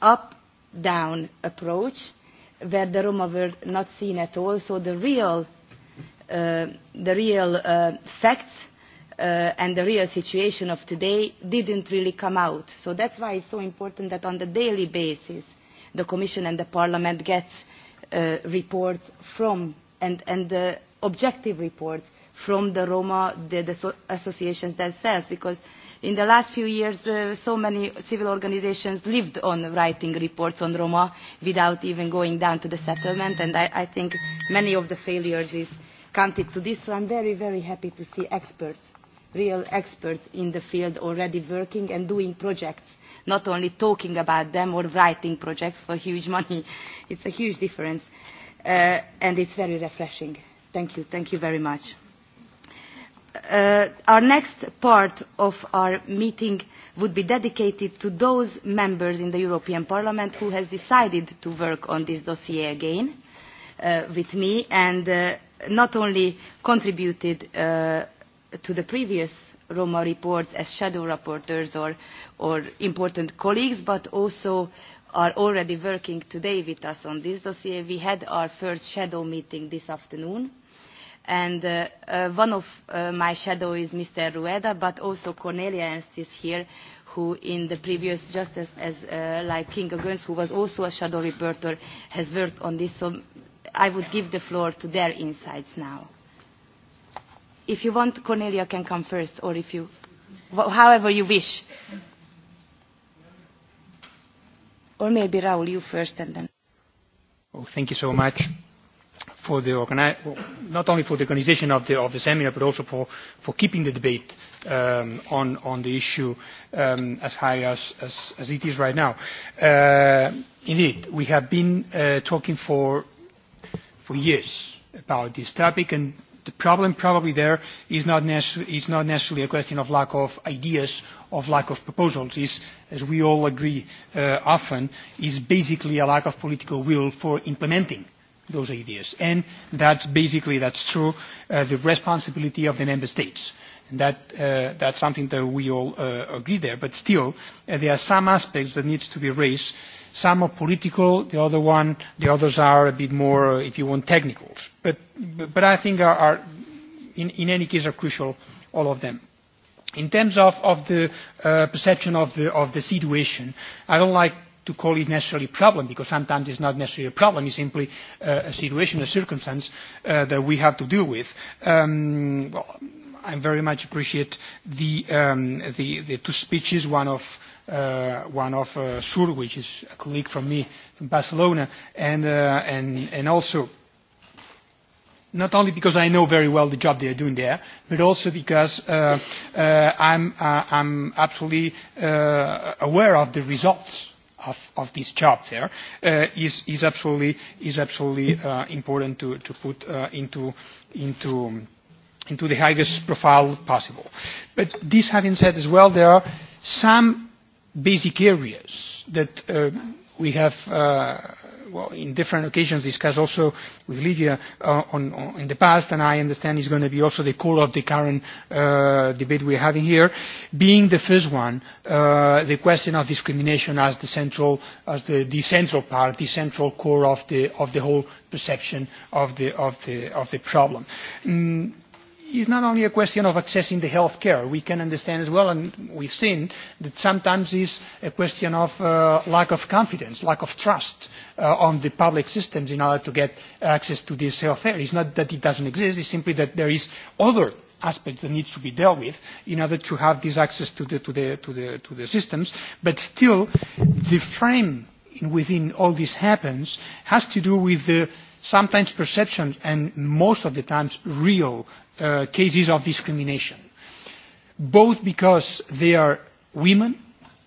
up-down approach where the Roma were not seen at all. So the real, uh, the real uh, facts uh, and the real situation of today didn't really come out. So that's why it's so important that on the daily basis the Commission and the Parliament get uh, reports from and, and uh, objective reports from the Roma the, the associations themselves because uh, in the last few years, uh, so many civil organizations lived on writing reports on Roma without even going down to the settlement, and I, I think many of the failures is counted to this. So I'm very, very happy to see experts, real experts in the field already working and doing projects not only talking about them or writing projects for huge *laughs* money. It's a huge difference. Uh, and it's very refreshing. Thank you. Thank you very much uh, our next part of our meeting would be dedicated to those members in the European Parliament who has decided to work on this dossier again uh, with me and uh, not only contributed uh, to the previous Roma reports as shadow rapporteurs or, or important colleagues, but also are already working today with us on this dossier. We had our first shadow meeting this afternoon And uh, uh, one of uh, my shadow is Mr. Rueda, but also Cornelia Ernst is here, who in the previous, just as, as uh, like King Agnes, who was also a shadow reporter, has worked on this. So I would give the floor to their insights now. If you want, Cornelia can come first, or if you, however you wish. Or maybe Raul, you first and then. Oh, thank you so much for the organi not only for the organization of the, of the seminar, but also for, for keeping the debate um, on, on the issue um, as high as, as, as it is right now. Uh, indeed, we have been uh, talking for, for years about this topic, and the problem probably there is not, is not necessarily a question of lack of ideas, of lack of proposals. It's, as we all agree uh, often, is basically a lack of political will for implementing those ideas. And that's basically, that's true, uh, the responsibility of the member states. And that, uh, that's something that we all uh, agree there. But still, uh, there are some aspects that need to be raised. Some are political, the, other one, the others are a bit more, uh, if you want, But But, but I think are, are in, in any case, are crucial, all of them. In terms of, of the uh, perception of the, of the situation, I don't like to call it necessarily a problem because sometimes it's not necessarily a problem, it's simply uh, a situation, a circumstance uh, that we have to deal with. Um, well, I very much appreciate the, um, the, the two speeches, one of uh, one of uh, Sur, which is a colleague from me from Barcelona, and, uh, and, and also not only because I know very well the job they are doing there, but also because uh, uh, I'm, uh, I'm absolutely uh, aware of the results of, of this job there uh, is, is absolutely, is absolutely uh, important to, to put uh, into, into, into the highest profile possible. But this having said as well, there are some basic areas that uh, We have, uh, well, in different occasions, discussed also with Lydia uh, on, on, in the past, and I understand is going to be also the core of the current uh, debate we're having here, being the first one, uh, the question of discrimination as the central, as the, the central part, the central core of the, of the whole perception of the, of the, of the problem. Mm is not only a question of accessing the health care. We can understand as well, and we've seen, that sometimes is a question of uh, lack of confidence, lack of trust uh, on the public systems in order to get access to this health care. It's not that it doesn't exist, it's simply that there is other aspects that need to be dealt with in order to have this access to the, to the, to the, to the systems. But still, the frame in within all this happens has to do with the sometimes perceptions and most of the times real uh, cases of discrimination. Both because they are women,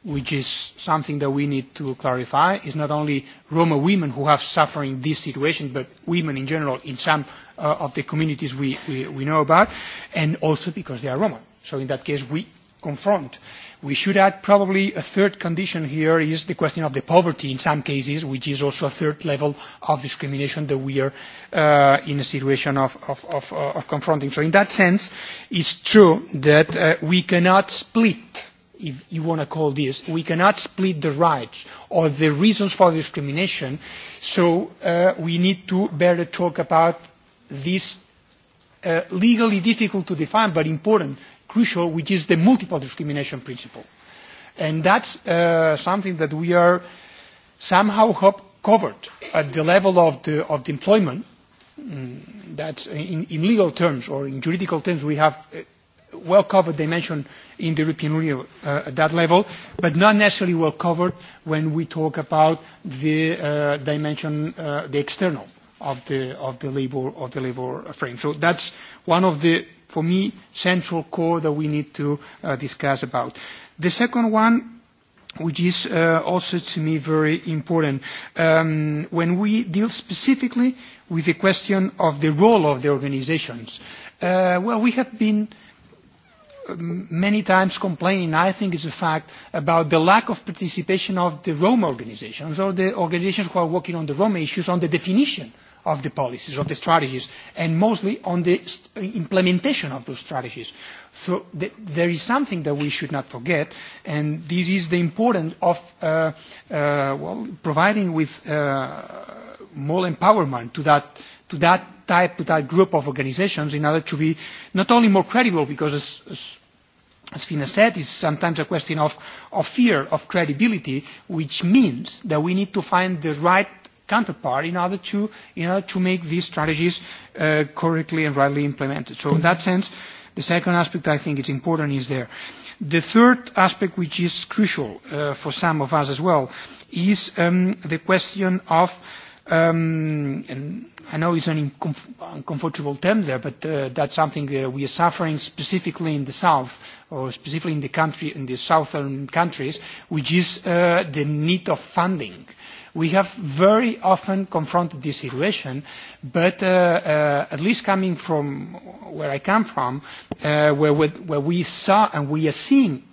which is something that we need to clarify. It's not only Roma women who have suffering this situation, but women in general in some uh, of the communities we, we, we know about, and also because they are Roma. So in that case, we confront uh, We should add probably a third condition here is the question of the poverty in some cases, which is also a third level of discrimination that we are uh, in a situation of, of, of, uh, of confronting. So in that sense, it's true that uh, we cannot split if you want to call this, we cannot split the rights or the reasons for discrimination, so uh, we need to better talk about this uh, legally difficult to define but important crucial, which is the multiple discrimination principle. And that's uh, something that we are somehow hope covered at the level of the, of the employment. Mm, that in, in legal terms or in juridical terms, we have uh, well covered dimension in the European Union uh, at that level, but not necessarily well covered when we talk about the uh, dimension, uh, the external of the, of the labor, of the labor frame. So that's one of the for me, central core that we need to uh, discuss about. The second one which is uh, also to me very important. Um, when we deal specifically with the question of the role of the organizations, uh, well, we have been um, many times complaining, I think is a fact, about the lack of participation of the Rome organizations or the organizations who are working on the Rome issues on the definition of the policies, of the strategies, and mostly on the implementation of those strategies. So th there is something that we should not forget, and this is the importance of uh, uh, well, providing with uh, more empowerment to that, to that type, to that group of organizations in order to be not only more credible, because as, as as Fina said, it's sometimes a question of, of fear, of credibility, which means that we need to find the right counterpart in order to, in order to make these strategies uh, correctly and rightly implemented. So in that sense, the second aspect I think is important is there. The third aspect which is crucial uh, for some of us as well is um, the question of um, and I know it's an uncomfortable term there, but uh, that's something that we are suffering specifically in the south, or specifically in the country, in the southern countries, which is uh, the need of funding. We have very often confronted this situation, but uh, uh, at least coming from where I come from, uh, where, where we saw and we are seeing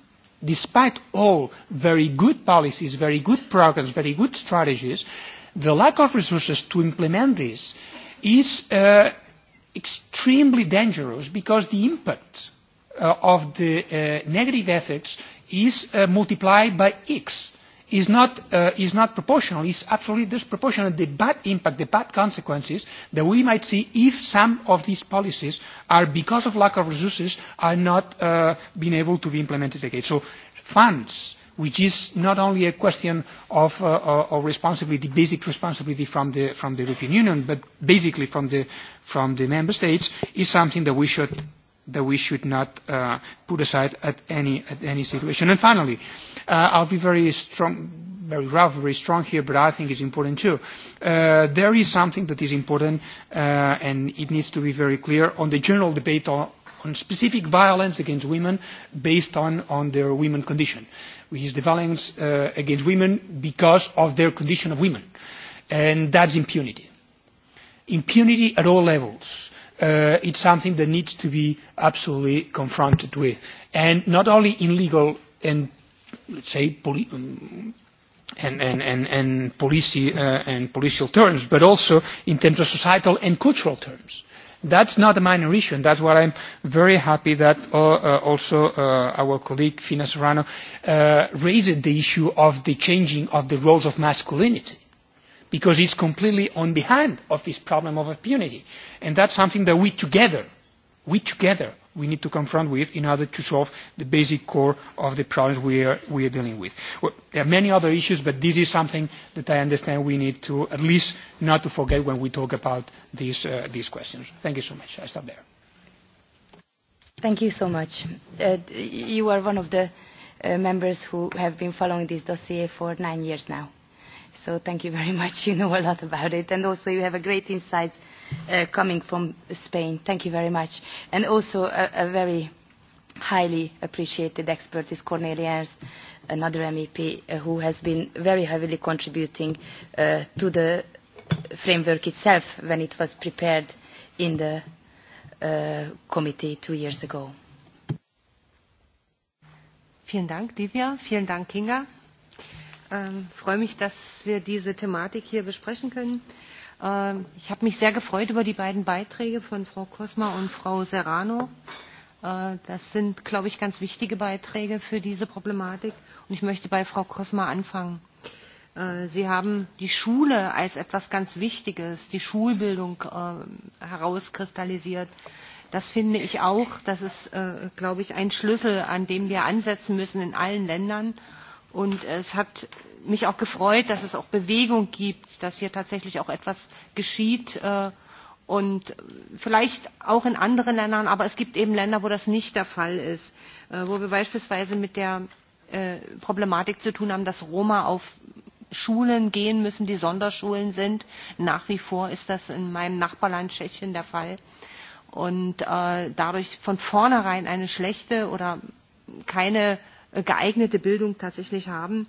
despite all very good policies, very good programs, very good strategies, the lack of resources to implement this is uh, extremely dangerous because the impact uh, of the uh, negative ethics is uh, multiplied by X is not, uh, is not proportional, is absolutely disproportionate, the bad impact, the bad consequences that we might see if some of these policies are, because of lack of resources, are not uh, being able to be implemented again. So funds, which is not only a question of, uh, uh of responsibility, basic responsibility from the, from the European Union, but basically from the, from the member states, is something that we should that we should not uh, put aside at any, at any situation. And finally, uh, I'll be very strong, very rough, very strong here, but I think it's important too. Uh, there is something that is important, uh, and it needs to be very clear on the general debate on, on specific violence against women based on, on their women condition, which is the violence uh, against women because of their condition of women. And that's impunity. Impunity at all levels uh, it's something that needs to be absolutely confronted with. And not only in legal and, let's say, poli um, and, and, and, and, policy, uh, and policial terms, but also in terms of societal and cultural terms. That's not a minor issue, and that's why I'm very happy that uh, uh also uh, our colleague Fina Serrano uh, raised the issue of the changing of the roles of masculinity because it's completely on behind of this problem of impunity. And that's something that we together, we together, we need to confront with in order to solve the basic core of the problems we are, we are dealing with. Well, there are many other issues, but this is something that I understand we need to at least not to forget when we talk about these, uh, these questions. Thank you so much. I stop there. Thank you so much. Uh, you are one of the uh, members who have been following this dossier for nine years now. So thank you very *laughs* much. You know a lot about it. And also you have a great insight uh, coming from Spain. Thank you very much. And also a, a very highly appreciated expert is Cornelia Ernst, another MEP uh, who has been very heavily contributing uh, to the framework itself when it was prepared in the uh, committee two years ago. Vielen Dank, Divya. Vielen Dank, Kinga. Ich ähm, freue mich, dass wir diese Thematik hier besprechen können. Ähm, ich habe mich sehr gefreut über die beiden Beiträge von Frau Kosma und Frau Serrano. Äh, das sind, glaube ich, ganz wichtige Beiträge für diese Problematik. Und ich möchte bei Frau Kosma anfangen. Äh, Sie haben die Schule als etwas ganz Wichtiges, die Schulbildung äh, herauskristallisiert. Das finde ich auch. Das ist, glaube ich, ein Schlüssel, an dem wir ansetzen müssen in allen Ländern. Und es hat mich auch gefreut, dass es auch Bewegung gibt, dass hier tatsächlich auch etwas geschieht. Äh, und vielleicht auch in anderen Ländern, aber es gibt eben Länder, wo das nicht der Fall ist, äh, wo wir beispielsweise mit der äh, Problematik zu tun haben, dass Roma auf Schulen gehen müssen, die Sonderschulen sind. Nach wie vor ist das in meinem Nachbarland Tschechien der Fall. Und äh, dadurch von vornherein eine schlechte oder keine geeignete Bildung tatsächlich haben.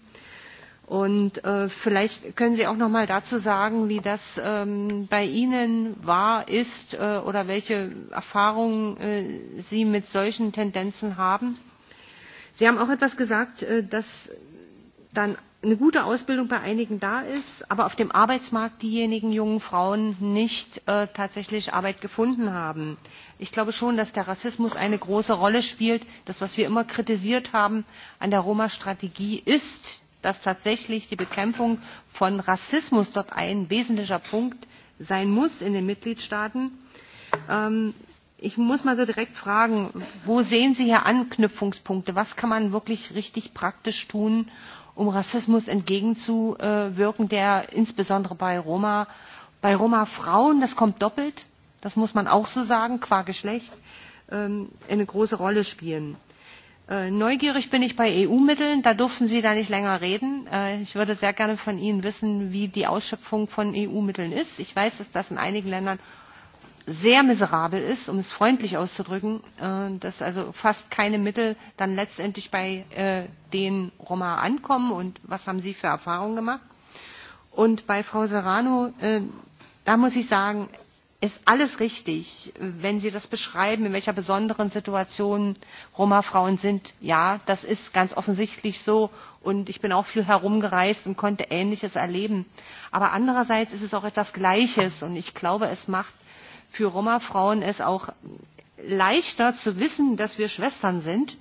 Und äh, vielleicht können Sie auch noch mal dazu sagen, wie das ähm, bei Ihnen war, ist äh, oder welche Erfahrungen äh, Sie mit solchen Tendenzen haben. Sie haben auch etwas gesagt, äh, dass dann eine gute Ausbildung bei einigen da ist, aber auf dem Arbeitsmarkt diejenigen jungen Frauen nicht äh, tatsächlich Arbeit gefunden haben. Äh, Ich glaube schon, dass der Rassismus eine große Rolle spielt. Das, was wir immer kritisiert haben an der Roma-Strategie, ist, dass tatsächlich die Bekämpfung von Rassismus dort ein wesentlicher Punkt sein muss in den Mitgliedstaaten. Ähm, ich muss mal so direkt fragen, wo sehen Sie hier Anknüpfungspunkte? Was kann man wirklich richtig praktisch tun, um Rassismus entgegenzuwirken, der insbesondere bei Roma, bei Roma Frauen, das kommt doppelt, das muss man auch so sagen, qua Geschlecht, ähm, eine große Rolle spielen. Äh, neugierig bin ich bei EU-Mitteln, da durften Sie da nicht länger reden. Äh, ich würde sehr gerne von Ihnen wissen, wie die Ausschöpfung von EU-Mitteln ist. Ich weiß, dass das in einigen Ländern sehr miserabel ist, um es freundlich auszudrücken, äh, dass also fast keine Mittel dann letztendlich bei den Roma ankommen und was haben Sie für Erfahrungen gemacht? Und bei Frau Serrano, da muss ich sagen, ist alles richtig, wenn Sie das beschreiben, in welcher besonderen Situation Roma-Frauen sind. Ja, das ist ganz offensichtlich so und ich bin auch viel herumgereist und konnte Ähnliches erleben. Aber andererseits ist es auch etwas Gleiches und ich glaube, es macht für Roma-Frauen es auch leichter zu wissen, dass wir Schwestern sind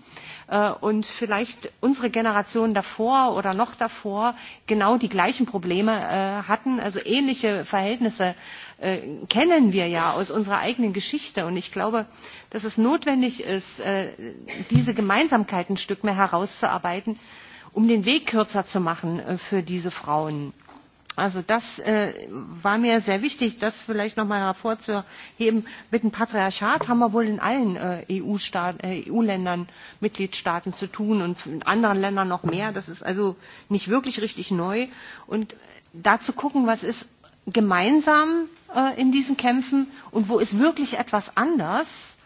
äh, und vielleicht unsere Generation davor oder noch davor genau die gleichen Probleme äh, hatten, also ähnliche Verhältnisse Äh, kennen wir ja aus unserer eigenen Geschichte. Und ich glaube, dass es notwendig ist, äh, diese Gemeinsamkeiten ein Stück mehr herauszuarbeiten, um den Weg kürzer zu machen äh, für diese Frauen. Also das äh, war mir sehr wichtig, das vielleicht nochmal hervorzuheben. Mit dem Patriarchat haben wir wohl in allen äh, EU-Ländern, äh, EU Mitgliedstaaten zu tun und in anderen Ländern noch mehr. Das ist also nicht wirklich richtig neu. Und da zu gucken, was ist gemeinsam äh, in diesen Kämpfen und wo ist wirklich etwas anders,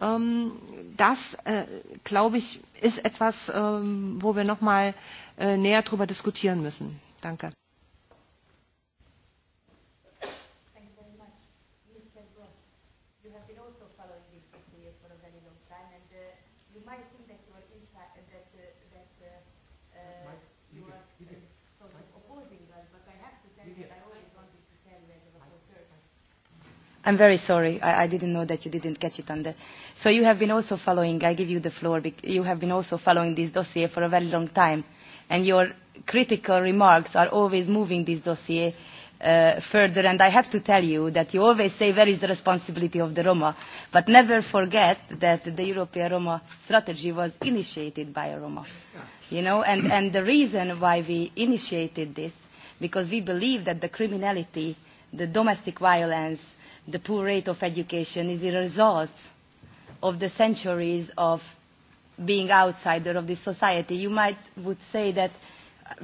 ähm, das, äh, glaube ich, ist etwas, ähm, wo wir nochmal äh, näher darüber diskutieren müssen. Danke. I'm very sorry. I, I didn't know that you didn't catch it on the... So you have been also following, I give you the floor, you have been also following this dossier for a very long time, and your critical remarks are always moving this dossier uh, further. And I have to tell you that you always say where is the responsibility of the Roma, but never forget that the European Roma strategy was initiated by a Roma. You know, and, and the reason why we initiated this, because we believe that the criminality, the domestic violence, the poor rate of education is the result of the centuries of being outsider of this society. You might would say that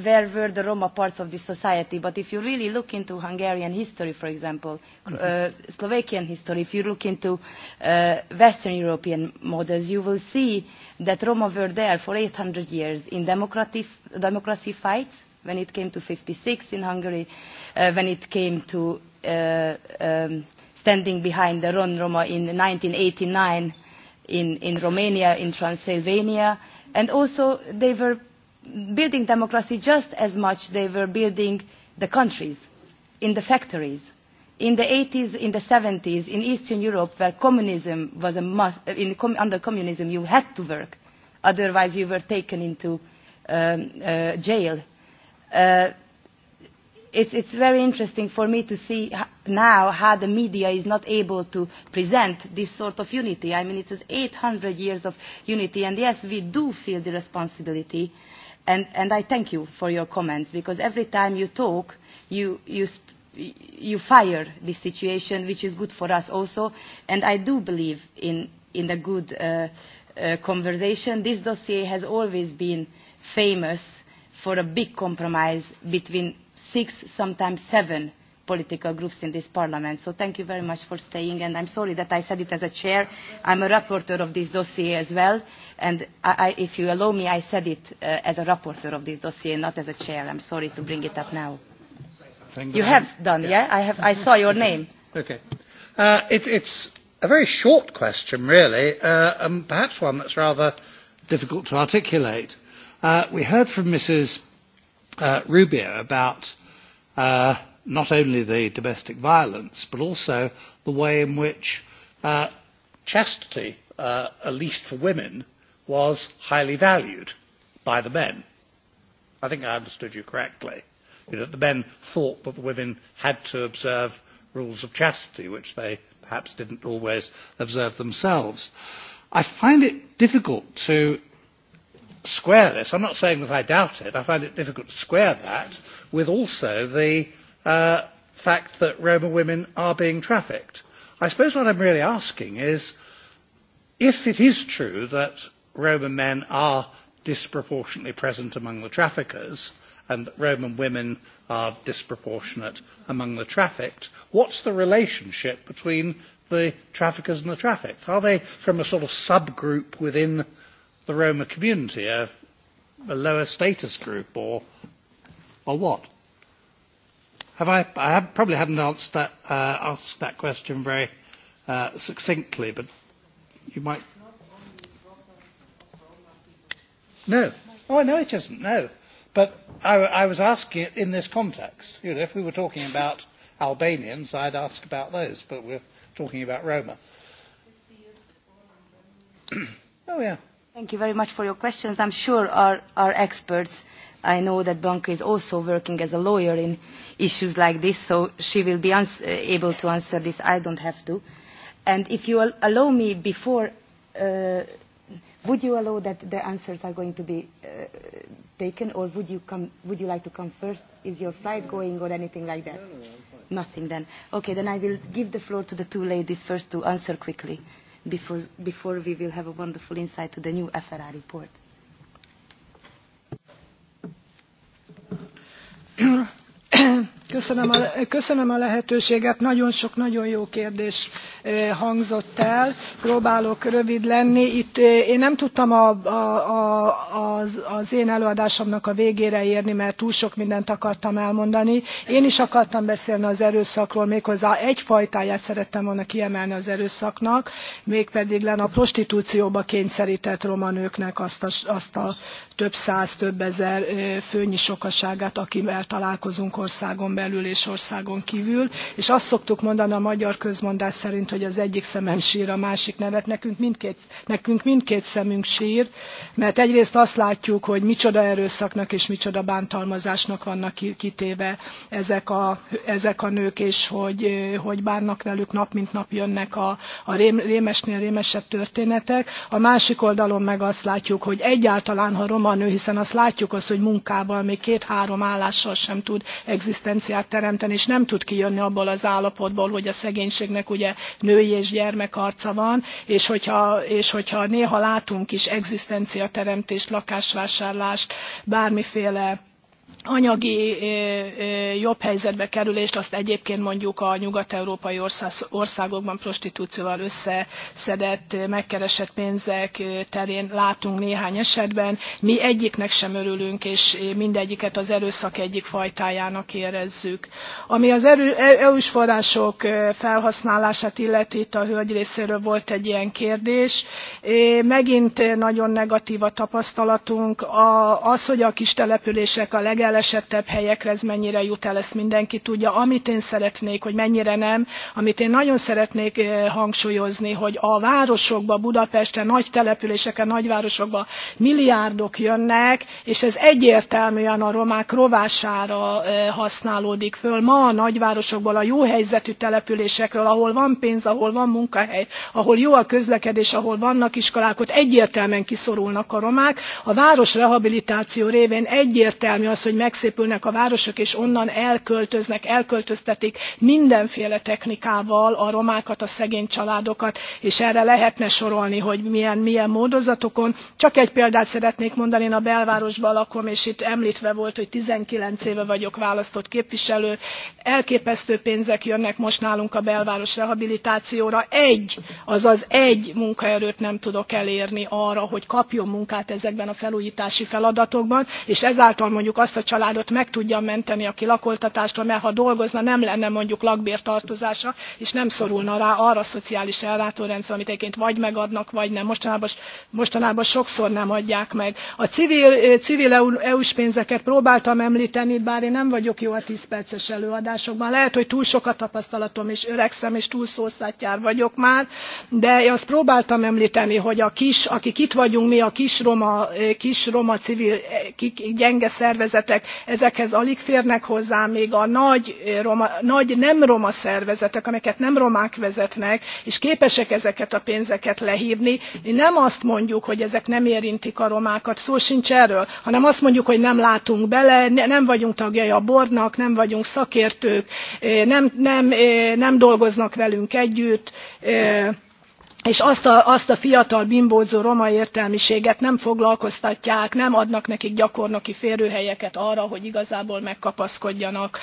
where were the Roma parts of this society, but if you really look into Hungarian history, for example, uh, mm-hmm. Slovakian history, if you look into uh, Western European models, you will see that Roma were there for 800 years in democratic, democracy fights, when it came to 56 in Hungary, uh, when it came to uh, um, standing behind the Ron Roma in 1989 in, in Romania, in Transylvania, and also they were building democracy just as much they were building the countries, in the factories. In the 80s, in the 70s, in Eastern Europe, where communism was a must, in, com, under communism you had to work, otherwise you were taken into um, uh, jail. Uh, it's, it's very interesting for me to see now how the media is not able to present this sort of unity. I mean, it's 800 years of unity, and yes, we do feel the responsibility. And, and I thank you for your comments, because every time you talk, you, you, you fire this situation, which is good for us also. And I do believe in, in a good uh, uh, conversation. This dossier has always been famous for a big compromise between six, sometimes seven political groups in this parliament. So thank you very much for staying, and I'm sorry that I said it as a chair. I'm a rapporteur of this dossier as well, and I, I, if you allow me, I said it uh, as a rapporteur of this dossier, not as a chair. I'm sorry to bring it up now. Thank you have done, yeah. yeah? I, have, I saw your name. *laughs* Okay. Uh, it, it's a very short question, really, uh, and perhaps one that's rather difficult to articulate. Uh, we heard from Mrs. Uh, Rubio about uh, not only the domestic violence, but also the way in which uh, chastity, uh, at least for women, was highly valued by the men. I think I understood you correctly. You know, the men thought that the women had to observe rules of chastity, which they perhaps didn't always observe themselves. I find it difficult to square this. I'm not saying that I doubt it. I find it difficult to square that with also the uh, fact that Roma women are being trafficked. I suppose what I'm really asking is if it is true that Roma men are disproportionately present among the traffickers and that Roman women are disproportionate among the trafficked, what's the relationship between the traffickers and the trafficked? Are they from a sort of subgroup within the Roma community a, a lower status group or, or what? Have I, I have, probably haven't answered that, uh, asked that question very uh, succinctly, but you might. No. Oh, no, it isn't, no. But I, I was asking it in this context. You know, if we were talking about Albanians, I'd ask about those, but we're talking about Roma. *clears throat* oh, yeah. Thank you very much for your questions. I'm sure our, our experts, I know that Blanca is also working as a lawyer in issues like this, so she will be uh, able to answer this. I don't have to. And if you al allow me before, uh, would you allow that the answers are going to be uh, taken, or would you, come, would you like to come first? Is your flight going or anything like that? No, no, no, Nothing then. Okay, then I will give the floor to the two ladies first to answer quickly. Mm -hmm before, before we will have a wonderful insight to the new FRA report. Köszönöm a, köszönöm a lehetőséget, nagyon sok, nagyon jó kérdés hangzott el. Próbálok rövid lenni. Itt én nem tudtam a, a, a, az, az én előadásomnak a végére érni, mert túl sok mindent akartam elmondani. Én is akartam beszélni az erőszakról, méghozzá egy fajtáját szerettem volna kiemelni az erőszaknak, mégpedig lenne a prostitúcióba kényszerített roma nőknek azt a, azt a több száz, több ezer főnyi sokaságát, akivel találkozunk országon belül és országon kívül. És azt szoktuk mondani a magyar közmondás szerint, hogy az egyik szemem sír, a másik nevet. Nekünk mindkét, nekünk mindkét szemünk sír, mert egyrészt azt látjuk, hogy micsoda erőszaknak és micsoda bántalmazásnak vannak kitéve ezek a, ezek a nők, és hogy, hogy bánnak velük nap, mint nap jönnek a, a rém, rémesnél rémesebb történetek. A másik oldalon meg azt látjuk, hogy egyáltalán, ha roma nő, hiszen azt látjuk azt, hogy munkával még két-három állással sem tud egzisztenciát teremteni, és nem tud kijönni abból az állapotból, hogy a szegénységnek ugye női és gyermek arca van, és hogyha, és hogyha néha látunk is teremtést, lakásvásárlást, bármiféle anyagi jobb helyzetbe kerülést azt egyébként mondjuk a nyugat-európai országokban prostitúcióval összeszedett, megkeresett pénzek terén látunk néhány esetben. Mi egyiknek sem örülünk, és mindegyiket az erőszak egyik fajtájának érezzük. Ami az e, EU-s források felhasználását illeti, itt a hölgy részéről volt egy ilyen kérdés. Megint nagyon negatív a tapasztalatunk. Az, hogy a kis települések a legelőbb legelesettebb helyekre ez mennyire jut el, ezt mindenki tudja. Amit én szeretnék, hogy mennyire nem, amit én nagyon szeretnék eh, hangsúlyozni, hogy a városokba, Budapesten, nagy településeken, nagyvárosokba milliárdok jönnek, és ez egyértelműen a romák rovására eh, használódik föl. Ma a nagyvárosokból, a jó helyzetű településekről, ahol van pénz, ahol van munkahely, ahol jó a közlekedés, ahol vannak iskolák, ott egyértelműen kiszorulnak a romák. A város rehabilitáció révén egyértelmű az, hogy megszépülnek a városok, és onnan elköltöznek, elköltöztetik mindenféle technikával a romákat, a szegény családokat, és erre lehetne sorolni, hogy milyen, milyen módozatokon. Csak egy példát szeretnék mondani, én a belvárosban lakom, és itt említve volt, hogy 19 éve vagyok választott képviselő. Elképesztő pénzek jönnek most nálunk a belváros rehabilitációra. Egy, azaz egy munkaerőt nem tudok elérni arra, hogy kapjon munkát ezekben a felújítási feladatokban, és ezáltal mondjuk azt a családot meg tudja menteni, aki lakoltatásra, mert ha dolgozna, nem lenne mondjuk lakbértartozása, és nem szorulna rá arra a szociális ellátórendszer, amit egyébként vagy megadnak, vagy nem. Mostanában, mostanában sokszor nem adják meg. A civil, civil EU-s pénzeket próbáltam említeni, bár én nem vagyok jó a 10 perces előadásokban. Lehet, hogy túl sok a tapasztalatom, és öregszem, és túl szószátjár vagyok már, de én azt próbáltam említeni, hogy a kis, akik itt vagyunk mi, a kis roma, kis roma civil, gyenge szervezetek, ezekhez alig férnek hozzá még a nagy, roma, nagy nem roma szervezetek, amiket nem romák vezetnek, és képesek ezeket a pénzeket lehívni. Mi nem azt mondjuk, hogy ezek nem érintik a romákat, szó sincs erről, hanem azt mondjuk, hogy nem látunk bele, nem vagyunk tagjai a bornak, nem vagyunk szakértők, nem, nem, nem dolgoznak velünk együtt, és azt a, azt a fiatal bimbózó roma értelmiséget nem foglalkoztatják, nem adnak nekik gyakornoki férőhelyeket arra, hogy igazából megkapaszkodjanak.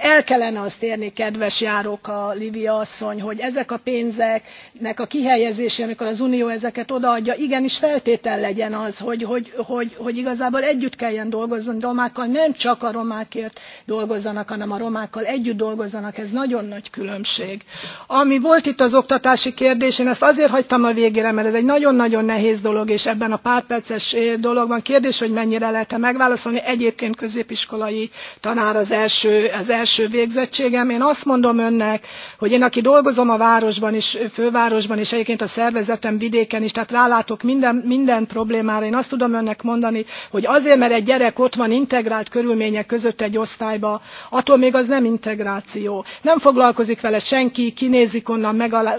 El kellene azt érni, kedves járók a Livia asszony, hogy ezek a pénzeknek a kihelyezése, amikor az Unió ezeket odaadja, igenis feltétel legyen az, hogy, hogy, hogy, hogy igazából együtt kelljen dolgozni romákkal, nem csak a romákért dolgozzanak, hanem a romákkal együtt dolgozzanak, ez nagyon nagy különbség. Ami volt itt az oktatási kérdés, és én ezt azért hagytam a végére, mert ez egy nagyon-nagyon nehéz dolog, és ebben a párperces eh, dologban kérdés, hogy mennyire lehet -e megválaszolni. Egyébként középiskolai tanár az első, az első végzettségem. Én azt mondom önnek, hogy én, aki dolgozom a városban is, fővárosban, és egyébként a szervezetem vidéken is, tehát rálátok minden, minden problémára, én azt tudom önnek mondani, hogy azért, mert egy gyerek ott van integrált körülmények között egy osztályba, attól még az nem integráció. Nem foglalkozik vele senki, kinézik onnan, megalá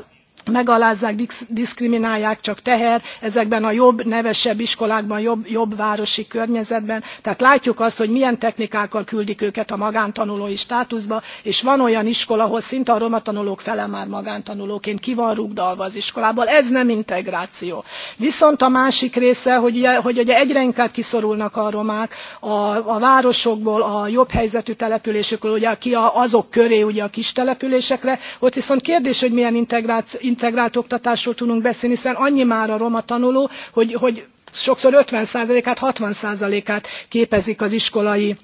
megalázzák, diszkriminálják, csak teher ezekben a jobb, nevesebb iskolákban, jobb, jobb városi környezetben. Tehát látjuk azt, hogy milyen technikákkal küldik őket a magántanulói státuszba, és van olyan iskola, ahol szinte a roma tanulók fele már magántanulóként ki van rúgdalva az iskolából. Ez nem integráció. Viszont a másik része, hogy ugye, hogy ugye egyre inkább kiszorulnak a romák a, a városokból, a jobb helyzetű településekről, ugye ki a, azok köré, ugye a kis településekre, ott viszont kérdés, hogy milyen integráció integrált oktatásról tudunk beszélni, hiszen annyi már a roma tanuló, hogy, hogy sokszor 50%-át, 60%-át képezik az iskolai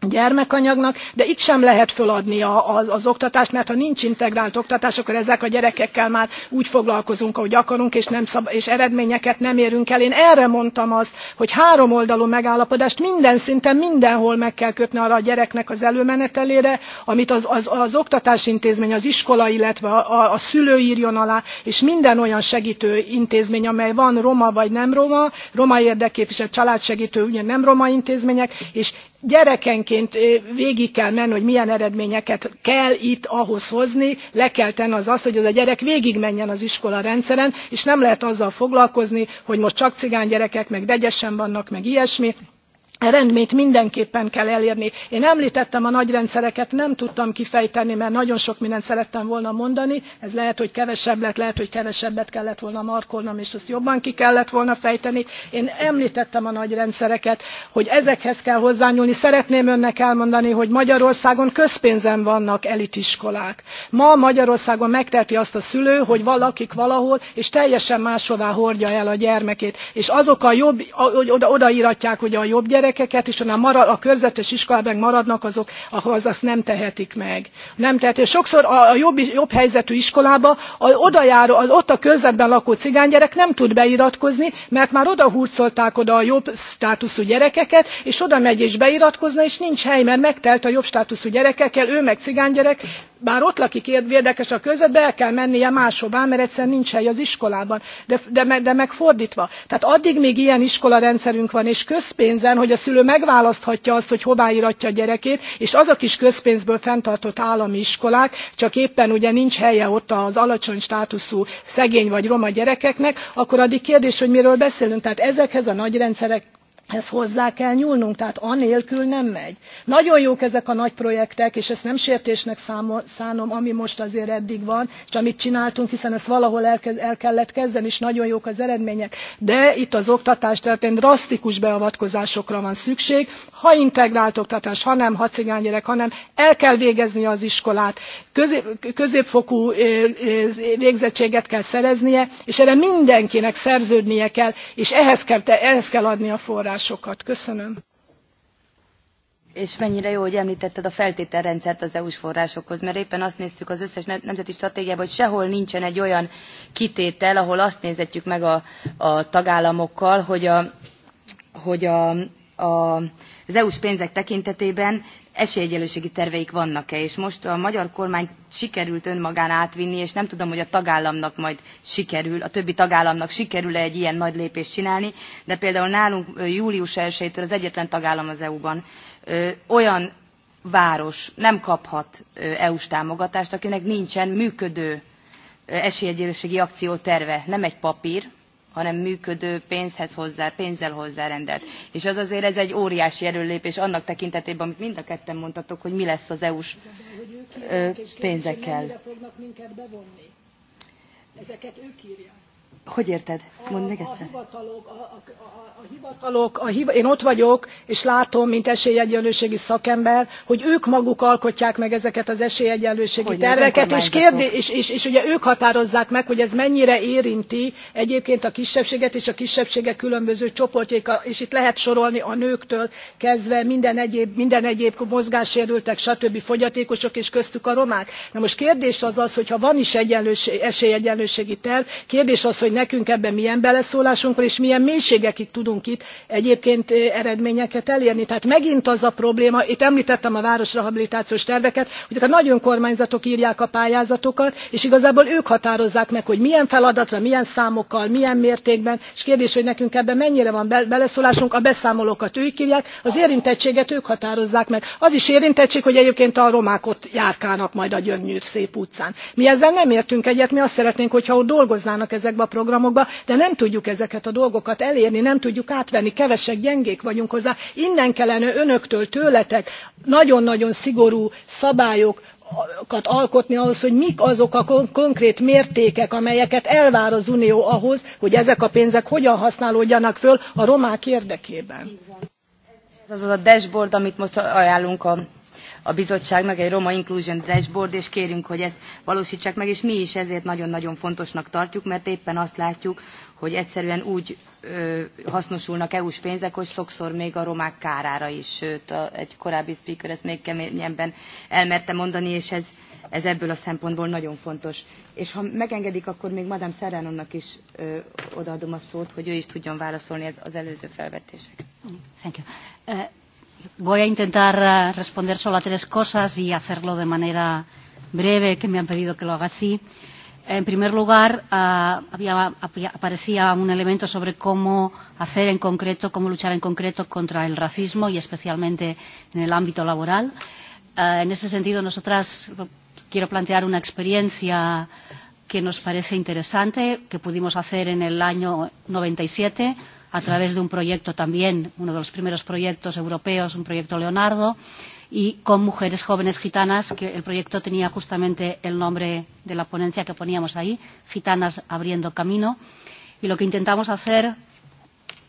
gyermekanyagnak, de itt sem lehet föladni az, az oktatást, mert ha nincs integrált oktatás, akkor ezek a gyerekekkel már úgy foglalkozunk, ahogy akarunk, és, nem szab- és eredményeket nem érünk el. Én erre mondtam azt, hogy három oldalú megállapodást minden szinten, mindenhol meg kell kötni arra a gyereknek az előmenetelére, amit az, az, az oktatási intézmény, az iskola, illetve a, a, a szülő írjon alá, és minden olyan segítő intézmény, amely van roma vagy nem roma, roma érdekképviselt családsegítő, ugye nem roma intézmények, és gyerekenként végig kell menni, hogy milyen eredményeket kell itt ahhoz hozni, le kell tenni az azt, hogy az a gyerek végig menjen az iskola rendszeren, és nem lehet azzal foglalkozni, hogy most csak cigány gyerekek, meg vegyesen vannak, meg ilyesmi rendmét mindenképpen kell elérni. Én említettem a nagy rendszereket, nem tudtam kifejteni, mert nagyon sok mindent szerettem volna mondani, ez lehet, hogy kevesebb lett, lehet, hogy kevesebbet kellett volna markolnom, és ezt jobban ki kellett volna fejteni. Én említettem a nagy rendszereket, hogy ezekhez kell hozzányúlni. Szeretném önnek elmondani, hogy Magyarországon közpénzen vannak elitiskolák. Ma Magyarországon megteheti azt a szülő, hogy valakik valahol, és teljesen máshová hordja el a gyermekét, és azok a jobb, oda, odaíratják, hogy a jobb gyerek, gyerekeket, és hanem marad, a körzetes iskolában maradnak azok, ahhoz azt nem tehetik meg. Nem tehetik. Sokszor a, a jobb, jobb helyzetű iskolába, a, oda jár, a, ott a körzetben lakó cigánygyerek nem tud beiratkozni, mert már oda hurcolták oda a jobb státuszú gyerekeket, és oda megy és beiratkozna, és nincs hely, mert megtelt a jobb státuszú gyerekekkel, ő meg cigánygyerek, bár ott lakik érdekes a között, el kell mennie máshová, mert egyszerűen nincs hely az iskolában, de, de, de megfordítva. Tehát addig még ilyen iskolarendszerünk van, és közpénzen, hogy a szülő megválaszthatja azt, hogy hová iratja a gyerekét, és azok is közpénzből fenntartott állami iskolák, csak éppen ugye nincs helye ott az alacsony státuszú szegény vagy roma gyerekeknek, akkor addig kérdés, hogy miről beszélünk. Tehát ezekhez a nagy rendszerek Ezt hozzá kell nyúlnunk, tehát anélkül nem megy. Nagyon jók ezek a nagy projektek, és ezt nem sértésnek szánom, ami most azért eddig van, és amit csináltunk, hiszen ezt valahol el, el kellett kezdeni, és nagyon jók az eredmények. De itt az oktatás területén drasztikus beavatkozásokra van szükség, ha integrált oktatás, ha nem, ha cigánygyerek, hanem el kell végezni az iskolát, közép, középfokú végzettséget kell szereznie, és erre mindenkinek szerződnie kell, és ehhez kell, ehhez kell adni a forrás ajánlásokat. Köszönöm. És mennyire jó, hogy említetted a feltételrendszert az EU-s forrásokhoz, mert éppen azt néztük az összes nemzeti stratégiában, hogy sehol nincsen egy olyan kitétel, ahol azt nézetjük meg a, a tagállamokkal, hogy, a, hogy a, a, az EU-s pénzek tekintetében esélyegyenlőségi terveik vannak-e, és most a magyar kormány sikerült önmagán átvinni, és nem tudom, hogy a tagállamnak majd sikerül, a többi tagállamnak sikerül-e egy ilyen nagy lépést csinálni, de például nálunk július 1-től az egyetlen tagállam az EU-ban olyan város nem kaphat EU-s támogatást, akinek nincsen működő esélyegyelőségi akcióterve, nem egy papír, hanem működő pénzhez hozzá, pénzzel hozzárendelt. És az azért ez egy óriási erőlépés annak tekintetében, amit mind a ketten mondtatok, hogy mi lesz az EU-s pénzekkel. Ezeket ők írják. Hogy érted? Mondd meg egyszer. A hivatalok, a, a, a, a hivatalok a én ott vagyok, és látom, mint esélyegyenlőségi szakember, hogy ők maguk alkotják meg ezeket az esélyegyenlőségi hogy terveket, és, kérdi, és, és, és ugye ők határozzák meg, hogy ez mennyire érinti egyébként a kisebbséget és a kisebbségek különböző csoportjaik, és itt lehet sorolni a nőktől kezdve minden egyéb, minden egyéb mozgássérültek, stb. fogyatékosok, és köztük a romák. Na most kérdés az az, hogyha van is esélyegyenlőségi terv, kérdés az, hogy hogy nekünk ebben milyen beleszólásunk van, és milyen mélységekig tudunk itt egyébként eredményeket elérni. Tehát megint az a probléma, itt említettem a városrehabilitációs terveket, hogy a nagy önkormányzatok írják a pályázatokat, és igazából ők határozzák meg, hogy milyen feladatra, milyen számokkal, milyen mértékben, és kérdés, hogy nekünk ebben mennyire van beleszólásunk, a beszámolókat ők írják, az érintettséget ők határozzák meg. Az is érintettség, hogy egyébként a romák ott járkálnak majd a gyönyör szép utcán. Mi ezzel nem értünk egyet, mi azt szeretnénk, hogyha ott dolgoznának ezekbe a programokba, de nem tudjuk ezeket a dolgokat elérni, nem tudjuk átvenni, kevesek, gyengék vagyunk hozzá. Innen kellene önöktől, tőletek nagyon-nagyon szigorú szabályok, kat alkotni ahhoz, hogy mik azok a konkrét mértékek, amelyeket elvár az Unió ahhoz, hogy ezek a pénzek hogyan használódjanak föl a romák érdekében. Ez az a dashboard, amit most ajánlunk a a bizottságnak egy Roma Inclusion Dashboard, és kérünk, hogy ezt valósítsák meg, és mi is ezért nagyon-nagyon fontosnak tartjuk, mert éppen azt látjuk, hogy egyszerűen úgy ö, hasznosulnak EU-s pénzek, hogy sokszor még a romák kárára is, sőt, a, egy korábbi speaker ezt még keményebben elmerte mondani, és ez, ez ebből a szempontból nagyon fontos. És ha megengedik, akkor még Madame Szeránonnak is ö, odaadom a szót, hogy ő is tudjon válaszolni az, az előző felvetésekre. Thank you. Uh, Voy a intentar eh, responder solo a tres cosas y hacerlo de manera breve, que me han pedido que lo haga así. En primer lugar, uh, había, aparecía un elemento sobre cómo hacer en concreto, cómo luchar en concreto contra el racismo y especialmente en el ámbito laboral. Uh, en ese sentido, nosotras quiero plantear una experiencia que nos parece interesante, que pudimos hacer en el año 97 a través de un proyecto también, uno de los primeros proyectos europeos, un proyecto Leonardo, y con mujeres jóvenes gitanas, que el proyecto tenía justamente el nombre de la ponencia que poníamos ahí, Gitanas abriendo camino. Y lo que intentamos hacer,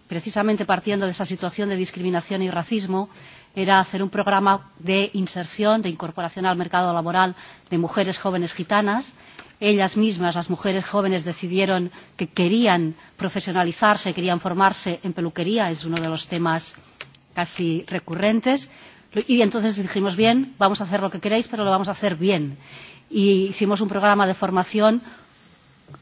precisamente partiendo de esa situación de discriminación y racismo, era hacer un programa de inserción, de incorporación al mercado laboral de mujeres jóvenes gitanas, ellas mismas, las mujeres jóvenes, decidieron que querían profesionalizarse, querían formarse en peluquería, es uno de los temas casi recurrentes. Y entonces dijimos, bien, vamos a hacer lo que queréis, pero lo vamos a hacer bien. Y hicimos un programa de formación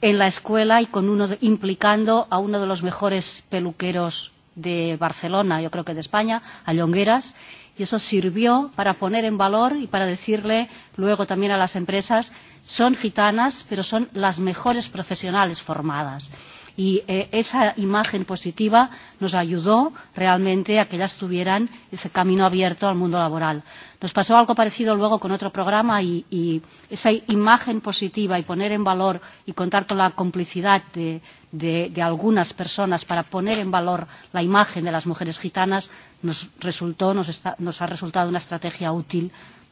en la escuela y con uno de, implicando a uno de los mejores peluqueros de Barcelona, yo creo que de España, a Llongueras, y eso sirvió para poner en valor y para decirle luego también a las empresas son gitanas pero son las mejores profesionales formadas. Y eh, esa imagen positiva nos ayudó realmente a que ellas tuvieran ese camino abierto al mundo laboral. Nos pasó algo parecido luego con otro programa y, y esa imagen positiva y poner en valor y contar con la complicidad de, de, de algunas personas para poner en valor la imagen de las mujeres gitanas nos, resultó, nos, está, nos ha resultado una estrategia útil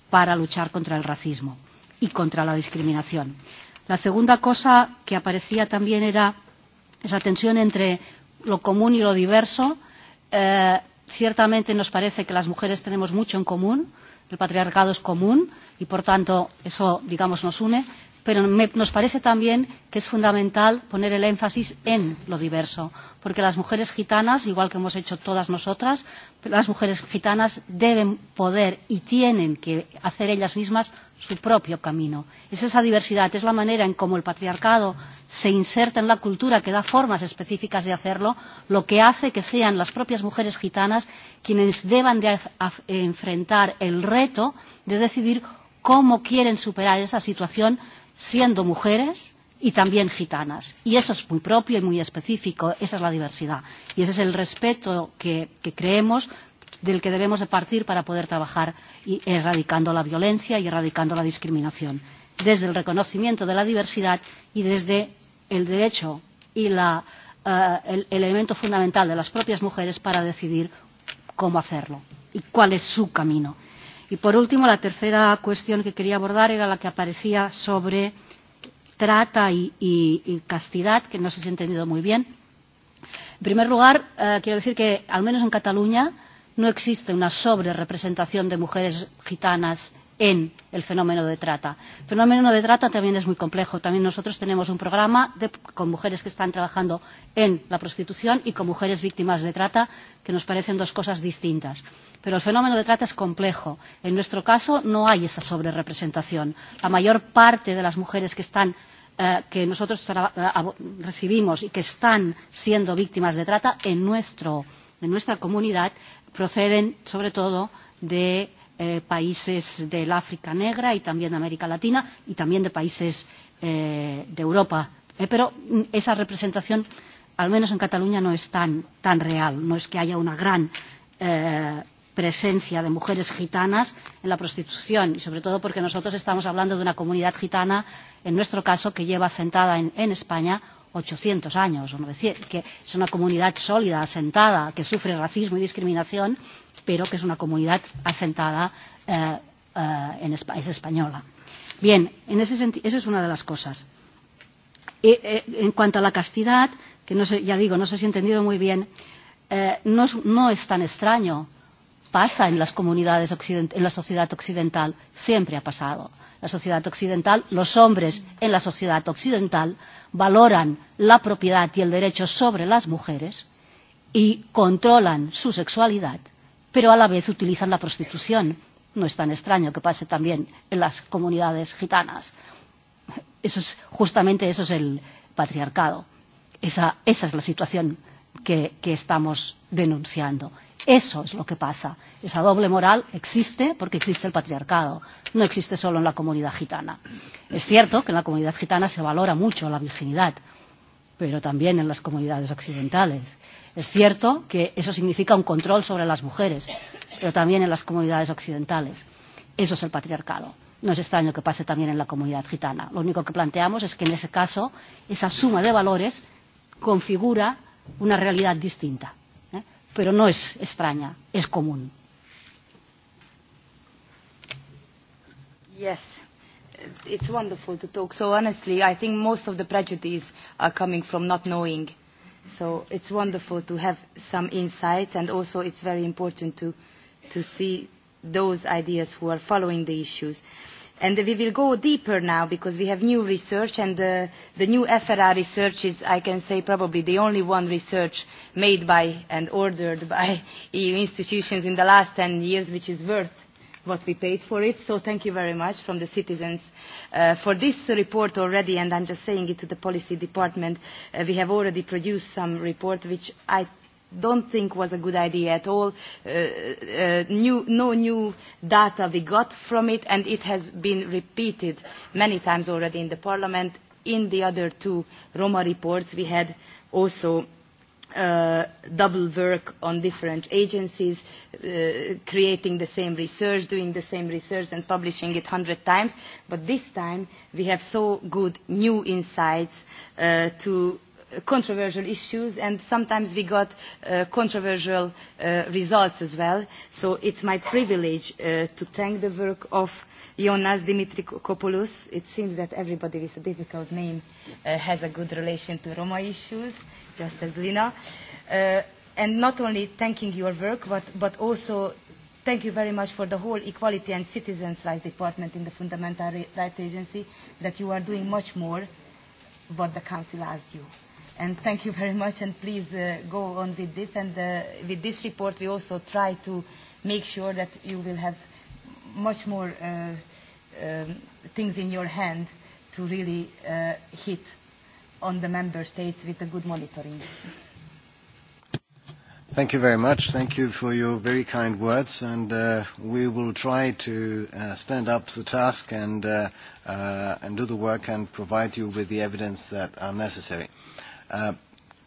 para luchar contra el racismo y contra la discriminación. La segunda cosa que aparecía también era esa tensión entre lo común y lo diverso. Eh, ciertamente nos parece que las mujeres tenemos mucho en común, el patriarcado es común y por tanto eso, digamos, nos une, pero me, nos parece también que es fundamental poner el énfasis en lo diverso, porque las mujeres gitanas, igual que hemos hecho todas nosotras, las mujeres gitanas deben poder y tienen que hacer ellas mismas su propio camino. Es esa diversidad, es la manera en cómo el patriarcado se inserta en la cultura que da formas específicas de hacerlo, lo que hace que sean las propias mujeres gitanas quienes deban de enfrentar el reto de decidir cómo quieren superar esa situación siendo mujeres y también gitanas. Y eso es muy propio y muy específico, esa es la diversidad. Y ese es el respeto que, que creemos del que debemos de partir para poder trabajar y erradicando la violencia y erradicando la discriminación. Desde el reconocimiento de la diversidad y desde el derecho y la, uh, el, el elemento fundamental de las propias mujeres para decidir cómo hacerlo y cuál es su camino. Y por último, la tercera cuestión que quería abordar era la que aparecía sobre trata y, y, y castidad, que no sé si he entendido muy bien. En primer lugar, eh, quiero decir que, al menos en Cataluña, no existe una sobre representación de mujeres gitanas en el fenómeno de trata. El fenómeno de trata también es muy complejo. También nosotros tenemos un programa de, con mujeres que están trabajando en la prostitución y con mujeres víctimas de trata, que nos parecen dos cosas distintas. Pero el fenómeno de trata es complejo. En nuestro caso no hay esa sobrerepresentación. La mayor parte de las mujeres que están eh, que nosotros eh, recibimos y que están siendo víctimas de trata en, nuestro, en nuestra comunidad proceden sobre todo de eh, países del África Negra y también de América Latina y también de países eh, de Europa. Eh, pero mm, esa representación, al menos en Cataluña, no es tan, tan real. No es que haya una gran eh, presencia de mujeres gitanas en la prostitución y sobre todo porque nosotros estamos hablando de una comunidad gitana, en nuestro caso, que lleva sentada en, en España 800 años, o decir, que es una comunidad sólida, asentada, que sufre racismo y discriminación pero que es una comunidad asentada eh, eh, en España, es española. Bien, en ese sentido, esa es una de las cosas. E, eh, en cuanto a la castidad, que no sé, ya digo, no sé si he entendido muy bien, eh, no, es, no es tan extraño, pasa en las comunidades occidentales, en la sociedad occidental, siempre ha pasado. La sociedad occidental, los hombres en la sociedad occidental valoran la propiedad y el derecho sobre las mujeres y controlan su sexualidad pero a la vez utilizan la prostitución. No es tan extraño que pase también en las comunidades gitanas. Eso es, justamente eso es el patriarcado. Esa, esa es la situación que, que estamos denunciando. Eso es lo que pasa. Esa doble moral existe porque existe el patriarcado. No existe solo en la comunidad gitana. Es cierto que en la comunidad gitana se valora mucho la virginidad, pero también en las comunidades occidentales Es cierto que eso significa un control sobre las mujeres, pero también en las comunidades occidentales. Eso es el patriarcado. No es extraño que pase también en la comunidad gitana. Lo único que planteamos es que en ese caso esa suma de valores configura una realidad distinta, ¿eh? pero no es extraña, es común. Yes, it's wonderful to talk. So honestly, I think most of the prejudice are coming from not knowing So it's wonderful to have some insights and also it's very important to, to see those ideas who are following the issues. And we will go deeper now because we have new research and the, the new FRR research is, I can say, probably the only one research made by and ordered by *laughs* EU institutions in the last 10 years which is worth what we paid for it. So thank you very much from the citizens uh, for this report already. And I'm just saying it to the policy department. Uh, we have already produced some report which I don't think was a good idea at all. Uh, uh, new, no new data we got from it, and it has been repeated many times already in the Parliament. In the other two Roma reports, we had also uh, double work on different agencies, uh, creating the same research, doing the same research and publishing it 100 times. But this time we have so good new insights uh, to controversial issues and sometimes we got uh, controversial uh, results as well. So it's my privilege uh, to thank the work of Jonas Kopoulos. It seems that everybody with a difficult name uh, has a good relation to Roma issues. Uh, just as Lina. Uh, and not only thanking your work, but, but also thank you very much for the whole Equality and Citizens' Rights Department in the Fundamental Rights Agency, that you are doing much more what the Council asked you. And thank you very much, and please uh, go on with this. And uh, with this report, we also try to make sure that you will have much more uh, um, things in your hand to really uh, hit on the member states with a good monitoring. Thank you very much. Thank you for your very kind words. And uh, we will try to uh, stand up to the task and, uh, uh, and do the work and provide you with the evidence that are necessary. Uh,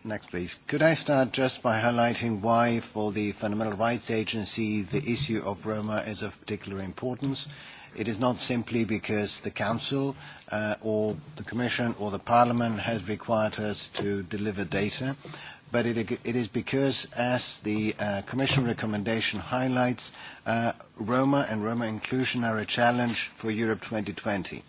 next, please. Could I start just by highlighting why, for the Fundamental Rights Agency, the issue of Roma is of particular importance? Mm -hmm It is not simply because the Council uh, or the Commission or the Parliament has required us to deliver data, but it, it is because, as the uh, Commission recommendation highlights, uh, Roma and Roma inclusion are a challenge for Europe 2020.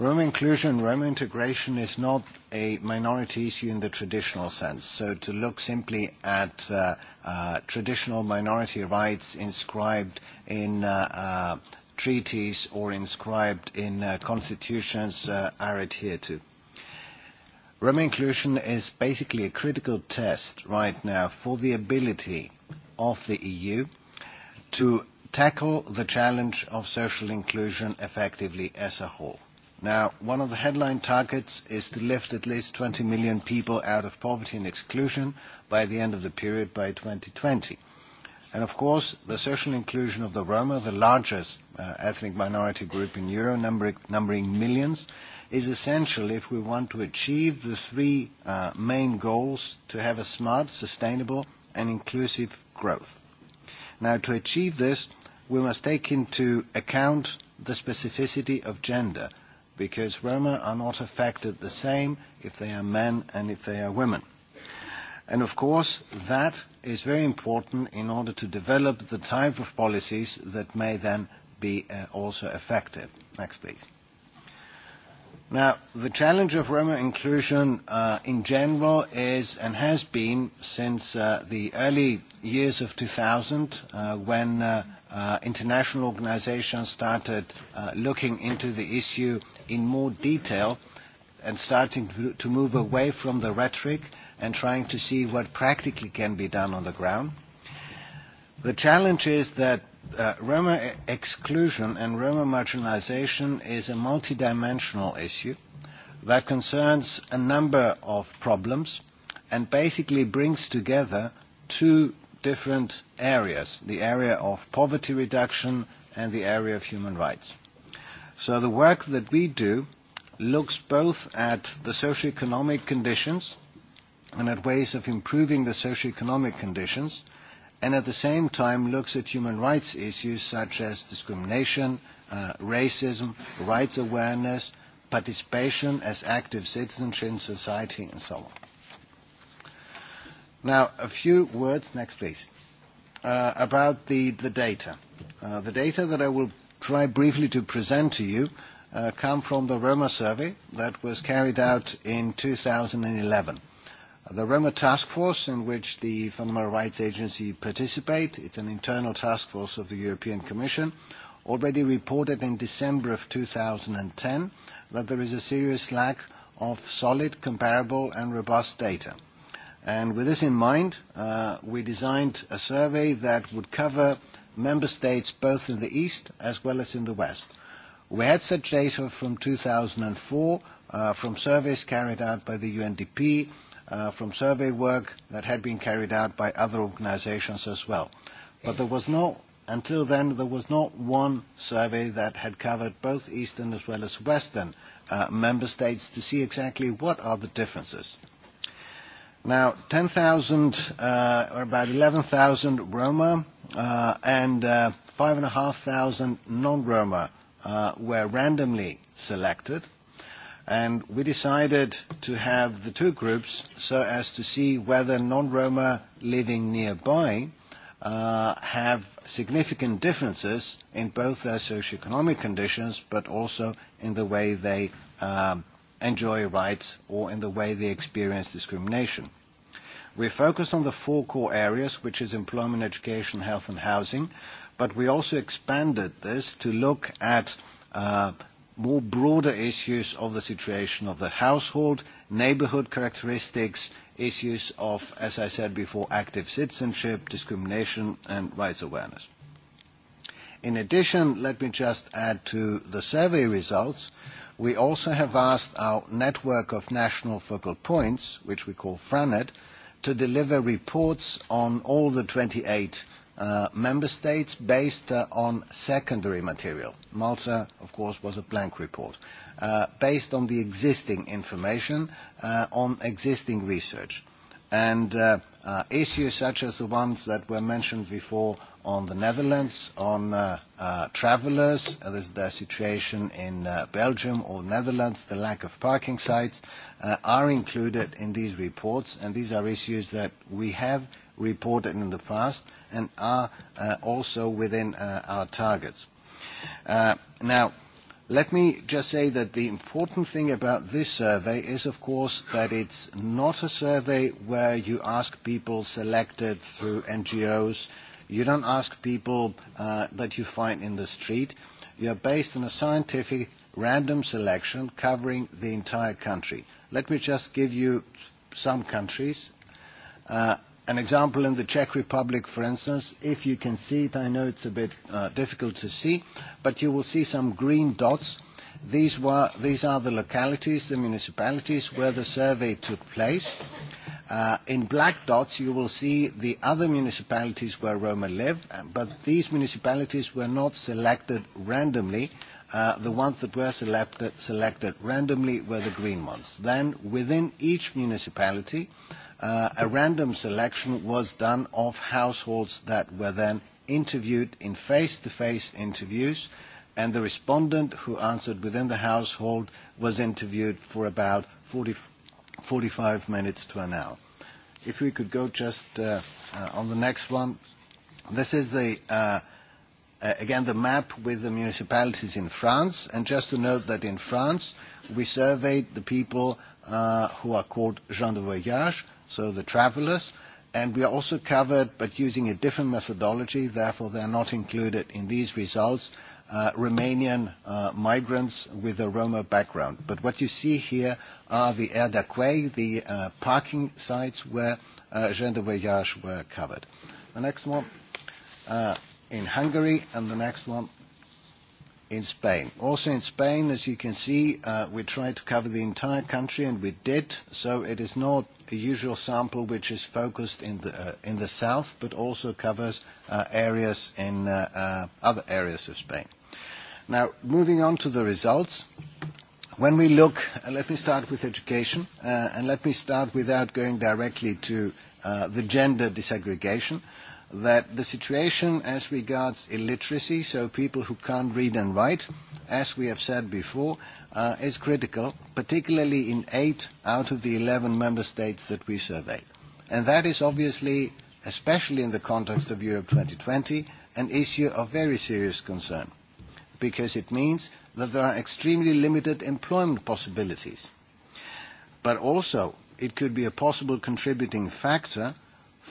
Roma inclusion, Roma integration is not a minority issue in the traditional sense. So to look simply at uh, uh, traditional minority rights inscribed in uh, uh, treaties or inscribed in uh, constitutions uh, are adhered to. Roma inclusion is basically a critical test right now for the ability of the EU to tackle the challenge of social inclusion effectively as a whole. Now, one of the headline targets is to lift at least 20 million people out of poverty and exclusion by the end of the period by 2020. And of course, the social inclusion of the Roma, the largest uh, ethnic minority group in Euro, number numbering millions, is essential if we want to achieve the three uh, main goals to have a smart, sustainable and inclusive growth. Now, to achieve this, we must take into account the specificity of gender, because Roma are not affected the same if they are men and if they are women. And of course, that is very important in order to develop the type of policies that may then be uh, also effective. Next, please. Now, the challenge of Roma inclusion uh, in general is and has been since uh, the early years of 2000 uh, when uh, uh, international organizations started uh, looking into the issue in more detail and starting to, move away from the rhetoric and trying to see what practically can be done on the ground. The challenge is that uh, Roma e-, exclusion and Roma marginalization is a multidimensional issue that concerns a number of problems and basically brings together two different areas, the area of poverty reduction and the area of human rights. So the work that we do looks both at the socioeconomic conditions and at ways of improving the socio economic conditions, and at the same time looks at human rights issues such as discrimination, uh, racism, rights awareness, participation as active citizens in society, and so on. Now, a few words, next please, uh, about the, the data. Uh, the data that I will try briefly to present to you uh, come from the Roma survey that was carried out in 2011. The Roma Task Force, in which the Fundamental Rights Agency participate, it's an internal task force of the European Commission, already reported in December of 2010 that there is a serious lack of solid, comparable and robust data. And with this in mind, uh, we designed a survey that would cover member states both in the east as well as in the west. We had such data from 2004, uh, from surveys carried out by the UNDP, uh, from survey work that had been carried out by other organizations as well. But there was no, until then, there was not one survey that had covered both Eastern as well as Western uh, member states to see exactly what are the differences. Now, 10,000 uh, or about 11,000 Roma uh, and uh, 5,500 non-Roma uh, were randomly selected And we decided to have the two groups so as to see whether non-Roma living nearby uh, have significant differences in both their socioeconomic conditions but also in the way they um, enjoy rights or in the way they experience discrimination. We focused on the four core areas, which is employment, education, health and housing, but we also expanded this to look at uh, more broader issues of the situation of the household, neighborhood characteristics, issues of, as I said before, active citizenship, discrimination and rights awareness. In addition, let me just add to the survey results, we also have asked our network of national focal points, which we call FRANET, to deliver reports on all the 28 uh, member states based uh, on secondary material. Malta, of course, was a blank report. Uh, based on the existing information, uh, on existing research. And uh, uh, issues such as the ones that were mentioned before on the Netherlands, on uh, uh, travelers, uh, the situation in uh, Belgium or Netherlands, the lack of parking sites, uh, are included in these reports, and these are issues that we have reported in the past and are uh, also within uh, our targets. Uh, now, let me just say that the important thing about this survey is, of course, that it's not a survey where you ask people selected through NGOs. You don't ask people uh, that you find in the street. You're based on a scientific random selection covering the entire country. Let me just give you some countries. Uh, an example in the Czech Republic, for instance, if you can see it, I know it's a bit uh, difficult to see, but you will see some green dots. These, were, these are the localities, the municipalities where the survey took place. Uh, in black dots, you will see the other municipalities where Roma live, uh, but these municipalities were not selected randomly. Uh, the ones that were selected, selected randomly were the green ones. Then, within each municipality, uh, uh, a random selection was done of households that were then interviewed in face-to-face -face interviews, and the respondent who answered within the household was interviewed for about 40, 45 minutes to an hour. If we could go just uh, uh, on the next one. This is the, uh, uh, again, the map with the municipalities in France. And just to note that in France, we surveyed the people uh, who are called gens de voyage, so the travelers, and we are also covered but using a different methodology, therefore they are not included in these results, uh, Romanian uh, migrants with a Roma background. But what you see here are the air the uh, parking sites where uh, Jean de voyage were covered. The next one uh, in Hungary and the next one in Spain. Also in Spain, as you can see, uh, we tried to cover the entire country, and we did, so it is not a usual sample which is focused in the, uh, in the south, but also covers uh, areas in uh, uh, other areas of Spain. Now, moving on to the results. When we look, uh, let me start with education, uh, and let me start without going directly to uh, the gender disaggregation. Uh, that the situation as regards illiteracy, so people who can't read and write, as we have said before, uh, is critical, particularly in eight out of the 11 member states that we surveyed. And that is obviously, especially in the context of Europe 2020, an issue of very serious concern, because it means that there are extremely limited employment possibilities. But also, it could be a possible contributing factor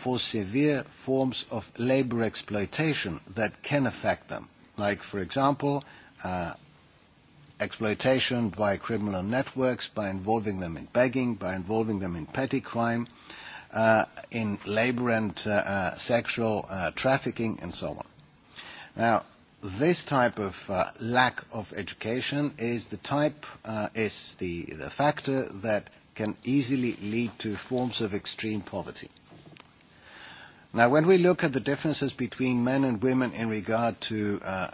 for severe forms of labor exploitation that can affect them, like, for example, uh, exploitation by criminal networks, by involving them in begging, by involving them in petty crime, uh, in labor and uh, uh, sexual uh, trafficking, and so on. Now, this type of uh, lack of education is the type, uh, is the, the factor that can easily lead to forms of extreme poverty. Now, when we look at the differences between men and women in regard to uh,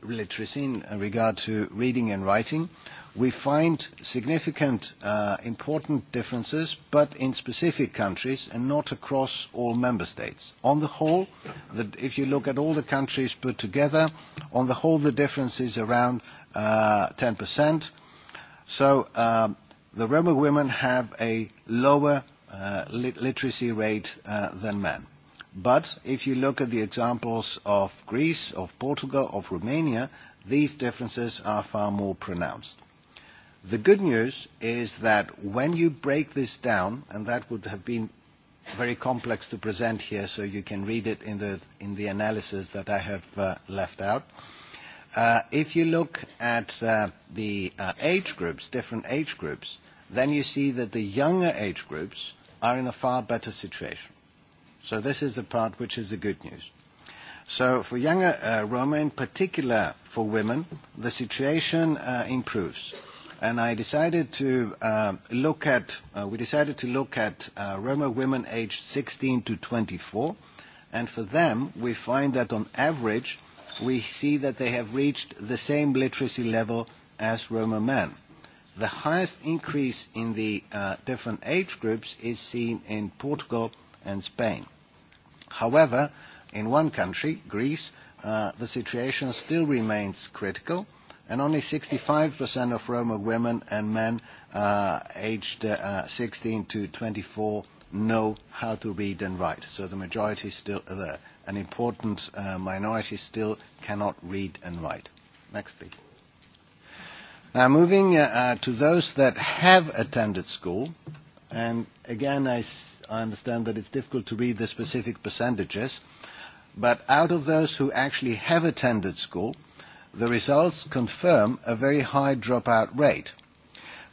literacy, in regard to reading and writing, we find significant, uh, important differences, but in specific countries and not across all member states. On the whole, the, if you look at all the countries put together, on the whole the difference is around uh, 10%. So uh, the Roma women have a lower uh, lit literacy rate uh, than men. But if you look at the examples of Greece, of Portugal, of Romania, these differences are far more pronounced. The good news is that when you break this down, and that would have been very complex to present here, so you can read it in the, in the analysis that I have uh, left out. Uh, if you look at uh, the uh, age groups, different age groups, then you see that the younger age groups are in a far better situation. So this is the part which is the good news. So for younger uh, Roma, in particular for women, the situation uh, improves. And I decided to uh, look at, uh, we decided to look at uh, Roma women aged 16 to 24. And for them, we find that on average, we see that they have reached the same literacy level as Roma men. The highest increase in the uh, different age groups is seen in Portugal and Spain. However, in one country, Greece, uh, the situation still remains critical and only 65% of Roma women and men uh, aged uh, 16 to 24 know how to read and write. So the majority is still there. An important uh, minority still cannot read and write. Next, please. Now, moving uh, uh, to those that have attended school, and again, I I understand that it's difficult to read the specific percentages, but out of those who actually have attended school, the results confirm a very high dropout rate.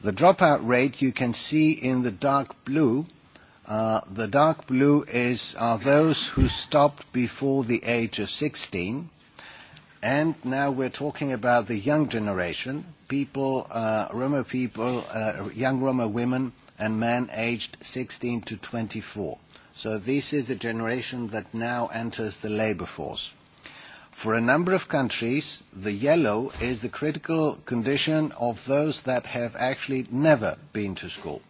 The dropout rate you can see in the dark blue. Uh, the dark blue is are those who stopped before the age of 16. And now we're talking about the young generation, people, uh, Roma people, uh, young Roma women and men aged 16 to 24. So this is the generation that now enters the labor force. For a number of countries, the yellow is the critical condition of those that have actually never been to school.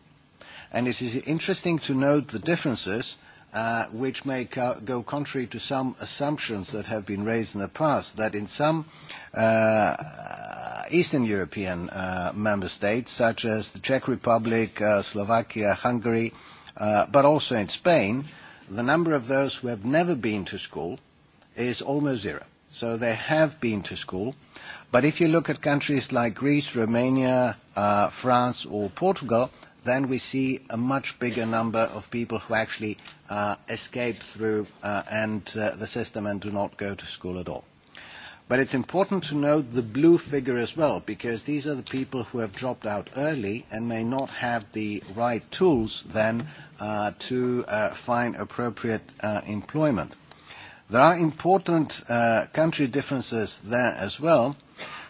And it is interesting to note the differences uh, which may co go contrary to some assumptions that have been raised in the past, that in some uh, Eastern European uh, member states, such as the Czech Republic, uh, Slovakia, Hungary, uh, but also in Spain, the number of those who have never been to school is almost zero. So they have been to school. But if you look at countries like Greece, Romania, uh, France or Portugal, then we see a much bigger number of people who actually uh, escape through uh, and uh, the system and do not go to school at all. But it's important to note the blue figure as well, because these are the people who have dropped out early and may not have the right tools then uh, to uh, find appropriate uh, employment. There are important uh, country differences there as well,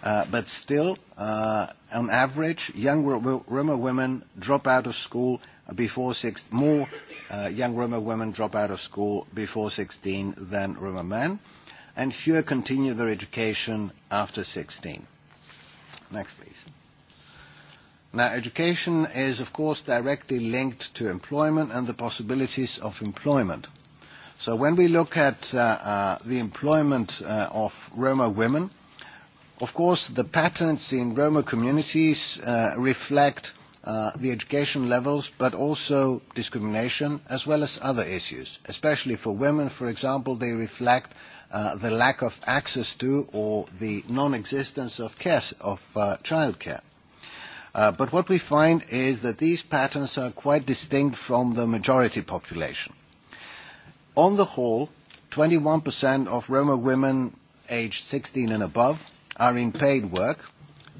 uh, but still, uh, on average, young Roma women drop out of school before six, more uh, young Roma women drop out of school before 16 than Roma men. Uh, and fewer continue their education after 16. Next, please. Now, education is, of course, directly linked to employment and the possibilities of employment. So when we look at uh, uh, the employment uh, of Roma women, of course, the patterns in Roma communities uh, reflect uh, the education levels, but also discrimination, as well as other issues. Especially for women, for example, they reflect uh, the lack of access to or the non-existence of, care, of uh, childcare. Uh, but what we find is that these patterns are quite distinct from the majority population. On the whole, 21% of Roma women aged 16 and above are in paid work,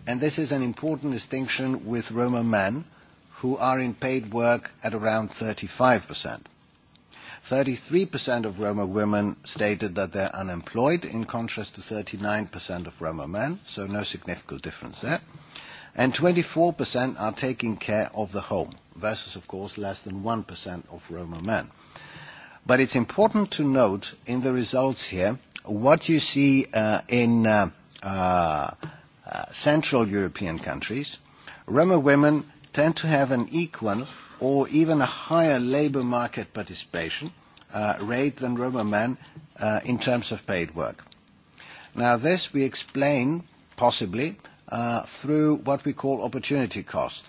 and this is an important distinction with Roma men, who are in paid work at around 33% of Roma women stated that they're unemployed, in contrast to 39% of Roma men, so no significant difference there. And 24% are taking care of the home, versus, of course, less than 1% of Roma men. But it's important to note in the results here what you see uh, in uh, uh, uh Central European countries. Roma women tend to have an equal or even a higher labor market participation uh, rate than Roma men uh, in terms of paid work. Now this we explain possibly uh, through what we call opportunity cost.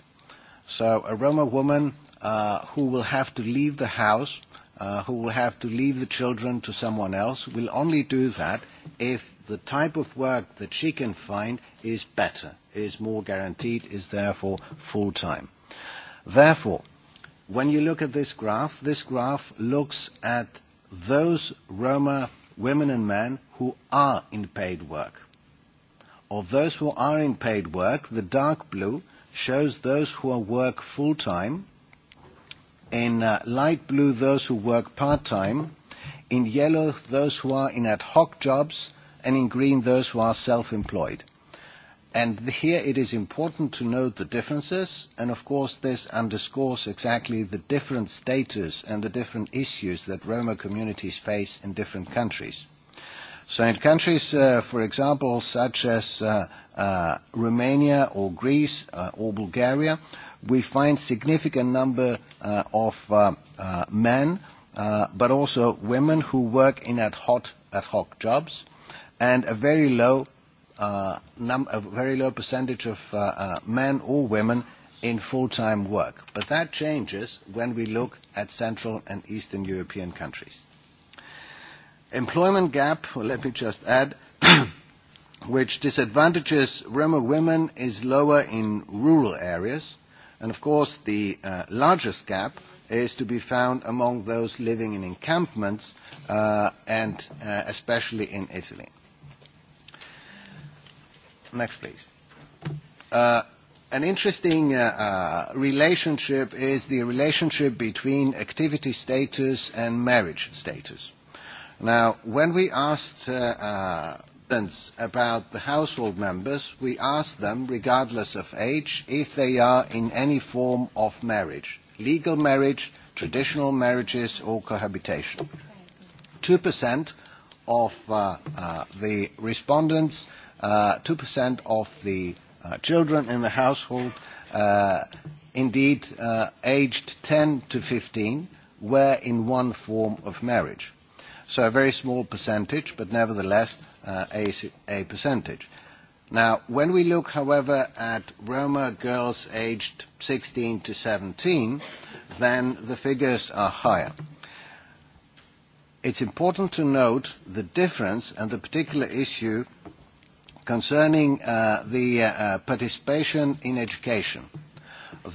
So a Roma woman uh, who will have to leave the house, uh, who will have to leave the children to someone else, will only do that if the type of work that she can find is better, is more guaranteed, is therefore full-time. Therefore, When you look at this graph, this graph looks at those Roma women and men who are in paid work. Of those who are in paid work, the dark blue shows those who are work full-time, in uh, light blue those who work part-time, in yellow those who are in ad hoc jobs, and in green those who are self-employed. And here it is important to note the differences, and of course this underscores exactly the different status and the different issues that Roma communities face in different countries. So in countries, uh, for example, such as uh, uh, Romania or Greece uh, or Bulgaria, we find significant number uh, of uh, uh, men, uh, but also women who work in ad hoc, ad hoc jobs, and a very low uh, num a very low percentage of uh, uh, men or women in full-time work. But that changes when we look at Central and Eastern European countries. Employment gap, well, let me just add, *clears throat* which disadvantages Roma women is lower in rural areas. And of course, the uh, largest gap is to be found among those living in encampments, uh, and uh, especially in Italy. Next, please. Uh, an interesting uh, uh, relationship is the relationship between activity status and marriage status. Now, when we asked uh, uh, about the household members, we asked them, regardless of age, if they are in any form of marriage, legal marriage, traditional marriages, or cohabitation. 2% of uh, uh, the respondents uh, 2% of the uh, children in the household, uh, indeed uh, aged 10 to 15, were in one form of marriage. So a very small percentage, but nevertheless uh, a, a percentage. Now, when we look, however, at Roma girls aged 16 to 17, then the figures are higher. It's important to note the difference and the particular issue concerning uh, the uh, participation in education.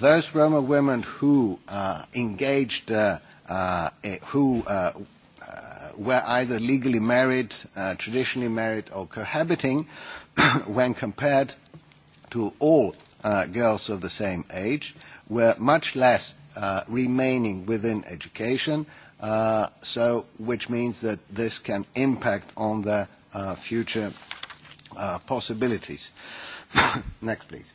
Those Roma women who uh, engaged, uh, uh, eh, who uh, uh, were either legally married, uh, traditionally married, or cohabiting, *coughs* when compared to all uh, girls of the same age, were much less uh, remaining within education, uh, so which means that this can impact on the uh, future uh, possibilities. *coughs* Next, please.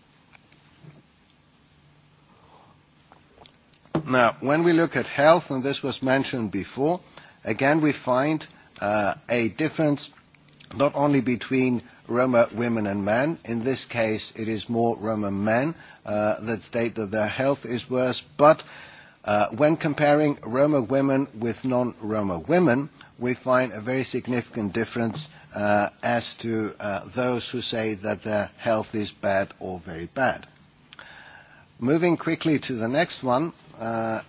Now, when we look at health, and this was mentioned before, again we find uh, a difference not only between Roma women and men, in this case it is more Roma men uh, that state that their health is worse, but uh, when comparing Roma women with non-Roma women, we find a very significant difference uh, as to uh, those who say that their health is bad or very bad. Moving quickly to the next one, uh,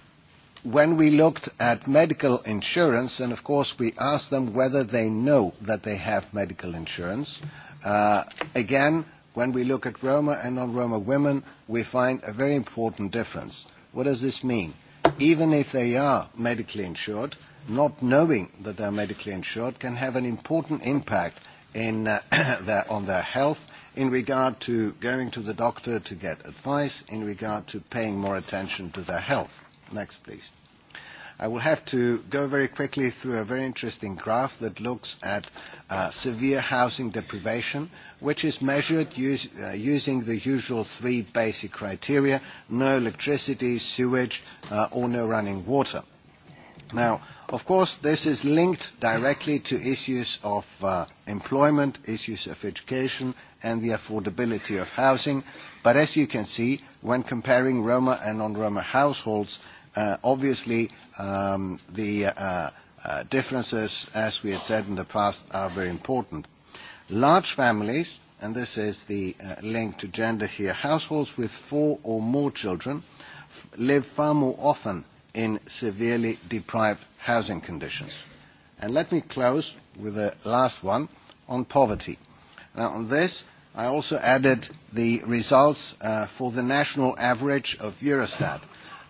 when we looked at medical insurance, and of course we asked them whether they know that they have medical insurance, uh, again, when we look at Roma and non-Roma women, we find a very important difference. What does this mean? Even if they are medically insured, not knowing that they are medically insured can have an important impact in, uh, *coughs* their, on their health in regard to going to the doctor to get advice, in regard to paying more attention to their health. Next, please. I will have to go very quickly through a very interesting graph that looks at uh, severe housing deprivation, which is measured use, uh, using the usual three basic criteria, no electricity, sewage, uh, or no running water. Now, Of course, this is linked directly to issues of uh, employment, issues of education, and the affordability of housing. But as you can see, when comparing Roma and non-Roma households, uh, obviously um, the uh, uh, differences, as we had said in the past, are very important. Large families, and this is the uh, link to gender here, households with four or more children live far more often in severely deprived housing conditions. And let me close with the last one on poverty. Now on this, I also added the results uh, for the national average of Eurostat.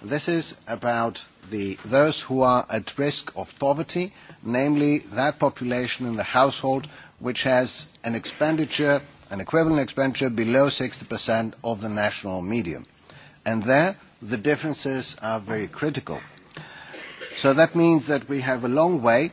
This is about the, those who are at risk of poverty, namely that population in the household which has an expenditure, an equivalent expenditure below 60% of the national medium. And there, the differences are very critical. So that means that we have a long way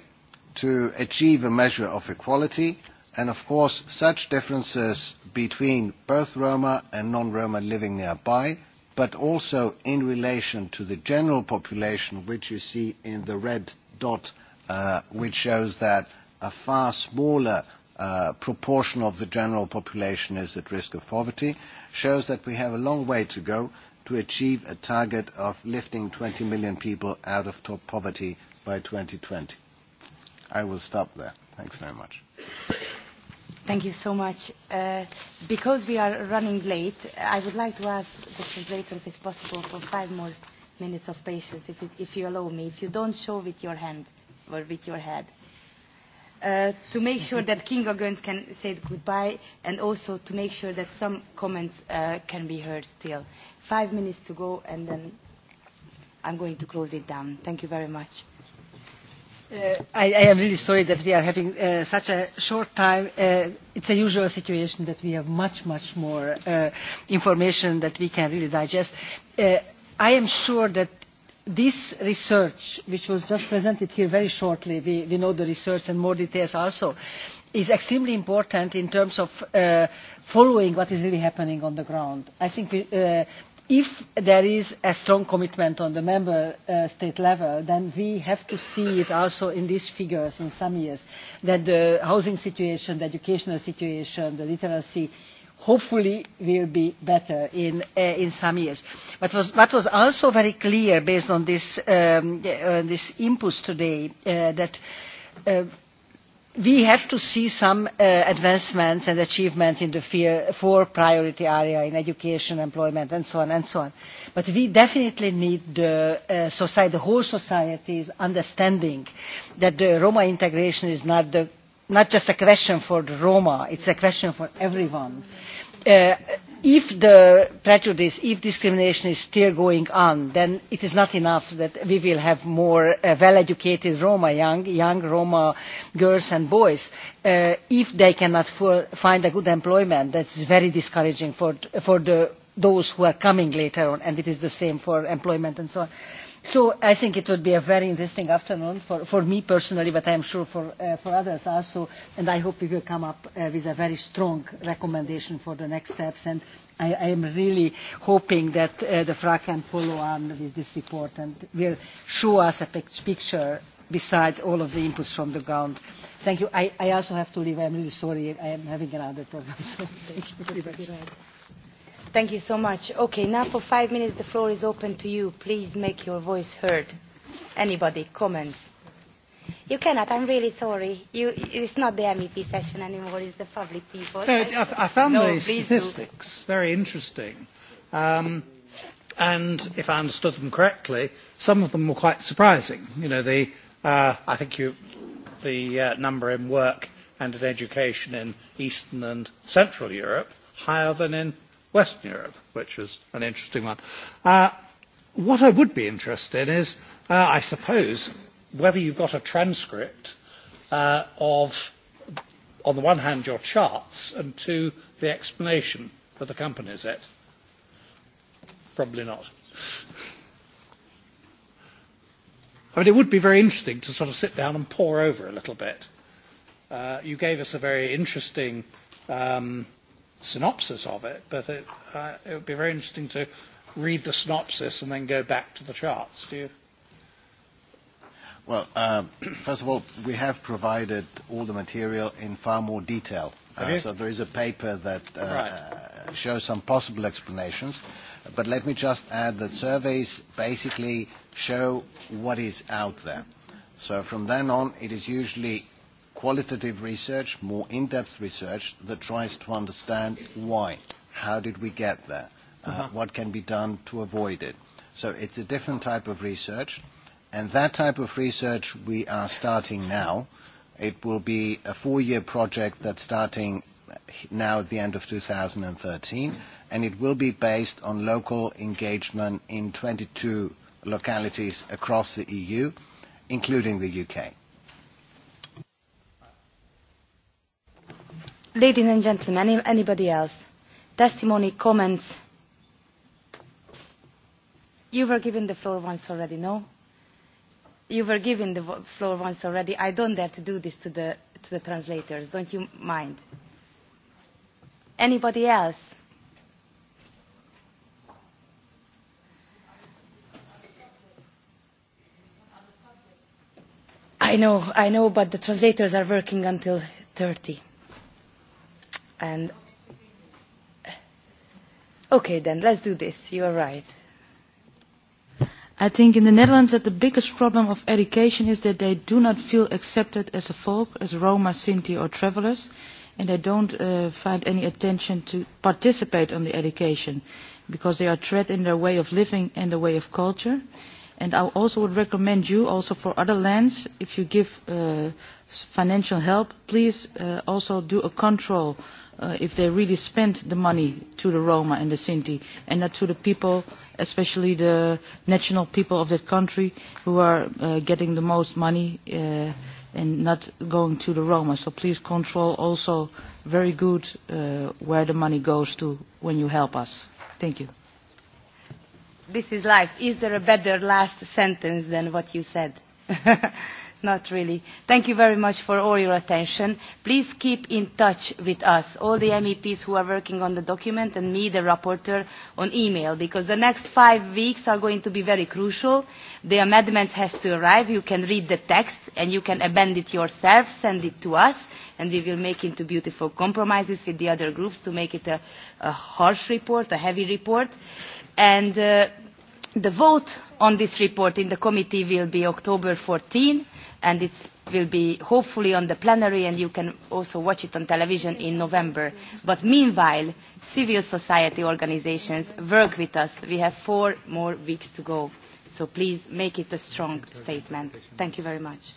to achieve a measure of equality, and of course such differences between both Roma and non-Roma living nearby, but also in relation to the general population, which you see in the red dot, uh, which shows that a far smaller uh, proportion of the general population is at risk of poverty, shows that we have a long way to go to achieve a target of lifting 20 million people out of top poverty by 2020. I will stop there. Thanks very much. Thank you so much. Uh, because we are running late, I would like to ask the translator if it's possible for five more minutes of patience, if, it, if you allow me. If you don't show with your hand or with your head. Uh, to make sure that King Ogons can say goodbye and also to make sure that some comments uh, can be heard still. Five minutes to go and then I'm going to close it down. Thank you very much. Uh, I, I am really sorry that we are having uh, such a short time. Uh, it's a usual situation that we have much, much more uh, information that we can really digest. Uh, I am sure that this research, which was just presented here very shortly, we, we know the research and more details also, is extremely important in terms of uh, following what is really happening on the ground. I think we, uh, if there is a strong commitment on the member uh, state level, then we have to see it also in these figures in some years, that the housing situation, the educational situation, the literacy hopefully will be better in, uh, in some years. But was, what was also very clear based on this, um, uh, this impulse today uh, that uh, we have to see some uh, advancements and achievements in the fear, four priority area in education, employment, and so on and so on. But we definitely need the, uh, society, the whole society's understanding that the Roma integration is not the not just a question for the Roma, it's a question for everyone. Uh, if the prejudice, if discrimination is still going on, then it is not enough that we will have more uh, well-educated Roma, young, young Roma girls and boys. Uh, if they cannot find a good employment, that's very discouraging for, for the, those who are coming later on, and it is the same for employment and so on. Uh, So I think it would be a very interesting afternoon for, for me personally, but I'm sure for, uh, for others also. And I hope we will come up uh, with a very strong recommendation for the next steps. And I, I am really hoping that uh, the FRA can follow on with this report and will show us a picture beside all of the inputs from the ground. Thank you. I, I also have to leave. I'm really sorry. I am having another program. *laughs* So thank you very much. Thank you so much. Okay, now for five minutes the floor is open to you. Please make your voice heard. Anybody, comments? You cannot, I'm really sorry. You, it's not the MEP session anymore, it's the public people. No, I, I found no, the statistics do. very interesting. Um, and if I understood them correctly, some of them were quite surprising. You know, the, uh, I think you, the uh, number in work and in education in Eastern and Central Europe higher than in Western Europe, which is an interesting one. Uh, what I would be interested in is, uh, I suppose, whether you've got a transcript uh, of, on the one hand, your charts, and two, the explanation that accompanies it. Probably not. I mean, it would be very interesting to sort of sit down and pore over a little bit. Uh, you gave us a very interesting um, synopsis of it, but it, uh, it would be very interesting to read the synopsis and then go back to the charts. Do you? Well, uh, *clears throat* first of all, we have provided all the material in far more detail. Uh, so there is a paper that uh, right. shows some possible explanations. But let me just add that surveys basically show what is out there. So from then on, it is usually qualitative research, more in-depth research that tries to understand why, how did we get there, uh, uh -huh. what can be done to avoid it. So it's a different type of research, and that type of research we are starting now. It will be a four-year project that's starting now at the end of 2013, and it will be based on local engagement in 22 localities across the EU, including the UK. Ladies and gentlemen, anybody else? Testimony, comments? You were given the floor once already, no? You were given the floor once already. I don't dare to do this to the, to the translators. Don't you mind? Anybody else? I know, I know, but the translators are working until 30. And eh, okay, then let's do this. You are right. I think in the Netherlands that the biggest problem of education is that they do not feel accepted as a folk, as Roma, Sinti or travelers, and they don't uh, find any attention to participate on the education because they are threatened in their way of living and the way of culture. And I also would recommend you also for other lands, if you give uh, financial help, please uh, also do a control uh, if they really spent the money to the Roma and the Sinti and not to the people, especially the national people of that country who are uh, getting the most money uh, and not going to the Roma. So please control also very good uh, where the money goes to when you help us. Thank you. This is life. Is there a better last sentence than what you said? *laughs* not really. Thank you very much for all your attention. Please keep in touch with us, all the MEPs who are working on the document and me, the rapporteur, on email, because the next five weeks are going to be very crucial. The amendments has to arrive. You can read the text and you can amend it yourself, send it to us, and we will make into beautiful compromises with the other groups to make it a, a harsh report, a heavy report. And uh, the vote on this report in the committee will be October 14 and it will be hopefully on the plenary and you can also watch it on television in November. But meanwhile, civil society organizations work with us. We have four more weeks to go. So please make it a strong statement. Thank you very much.